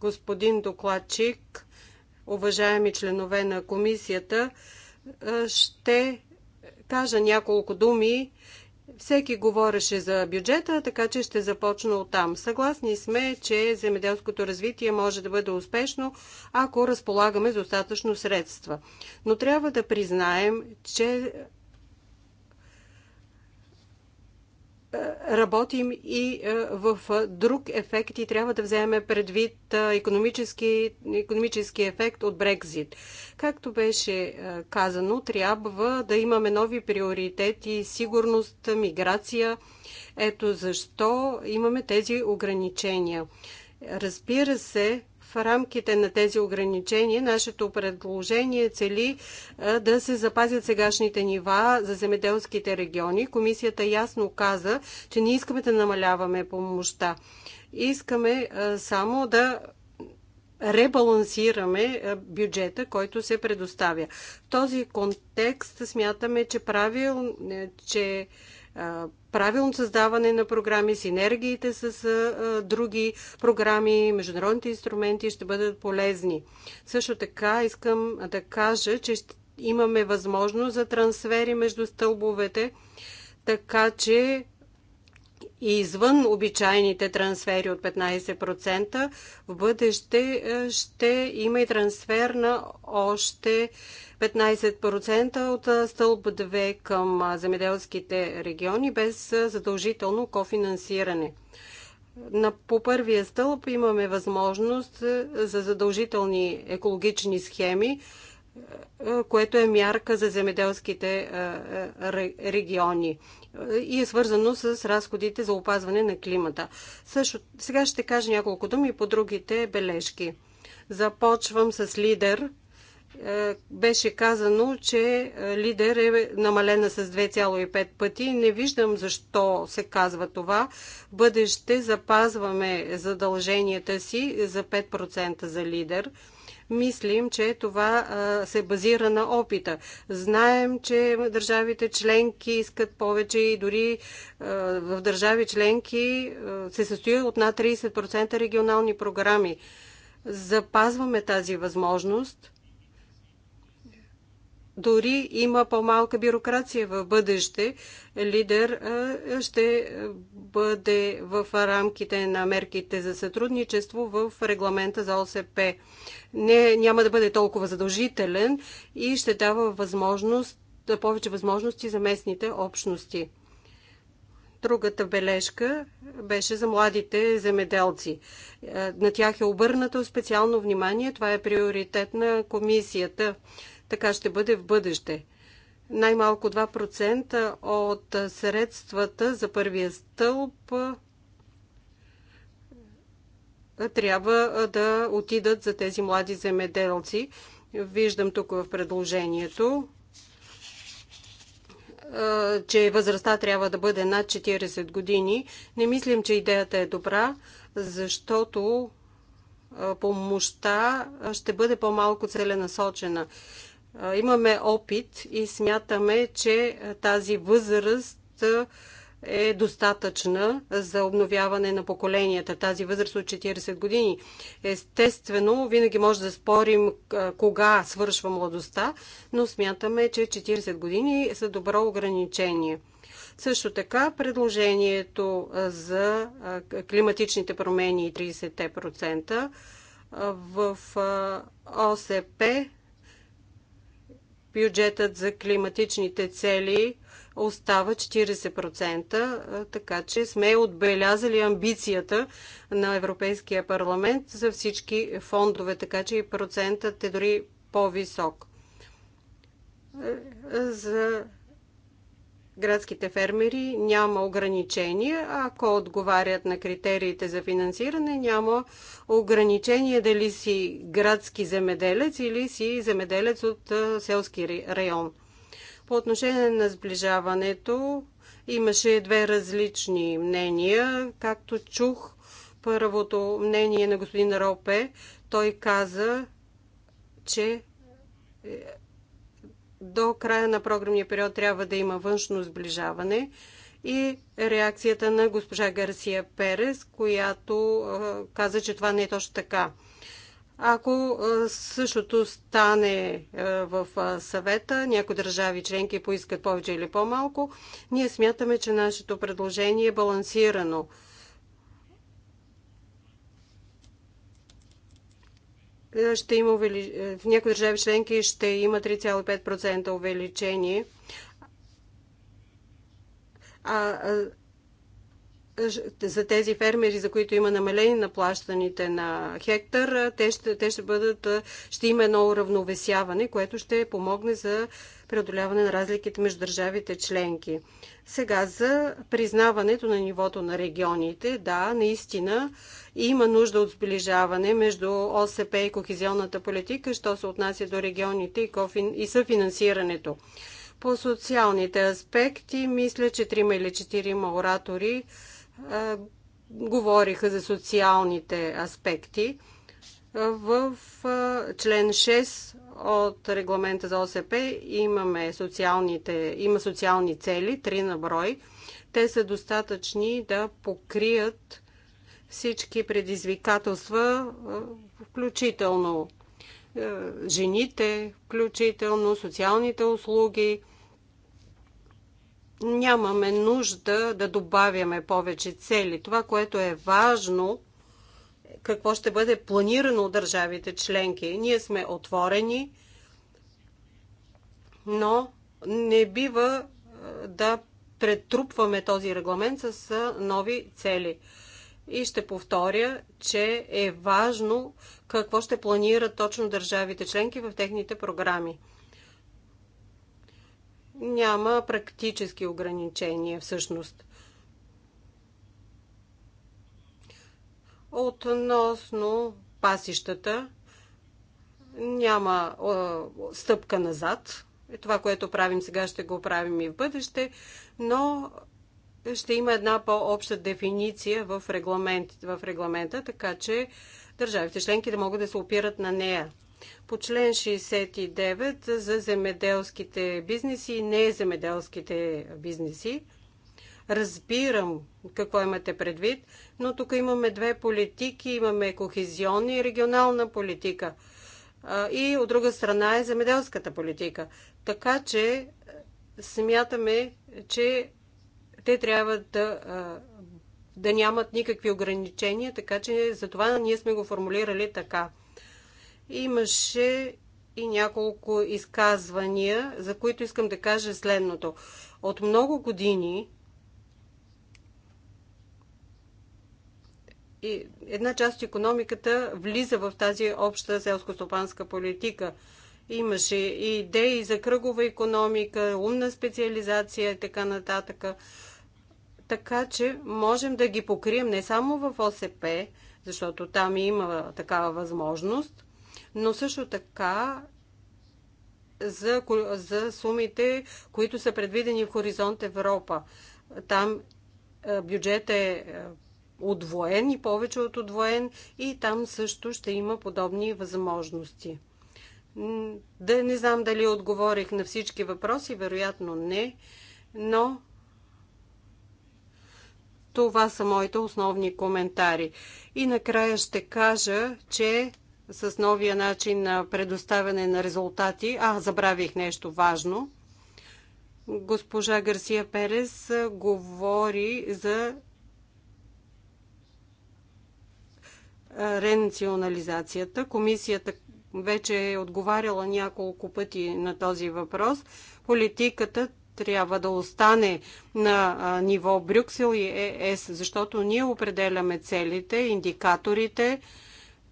Господин докладчик, уважаеми членове на комисията, ще кажа няколко думи всеки говореше за бюджета, така че ще започна от там. Съгласни сме, че земеделското развитие може да бъде успешно, ако разполагаме достатъчно средства. Но трябва да признаем, че Е, работим и е, в е, друг ефект и трябва да вземем предвид економически, економически ефект от Брекзит. Както беше казано, трябва да имаме нови приоритети сигурност, миграция. Ето защо имаме тези ограничения. Разбира се, рамките на тези ограничения нашето предложение цели да се запазят сегашните нива за земеделските региони. Комисията ясно каза, че не искаме да намаляваме помощта. Искаме само да ребалансираме бюджета, който се предоставя. В този контекст смятаме, че правил, че правилно създаване на програми, синергиите с други програми, международните инструменти ще бъдат полезни. Също така искам да кажа, че имаме възможност за трансфери между стълбовете, така че извън обичайните трансфери от 15%, в бъдеще е, ще има и трансфер на още 15% от е, стълб 2 към е, земеделските региони без задължително кофинансиране. По първия стълб имаме възможност за задължителни екологични схеми, което е мярка за земеделските региони и е свързано с разходите за опазване на климата. Също, сега ще кажа няколко думи по другите бележки. Започвам с лидер. Е, беше казано, че е, лидер е намалена с 2,5 пъти. Не виждам защо се казва това. бъдеще запазваме задълженията си за 5% за лидер мислим, че това се базира на опита. Знаем, че държавите членки искат повече и дори в държави членки се състои от над 30% регионални програми. Запазваме тази възможност. Дори има по-малка бюрокрация в бъдеще. Лидер ще бъде в рамките на мерките за сътрудничество в регламента за ОСП не, няма да бъде толкова задължителен и ще дава възможност, повече възможности за местните общности. Другата бележка беше за младите земеделци. Е, на тях е обърнато специално внимание. Това е приоритет на комисията. Така ще бъде в бъдеще. Най-малко 2% от средствата за първия стълб трябва да отидат за тези млади земеделци. Виждам тук в предложението, че възрастта трябва да бъде над 40 години. Не мислим, че идеята е добра, защото помощта ще бъде по-малко целенасочена. Имаме опит и смятаме, че тази възраст е достатъчна за обновяване на поколенията, тази възраст от 40 години. Естествено, винаги може да спорим кога свършва младостта, но смятаме, че 40 години са добро ограничение. Също така, предложението за климатичните промени и 30% в ОСП бюджетът за климатичните цели остава 40%, така че сме отбелязали амбицията на Европейския парламент за всички фондове, така че и процентът е дори по-висок. За градските фермери няма ограничения. Ако отговарят на критериите за финансиране, няма ограничение дали си градски земеделец или си земеделец от селски район. По отношение на сближаването имаше две различни мнения. Както чух първото мнение на господин Ропе, той каза, че е, до края на програмния период трябва да има външно сближаване и реакцията на госпожа Гарсия Перес, която е, каза, че това не е точно така. Ако същото стане в съвета, някои държави членки поискат повече или по-малко, ние смятаме, че нашето предложение е балансирано. Ще има увели... В някои държави членки ще има 3,5% увеличение. А за тези фермери, за които има намаление на плащаните на хектар, те ще, те ще бъдат, ще има едно уравновесяване, което ще помогне за преодоляване на разликите между държавите членки. Сега за признаването на нивото на регионите, да, наистина има нужда от сближаване между ОСП и кохезионната политика, що се отнася до регионите и, кофин, и съфинансирането. По социалните аспекти, мисля, че трима или четирима оратори говориха за социалните аспекти. В член 6 от регламента за ОСП имаме социалните, има социални цели, три на брой. Те са достатъчни да покрият всички предизвикателства, включително жените, включително социалните услуги, нямаме нужда да добавяме повече цели. Това, което е важно, какво ще бъде планирано от държавите членки. Ние сме отворени, но не бива да претрупваме този регламент с нови цели. И ще повторя, че е важно какво ще планират точно държавите членки в техните програми няма практически ограничения всъщност. Относно пасищата, няма е, стъпка назад. Това, което правим сега, ще го правим и в бъдеще, но ще има една по-обща дефиниция в, регламент, в регламента, така че държавите членки да могат да се опират на нея по член 69 за земеделските бизнеси и неземеделските бизнеси. Разбирам какво имате предвид, но тук имаме две политики. Имаме кохезионна и регионална политика. И от друга страна е земеделската политика. Така че е, смятаме, че те трябва да, да нямат никакви ограничения, така че за това ние сме го формулирали така. Имаше и няколко изказвания, за които искам да кажа следното. От много години и една част от економиката влиза в тази обща селско-стопанска политика. Имаше и идеи за кръгова економика, умна специализация и така нататък. Така че можем да ги покрием не само в ОСП, защото там има такава възможност, но също така за, за сумите, които са предвидени в Хоризонт Европа. Там е, бюджет е отвоен е, и повече от отвоен и там също ще има подобни възможности. Да не знам дали отговорих на всички въпроси, вероятно не, но това са моите основни коментари. И накрая ще кажа, че с новия начин на предоставяне на резултати. А, забравих нещо важно. Госпожа Гарсия Перес говори за ренационализацията. Комисията вече е отговаряла няколко пъти на този въпрос. Политиката трябва да остане на ниво Брюксел и ЕС, защото ние определяме целите, индикаторите,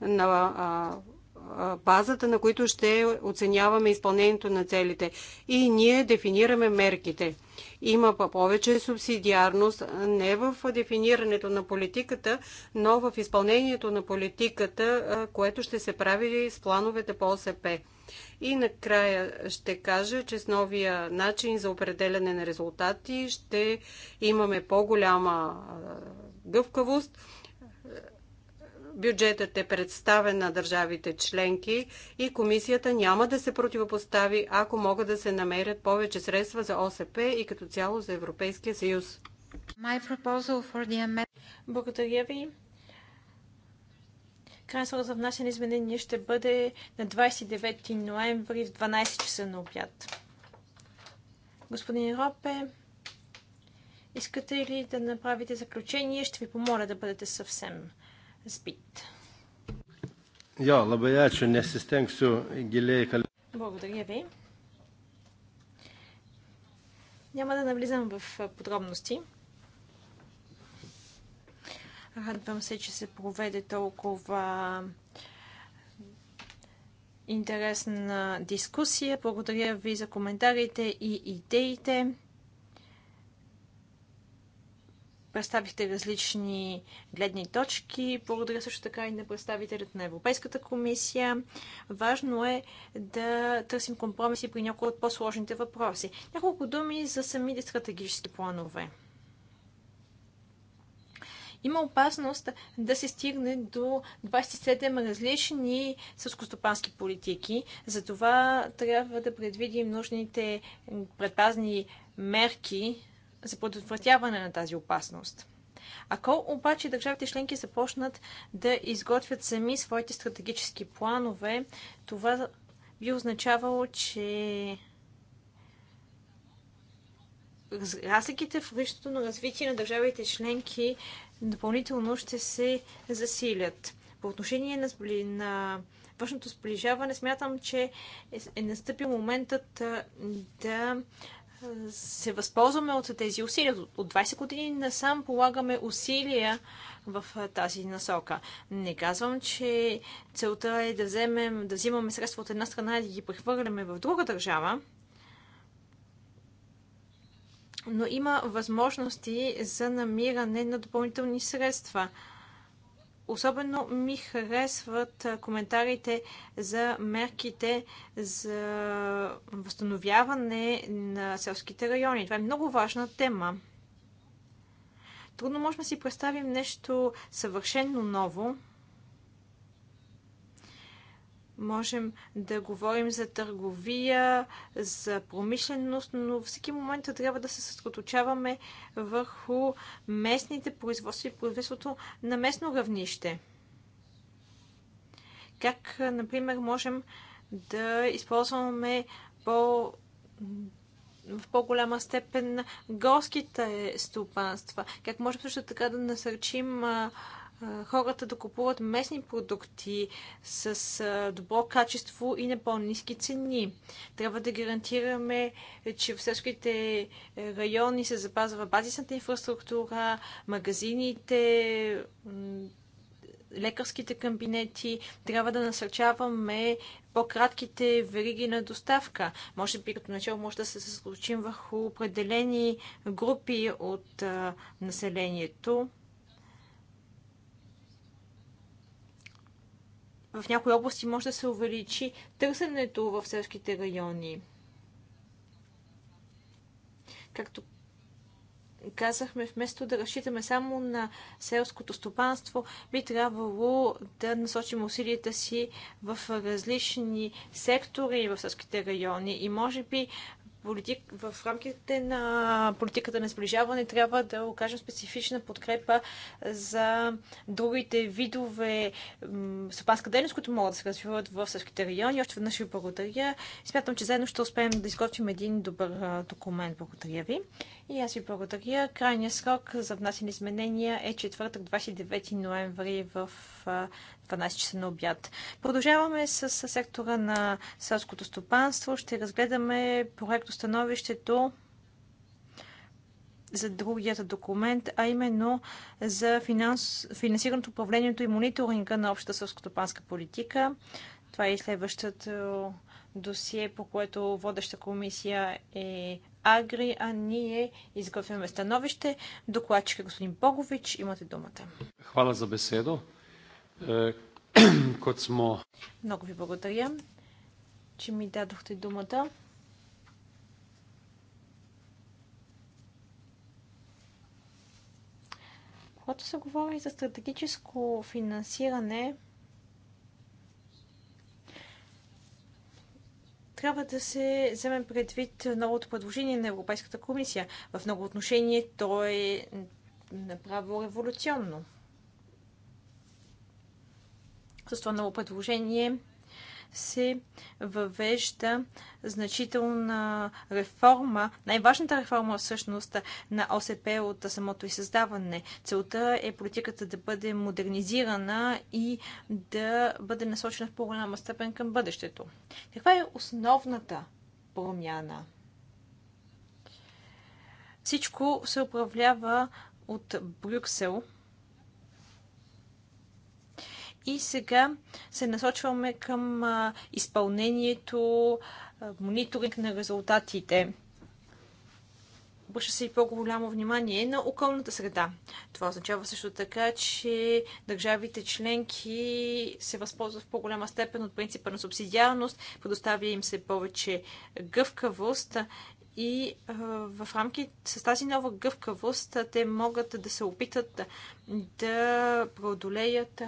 на базата, на които ще оценяваме изпълнението на целите. И ние дефинираме мерките. Има повече субсидиарност не в дефинирането на политиката, но в изпълнението на политиката, което ще се прави с плановете по ОСП. И накрая ще кажа, че с новия начин за определяне на резултати ще имаме по-голяма гъвкавост Бюджетът е представен на държавите членки и комисията няма да се противопостави, ако могат да се намерят повече средства за ОСП и като цяло за Европейския съюз. The... Благодаря ви. Крайен срок за внасяне изменение ще бъде на 29 ноември в 12 часа на обяд. Господин Ропе, искате ли да направите заключение? Ще ви помоля да бъдете съвсем Спит. Jo, labai ačiū, nesistengsiu giliai kalbėti. Благодаря ви. Няма да навлизам в подробности. Радвам се, че се проведе толкова интересна дискусия. Благодаря ви за коментарите и идеите. представихте различни гледни точки. Благодаря също така и на представителят на Европейската комисия. Важно е да търсим компромиси при някои от по-сложните въпроси. Няколко думи за самите стратегически планове. Има опасност да се стигне до 27 различни сълскостопански политики. Затова трябва да предвидим нужните предпазни мерки за предотвратяване на тази опасност. Ако обаче държавите членки започнат да изготвят сами своите стратегически планове, това би означавало, че разликите в висшето на развитие на държавите членки допълнително ще се засилят. По отношение на, на външното сближаване, смятам, че е, е настъпил моментът да се възползваме от тези усилия. От 20 години насам полагаме усилия в тази насока. Не казвам, че целта е да, вземем, да взимаме средства от една страна и да ги прехвърляме в друга държава, но има възможности за намиране на допълнителни средства – Особено ми харесват коментарите за мерките за възстановяване на селските райони. Това е много важна тема. Трудно можем да си представим нещо съвършенно ново, Можем да говорим за търговия, за промишленост, но всеки момент трябва да се съсредоточаваме върху местните производства и производството на местно равнище. Как, например, можем да използваме по в по-голяма степен горските стопанства. Как можем също така да насърчим хората да купуват местни продукти с добро качество и на по-низки цени. Трябва да гарантираме, че в всичките райони се запазва базисната инфраструктура, магазините, лекарските кабинети, трябва да насърчаваме по-кратките вериги на доставка. Може би като начало може да се съсредоточим върху определени групи от а, населението. в някои области може да се увеличи търсенето в селските райони. Както казахме, вместо да разчитаме само на селското стопанство, би трябвало да насочим усилията си в различни сектори в селските райони и може би политик, в рамките на политиката на сближаване трябва да окажем специфична подкрепа за другите видове стопанска дейност, които могат да се развиват в съвските райони. Още веднъж ви благодаря. Смятам, че заедно ще успеем да изготвим един добър документ. Благодаря ви. И аз ви благодаря. Крайният срок за внасяне изменения е четвъртък, 29 ноември в 12 часа на обяд. Продължаваме с сектора на селското стопанство. Ще разгледаме проект становището за другият документ, а именно за финанс... финансирането, управлението и мониторинга на общата селскостопанска политика. Това е следващото досие, по което водеща комисия е Агри, а ние изготвяме становище. Докладчик е господин Богович, имате думата. Хвала за беседо. Е, кот смо... Много ви благодаря, че ми дадохте думата. Когато се говори за стратегическо финансиране, трябва да се вземе предвид новото предложение на Европейската комисия. В много отношение то е направо революционно. С това ново предложение се въвежда значителна реформа, най-важната реформа всъщност на ОСП от самото и създаване. Целта е политиката да бъде модернизирана и да бъде насочена в по-голяма степен към бъдещето. Каква е основната промяна? Всичко се управлява от Брюксел – и сега се насочваме към изпълнението, мониторинг на резултатите. Обръща се и по-голямо внимание на околната среда. Това означава също така, че държавите членки се възползват в по-голяма степен от принципа на субсидиарност, предоставя им се повече гъвкавост и в рамки с тази нова гъвкавост те могат да се опитат да преодолеят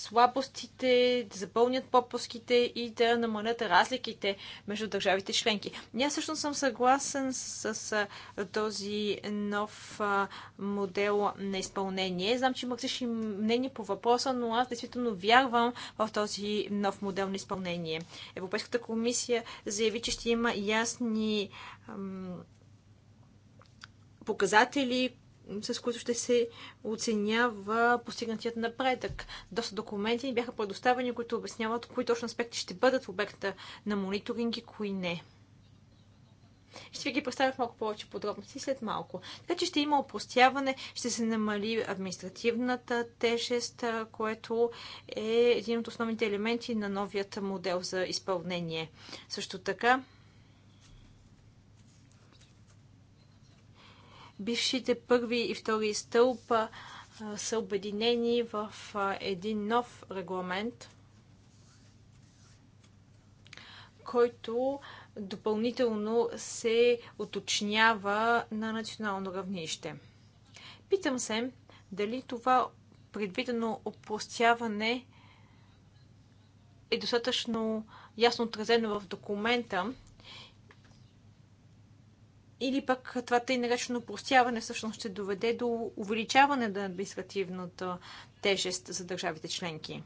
слабостите, да запълнят попуските и да намалят разликите между държавите членки. Ние също съм съгласен с, с този нов а, модел на изпълнение. Знам, че имах всички мнения по въпроса, но аз действително вярвам в този нов модел на изпълнение. Европейската комисия заяви, че ще има ясни ам, показатели, с които ще се оценява постигнатият напредък. Доста документи ни бяха предоставени, които обясняват кои точно аспекти ще бъдат в обекта на мониторинг и кои не. Ще ви ги представя в малко повече подробности след малко. Така че ще има опростяване, ще се намали административната тежест, което е един от основните елементи на новият модел за изпълнение. Също така, бившите първи и втори стълб са обединени в един нов регламент, който допълнително се уточнява на национално равнище. Питам се дали това предвидено опростяване е достатъчно ясно отразено в документа или пък това тъй наречено простяване всъщност ще доведе до увеличаване на административната тежест за държавите членки.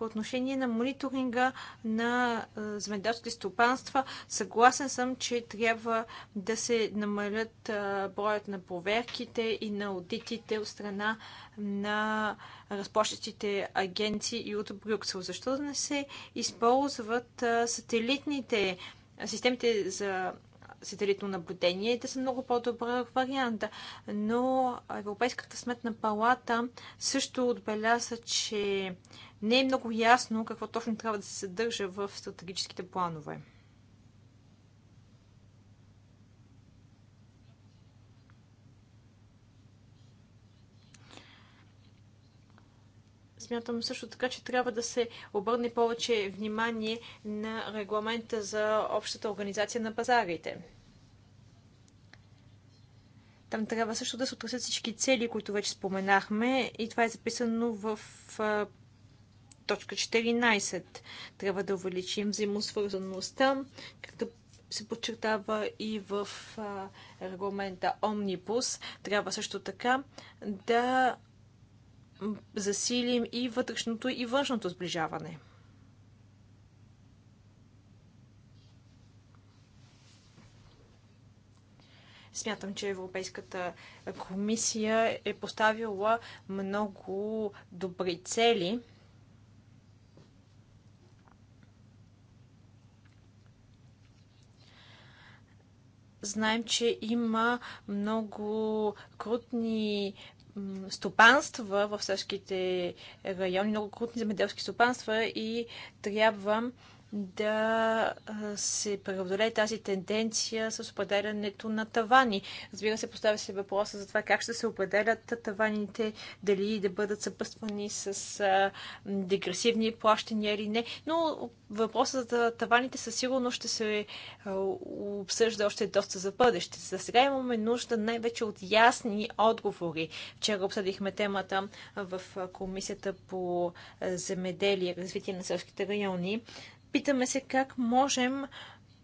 по отношение на мониторинга на земеделските стопанства. Съгласен съм, че трябва да се намалят броят на проверките и на аудитите от страна на разплащащите агенции и от Брюксел. Защо да не се използват сателитните системите за сателитно наблюдение. и Те са много по-добър варианта. Но Европейската сметна палата също отбеляза, че не е много ясно какво точно трябва да се съдържа в стратегическите планове. смятам също така, че трябва да се обърне повече внимание на регламента за общата организация на пазарите. Там трябва също да се отразят всички цели, които вече споменахме и това е записано в точка 14. Трябва да увеличим взаимосвързаността, както се подчертава и в регламента Омнибус. Трябва също така да засилим и вътрешното и външното сближаване. Смятам, че Европейската комисия е поставила много добри цели – Знаем, че има много крутни стопанства в всичките райони, много крупни земеделски стопанства и трябва да се преодолее тази тенденция с определянето на тавани. Разбира се, поставя се въпроса за това как ще се определят таваните, дали да бъдат съпъствани с а, дегресивни плащания или не. Но въпросът за таваните със сигурност ще се а, обсъжда още доста за бъдеще. За сега имаме нужда най-вече от ясни отговори. Вчера обсъдихме темата в Комисията по земеделие и развитие на селските райони Питаме се как можем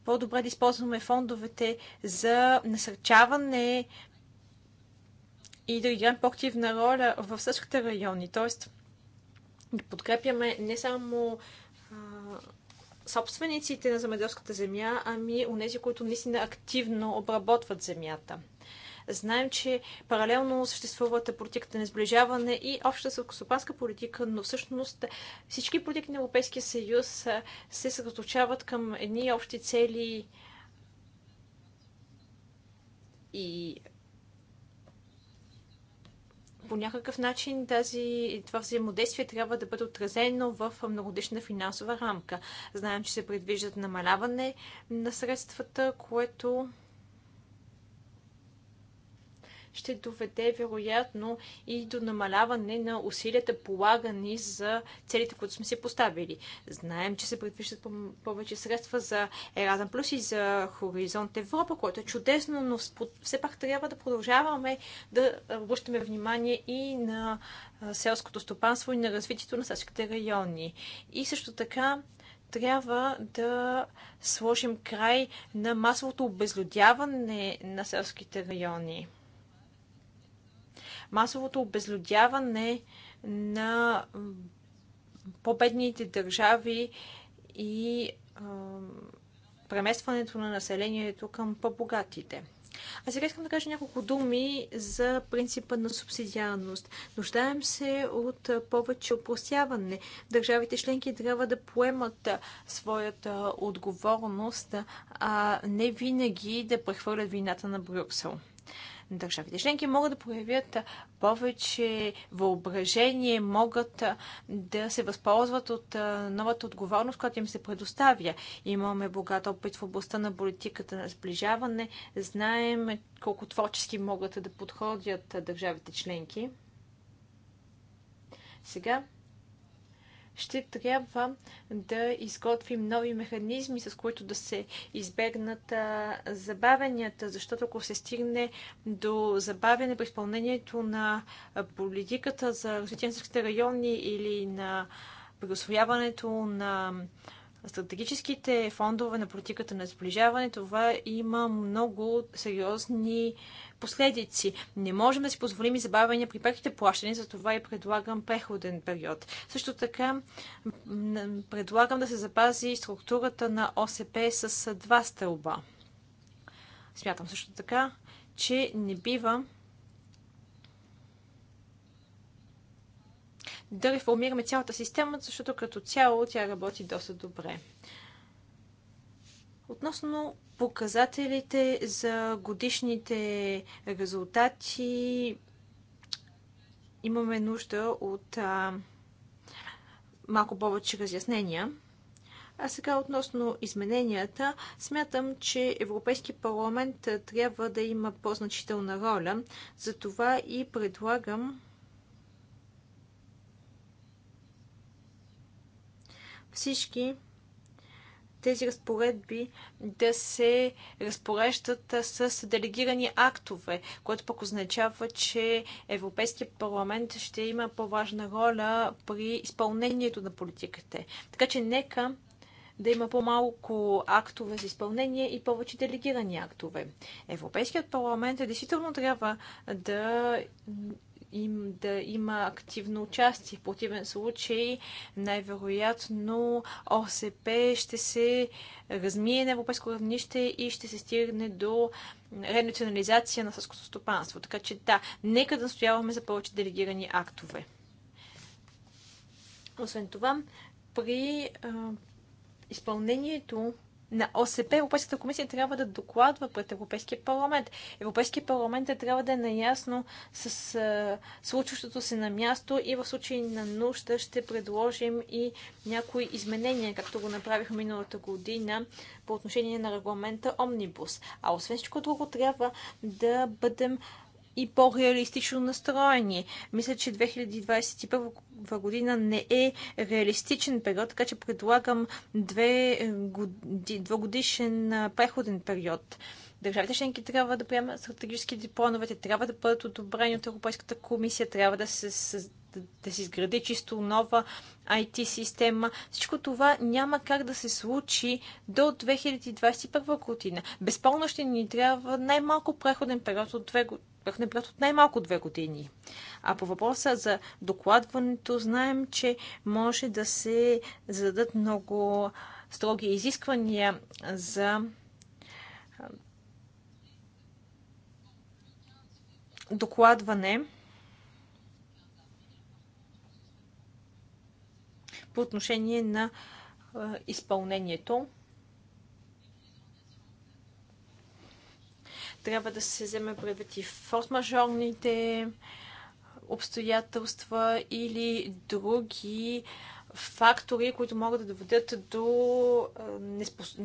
по-добре да използваме фондовете за насърчаване и да играем по-активна роля в същите райони. Тоест, да подкрепяме не само а, собствениците на земеделската земя, ами у нези, които наистина активно обработват земята. Знаем, че паралелно съществуват политиката на сближаване и общата селскостопанска политика, но всъщност всички политики на Европейския съюз се съсредоточават към едни общи цели и по някакъв начин тази, това взаимодействие трябва да бъде отразено в многодишна финансова рамка. Знаем, че се предвиждат намаляване на средствата, което ще доведе вероятно и до намаляване на усилията полагани за целите, които сме си поставили. Знаем, че се предвиждат повече средства за Еразъм Плюс и за Хоризонт Европа, което е чудесно, но все пак трябва да продължаваме да обръщаме внимание и на селското стопанство и на развитието на селските райони. И също така трябва да сложим край на масовото обезлюдяване на селските райони масовото обезлюдяване на по-бедните държави и преместването на населението към по-богатите. А сега искам да кажа няколко думи за принципа на субсидиарност. Нуждаем се от повече опростяване. Държавите членки трябва да поемат своята отговорност, а не винаги да прехвърлят вината на Брюксел. Държавите членки могат да проявят повече въображение, могат да се възползват от новата отговорност, която им се предоставя. Имаме богат опит в областта на политиката на сближаване. Знаем колко творчески могат да подходят държавите членки. Сега ще трябва да изготвим нови механизми, с които да се избегнат забавенията, защото ако се стигне до забавяне при изпълнението на политиката за развитие на райони или на при на стратегическите фондове на политиката на сближаване, това има много сериозни последици. Не можем да си позволим и забавяния при преките плащания, затова и предлагам преходен период. Също така предлагам да се запази структурата на ОСП с два стълба. Смятам също така, че не бива да реформираме цялата система, защото като цяло тя работи доста добре. Относно показателите за годишните резултати, имаме нужда от а, малко повече разяснения. А сега относно измененията, смятам, че Европейски парламент трябва да има по-значителна роля. Затова и предлагам всички тези разпоредби да се разпореждат с делегирани актове, което пък означава, че Европейския парламент ще има по-важна роля при изпълнението на политиките. Така че нека да има по-малко актове за изпълнение и повече делегирани актове. Европейският парламент действително трябва да им да има активно участие. В противен случай, най-вероятно, ОСП ще се размие на европейско равнище и ще се стигне до ренационализация на сърското стопанство. Така че да, нека да настояваме за повече делегирани актове. Освен това, при а, изпълнението на ОСП, Европейската комисия трябва да докладва пред Европейския парламент. Европейския парламент е трябва да е наясно с а, случващото се на място и в случай на нужда ще предложим и някои изменения, както го направихме миналата година по отношение на регламента Омнибус. А освен всичко друго трябва да бъдем и по-реалистично настроени. Мисля, че 2021 година не е реалистичен период, така че предлагам две е, годи, двогодишен преходен период. Държавите членки трябва да приемат стратегически дипломовете, те трябва да бъдат одобрени от Европейската комисия, трябва да се създадат да се изгради чисто нова IT система. Всичко това няма как да се случи до 2021 година. Безпълно ще ни трябва най-малко преходен период от две години преходен период от най-малко две години. А по въпроса за докладването, знаем, че може да се зададат много строги изисквания за докладване по отношение на изпълнението. Трябва да се вземе предвид и форс-мажорните обстоятелства или други фактори, които могат да доведат до неспос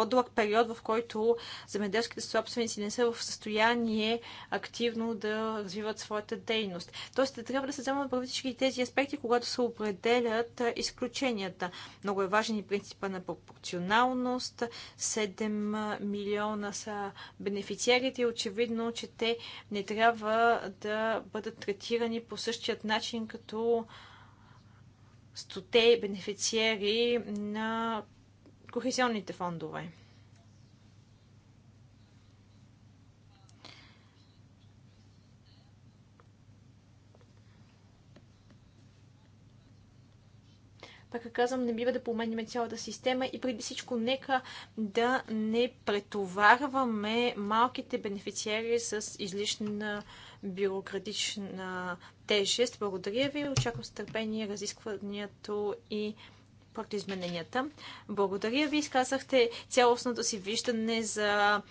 по-дълъг период, в който земеделските собственици не са в състояние активно да развиват своята дейност. Тоест, да трябва да се вземат прави всички тези аспекти, когато се определят изключенията. Много е важен и принципа на пропорционалност. 7 милиона са бенефициарите и очевидно, че те не трябва да бъдат третирани по същият начин като стоте бенефициери на кохезионните фондове. пак казвам, не бива да променяме цялата система и преди всичко нека да не претоварваме малките бенефициери с излишна бюрократична тежест. Благодаря ви. Очаквам с търпение разискването и измененията. Благодаря ви. Изказахте цялостното си виждане за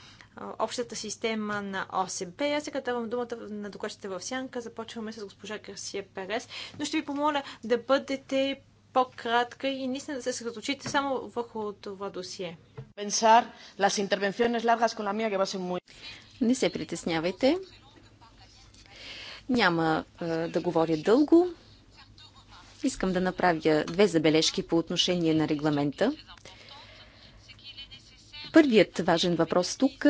общата система на ОСБ. Аз сега давам думата на докладчите в сянка. Започваме с госпожа Гарсия Перес. Но ще ви помоля да бъдете по-кратка и наистина да се съсредоточите само върху това досие. Не се притеснявайте. Няма да говоря дълго. Искам да направя две забележки по отношение на регламента. Първият важен въпрос тук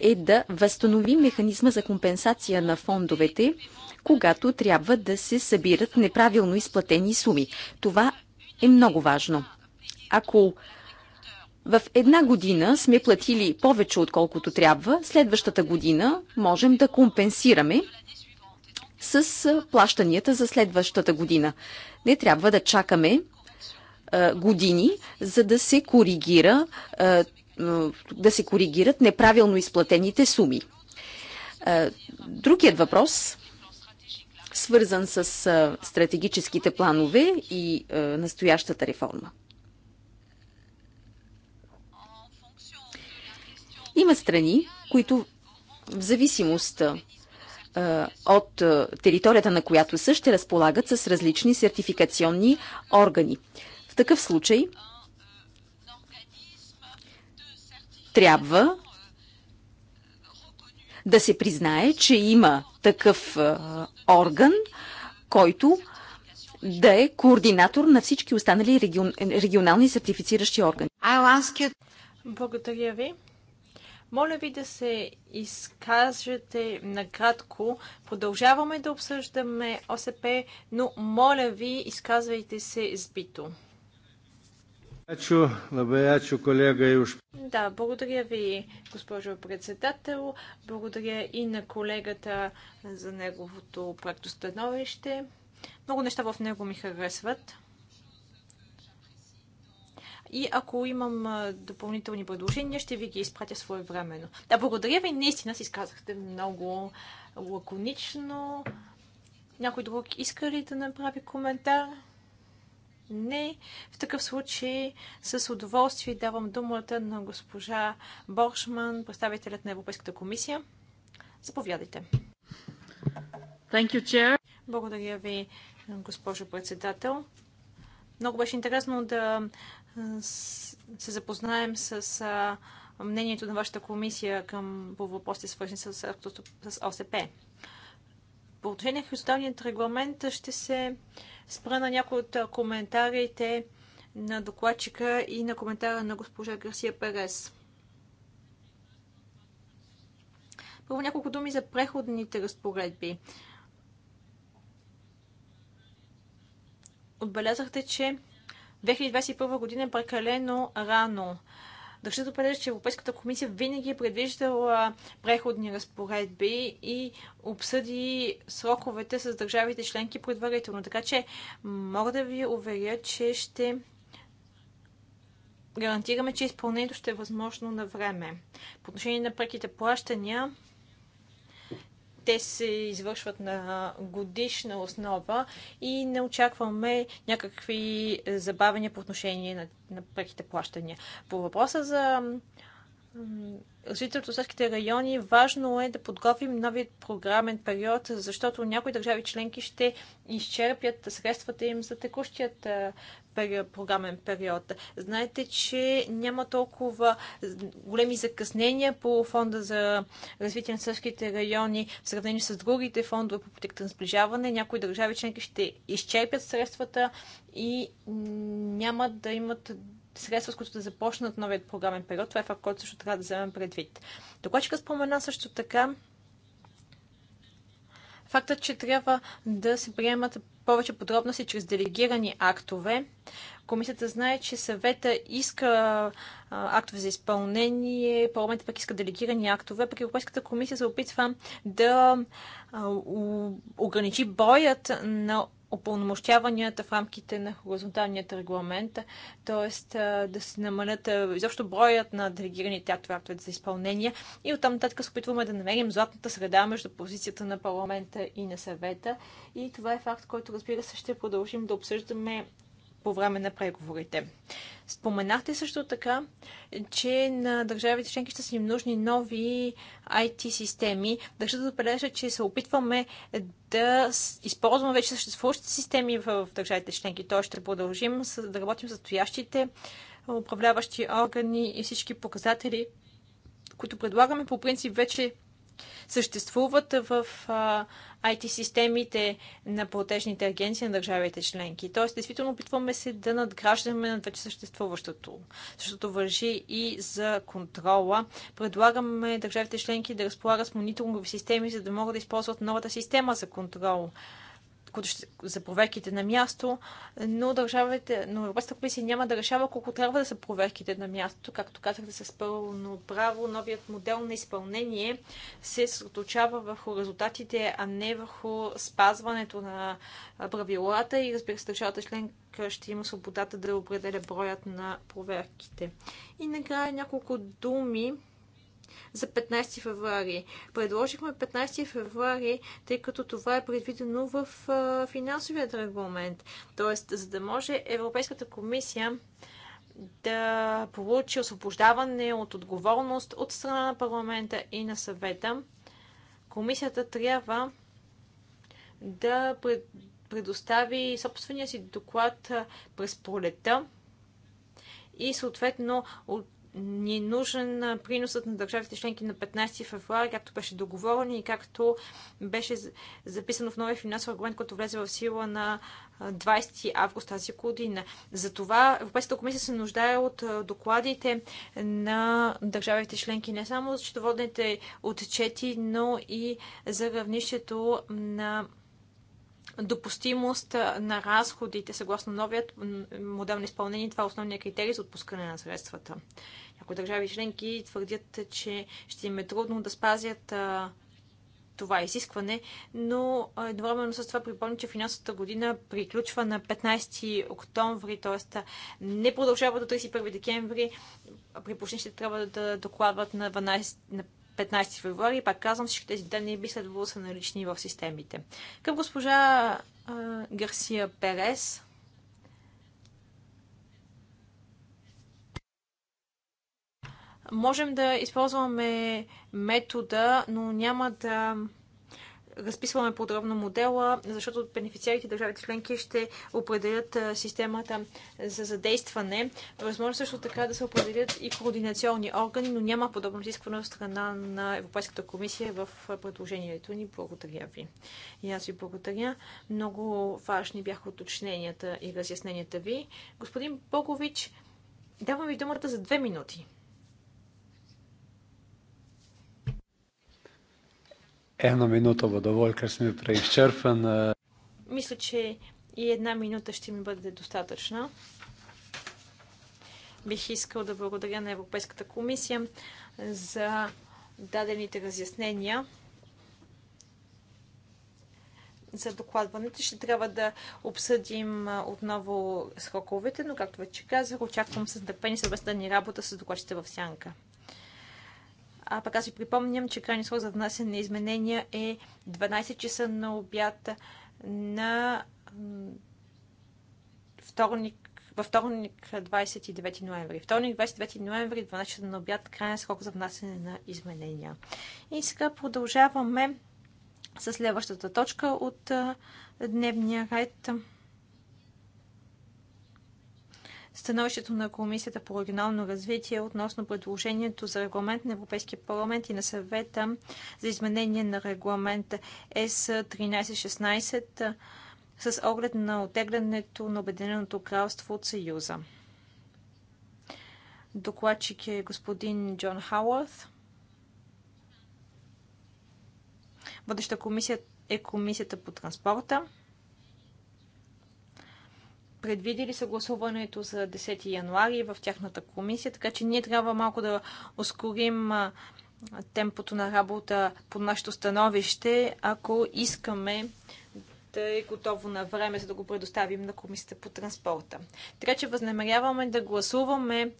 е да възстановим механизма за компенсация на фондовете, когато трябва да се събират неправилно изплатени суми. Това е много важно. Ако в една година сме платили повече отколкото трябва, следващата година можем да компенсираме с плащанията за следващата година. Не трябва да чакаме години, за да се коригира да се коригират неправилно изплатените суми. Другият въпрос, свързан с стратегическите планове и настоящата реформа. Има страни, които в зависимост е, от е, територията на която са, ще разполагат с различни сертификационни органи. В такъв случай трябва да се признае, че има такъв е, орган, който да е координатор на всички останали регион, регионални сертифициращи органи. Благодаря ви. Моля ви да се изкажете накратко. Продължаваме да обсъждаме ОСП, но моля ви, изказвайте се сбито. Да, благодаря ви, госпожо председател. Благодаря и на колегата за неговото проектостановище. Много неща в него ми харесват. И ако имам допълнителни предложения, ще ви ги изпратя своевременно. Да, благодаря ви. Наистина си изказахте много лаконично. Някой друг иска ли да направи коментар? Не. В такъв случай с удоволствие давам думата на госпожа Боршман, представителят на Европейската комисия. Заповядайте. Thank you, chair. Благодаря ви, госпожо председател. Много беше интересно да се запознаем с мнението на вашата комисия към, по въпросите, свързани с, с ОСП. По отношение на хризоталният регламент ще се спра на някои от коментарите на докладчика и на коментара на госпожа Гарсия Перес. Първо няколко думи за преходните разпоредби. Отбелязахте, че 2021 година е прекалено рано. Държа да че Европейската комисия винаги е предвиждала преходни разпоредби и обсъди сроковете с държавите членки предварително. Така че мога да ви уверя, че ще гарантираме, че изпълнението ще е възможно на време. По отношение на преките плащания, те се извършват на годишна основа и не очакваме някакви е, забавения по отношение на, на преките плащания. По въпроса за развитието от селските райони, важно е да подготвим новият програмен период, защото някои държави членки ще изчерпят средствата им за текущият е, програмен период. Знаете, че няма толкова големи закъснения по фонда за развитие на сърските райони в сравнение с другите фондове по потекта на сближаване. Някои държави членки ще изчерпят средствата и няма да имат средства, с които да започнат новият програмен период. Това е факт, който също трябва да вземем предвид. Докладчика спомена също така, Фактът, че трябва да се приемат повече подробности чрез делегирани актове. Комисията знае, че съвета иска актове за изпълнение, парламентът пък иска делегирани актове. Пък Европейската комисия се опитва да ограничи боят на опълномощяванията в рамките на хоризонталният регламент, т.е. да се намалят изобщо броят на делегираните актове за изпълнение и оттам нататък се опитваме да намерим златната среда между позицията на парламента и на съвета. И това е факт, който разбира се ще продължим да обсъждаме по време на преговорите. Споменахте също така, че на държавите членки ще са им нужни нови IT системи. Държа да отбележа, че се опитваме да използваме вече съществуващите системи в държавите членки. Тоест ще продължим да работим с стоящите управляващи органи и всички показатели, които предлагаме по принцип вече съществуват в IT-системите на платежните агенции на държавите членки. Тоест, действително опитваме се да надграждаме над вече съществуващото. Същото въжи и за контрола. Предлагаме държавите членки да разполагат с мониторингови системи, за да могат да използват новата система за контрол които ще, за проверките на място, но държавите, но Европейската комисия няма да решава колко трябва да са проверките на място. Както казахте да се пълно право, новият модел на изпълнение се съсредоточава върху резултатите, а не върху спазването на правилата и разбира се, държавата членка ще има свободата да определя броят на проверките. И накрая няколко думи за 15 февруари. Предложихме 15 февруари, тъй като това е предвидено в финансовият регламент. Тоест, за да може Европейската комисия да получи освобождаване от отговорност от страна на парламента и на съвета, комисията трябва да предостави собствения си доклад през пролета и съответно от ни е нужен приносът на държавите членки на 15 февруари, както беше договорено и както беше записано в новия финансов аргумент, който влезе в сила на 20 август тази година. Затова Европейската комисия се нуждае от докладите на държавите членки не само за счетоводните отчети, но и за равнището на допустимост на разходите съгласно новият модел на изпълнение. Това е основният критерий за отпускане на средствата. Някои държави членки твърдят, че ще им е трудно да спазят това изискване, но едновременно с това припомня, че финансовата година приключва на 15 октомври, т.е. не продължава до 31 декември. Припочни ще трябва да докладват на, 12, на 15 февруари и пак казвам, всички тези данни би следвало да са налични в системите. Към госпожа а, Гарсия Перес. Можем да използваме метода, но няма да разписваме подробно модела, защото бенефициарите държавите членки ще определят системата за задействане. Възможно също така да се определят и координационни органи, но няма подобно изискване от страна на Европейската комисия в предложението ни. Благодаря ви. И аз ви благодаря. Много важни бяха уточненията и разясненията ви. Господин Богович, давам ви думата за две минути. Една минута bo dovolj, ker sem prej Мисля, че и една минута ще ми бъде достатъчна. Бих искал да благодаря на Европейската комисия за дадените разяснения за докладването. Ще трябва да обсъдим отново сроковете, но както вече казах, очаквам с дъпени съвместна ни работа с докладчите в Сянка. А пък аз ви припомням, че крайният срок за внасяне на изменения е 12 часа на обяд на вторник, във вторник 29 ноември. Вторник 29 ноември, 12 часа на обяд, крайен срок за внасяне на изменения. И сега продължаваме с следващата точка от дневния ред. становището на Комисията по регионално развитие относно предложението за регламент на Европейския парламент и на съвета за изменение на регламент ЕС 1316 с оглед на отеглянето на Обединеното кралство от Съюза. Докладчик е господин Джон Хауърт. Водеща комисия е комисията по транспорта предвидили съгласуването за 10 януари в тяхната комисия, така че ние трябва малко да ускорим темпото на работа по нашето становище, ако искаме да е готово на време, за да го предоставим на комисията по транспорта. Така че възнамеряваме да гласуваме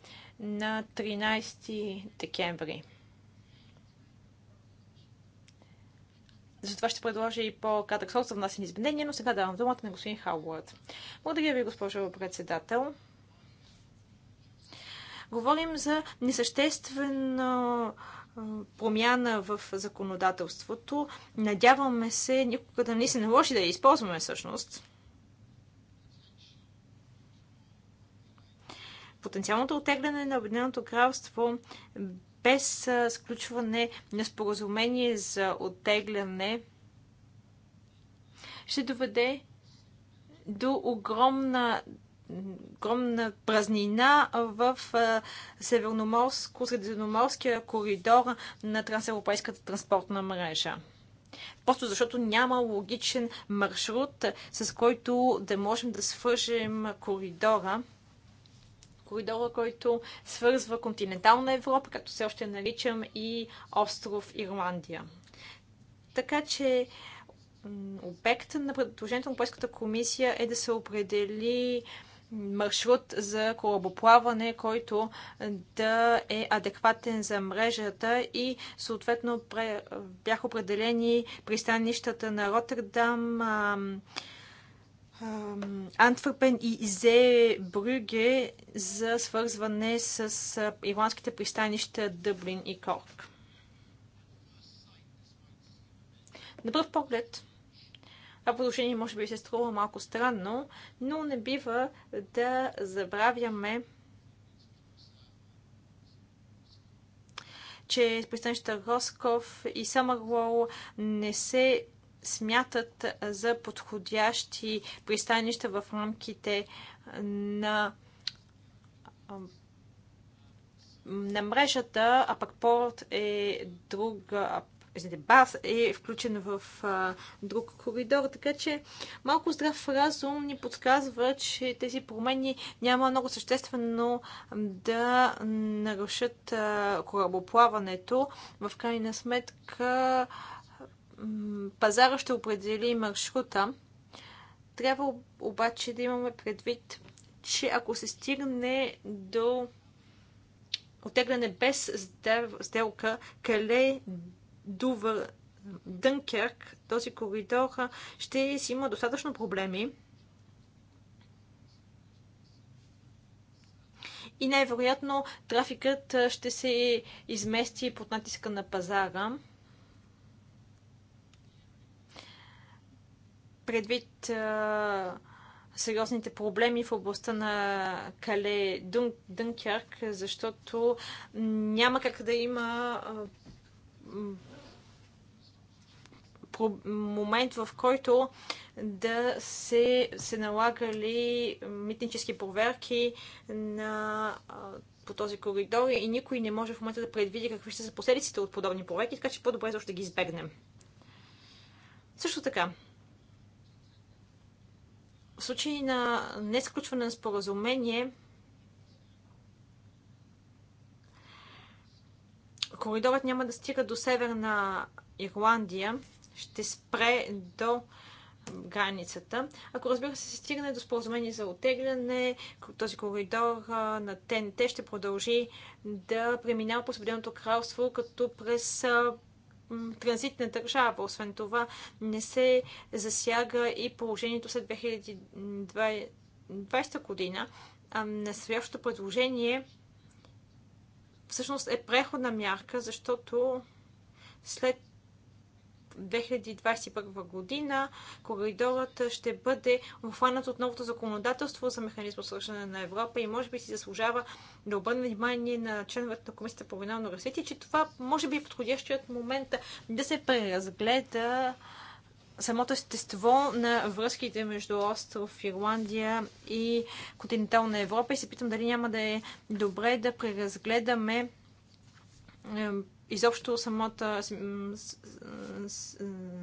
на 13 декември. Затова ще предложа и по-кратък срок за внасяне изменения, но сега давам думата на господин Хауърд. Благодаря ви, госпожо председател. Говорим за несъществена промяна в законодателството. Надяваме се никога да не се наложи да я използваме всъщност. Потенциалното отегляне на Обединеното кралство без сключване на споразумение за оттегляне ще доведе до огромна огромна празнина в Северноморско-Средиземноморския коридор на трансевропейската транспортна мрежа. Просто защото няма логичен маршрут, с който да можем да свържем коридора коридора, който свързва континентална Европа, както все още наричам, и остров Ирландия. Така че обект на предложението на Европейската комисия е да се определи маршрут за корабоплаване, който да е адекватен за мрежата и съответно бяха определени пристанищата на Роттердам, Антверпен и Зе Брюге за свързване с ирландските пристанища Дъблин и Корк. На пръв поглед, това положение може би се струва малко странно, но не бива да забравяме, че пристанищата Росков и Самърлоу не се смятат за подходящи пристанища в рамките на на мрежата, а пък порт е друг, бас е включен в а, друг коридор, така че малко здрав разум ни подсказва, че тези промени няма много съществено да нарушат а, корабоплаването. В крайна сметка пазара ще определи маршрута. Трябва обаче да имаме предвид, че ако се стигне до отегляне без сделка, Кале, Дувър, Дънкерк, този коридор ще си има достатъчно проблеми. И най-вероятно трафикът ще се измести под натиска на пазара. предвид сериозните проблеми в областта на Кале Дън, Дънкярк, защото няма как да има момент, в който да се, се налагали митнически проверки на, по този коридор и никой не може в момента да предвиди какви ще са последиците от подобни проверки, така че по-добре е защо да ги избегнем. Също така, в случай на несключване на споразумение, коридорът няма да стига до Северна Ирландия, ще спре до границата. Ако разбира се, се стигне до споразумение за отегляне, този коридор на ТНТ ще продължи да преминава по Съединеното кралство, като през транзитна държава. Освен това, не се засяга и положението след 2020 година. А настоящото предложение всъщност е преходна мярка, защото след 2021 година коридорът ще бъде обхванат от новото законодателство за механизма свършване на Европа и може би си заслужава да обърне внимание на членовете на Комисията по регионално развитие, че това може би е подходящият момент да се преразгледа самото естество на връзките между остров Ирландия и континентална Европа и се питам дали няма да е добре да преразгледаме изобщо самата,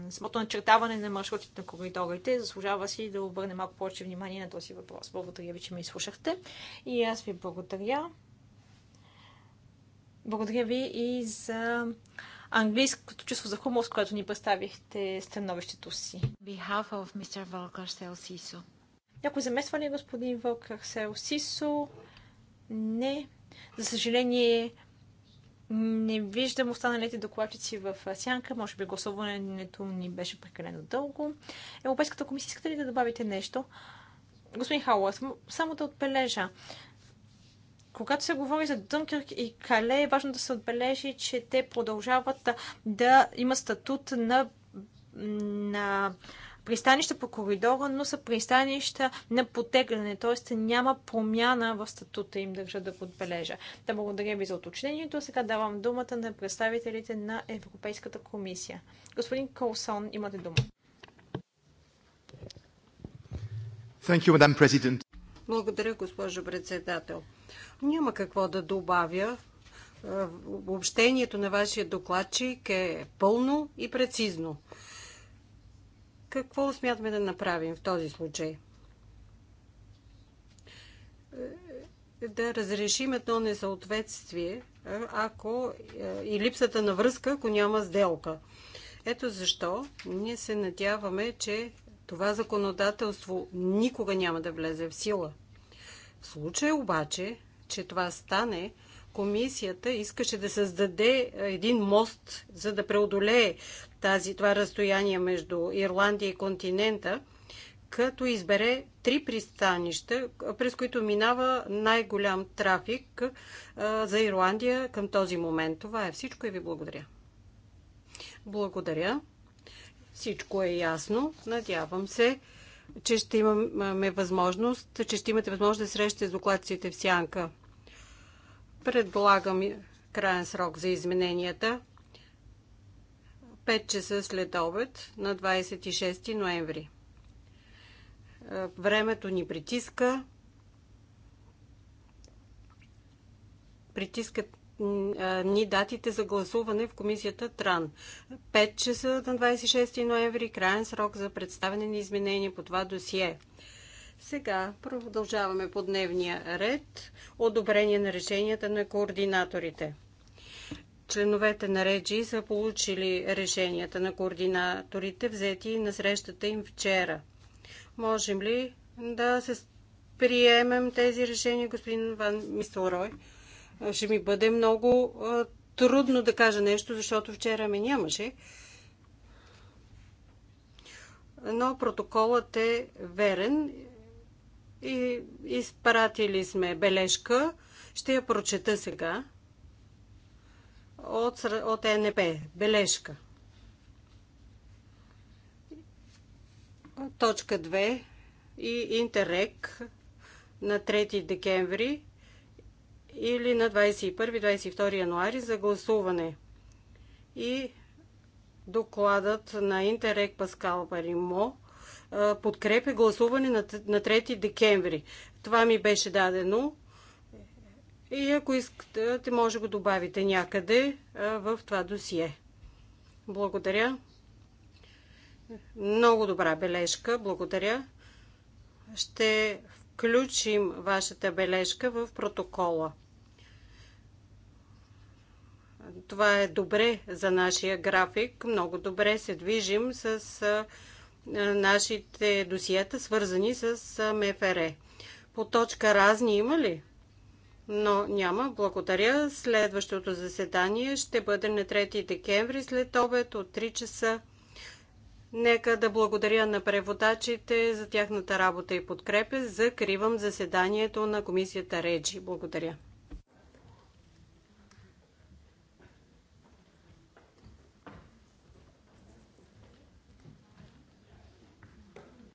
самото начертаване на маршрутите на коридорите. Заслужава си да обърне малко повече внимание на този въпрос. Благодаря ви, че ме изслушахте. И аз ви благодаря. Благодаря ви и за английското чувство за хумор, с което ни представихте становището си. Behalf of Mr. Volker Сисо. Някой замества ли господин Волкър Сисо? Не. За съжаление, не виждам останалите докладчици в сянка. Може би гласуването ни беше прекалено дълго. Европейската комисия, искате ли да добавите нещо? Господин Хаулас, само да отбележа. Когато се говори за Дънкърк и Кале, е важно да се отбележи, че те продължават да, да имат статут на, на пристанища по коридора, но са пристанища на потегляне, т.е. няма промяна в статута им, държа да го отбележа. Да благодаря ви за уточнението. Сега давам думата на представителите на Европейската комисия. Господин Колсон, имате дума. Thank you, Madam President. Благодаря, госпожо председател. Няма какво да добавя. Е, общението на вашия докладчик е пълно и прецизно. Какво смятаме да направим в този случай? Е, да разрешим едно несъответствие ако, е, и липсата на връзка, ако няма сделка. Ето защо ние се надяваме, че това законодателство никога няма да влезе в сила. В случай обаче, че това стане, комисията искаше да създаде един мост, за да преодолее тази, това разстояние между Ирландия и континента, като избере три пристанища, през които минава най-голям трафик за Ирландия към този момент. Това е всичко и ви благодаря. Благодаря. Всичко е ясно. Надявам се, че ще имаме възможност, че ще имате възможност да срещате с докладците в сянка. Предлагам крайен срок за измененията 5 часа след обед на 26 ноември. Е, времето ни притиска. Притискат е, ни датите за гласуване в комисията ТРАН. 5 часа на 26 ноември, крайен срок за представяне на изменения по това досие. Сега продължаваме по дневния ред. Одобрение на решенията на координаторите. Членовете на Реджи са получили решенията на координаторите, взети на срещата им вчера. Можем ли да се приемем тези решения, господин Ван Мисторой? Ще ми бъде много трудно да кажа нещо, защото вчера ме нямаше. Но протоколът е верен и изпратили сме бележка. Ще я прочета сега от, от НП. Бележка. Точка 2 и Интерек на 3 декември или на 21-22 януари за гласуване. И докладът на Интерек Паскал Паримо подкрепя гласуване на 3 декември. Това ми беше дадено. И ако искате, може го добавите някъде в това досие. Благодаря. Много добра бележка. Благодаря. Ще включим вашата бележка в протокола. Това е добре за нашия график. Много добре се движим с е, нашите досиета, свързани с е, МФР. По точка разни има ли? Но няма. Благодаря. Следващото заседание ще бъде на 3 декември след обед от 3 часа. Нека да благодаря на преводачите за тяхната работа и подкрепа. Закривам заседанието на комисията Реджи. Благодаря.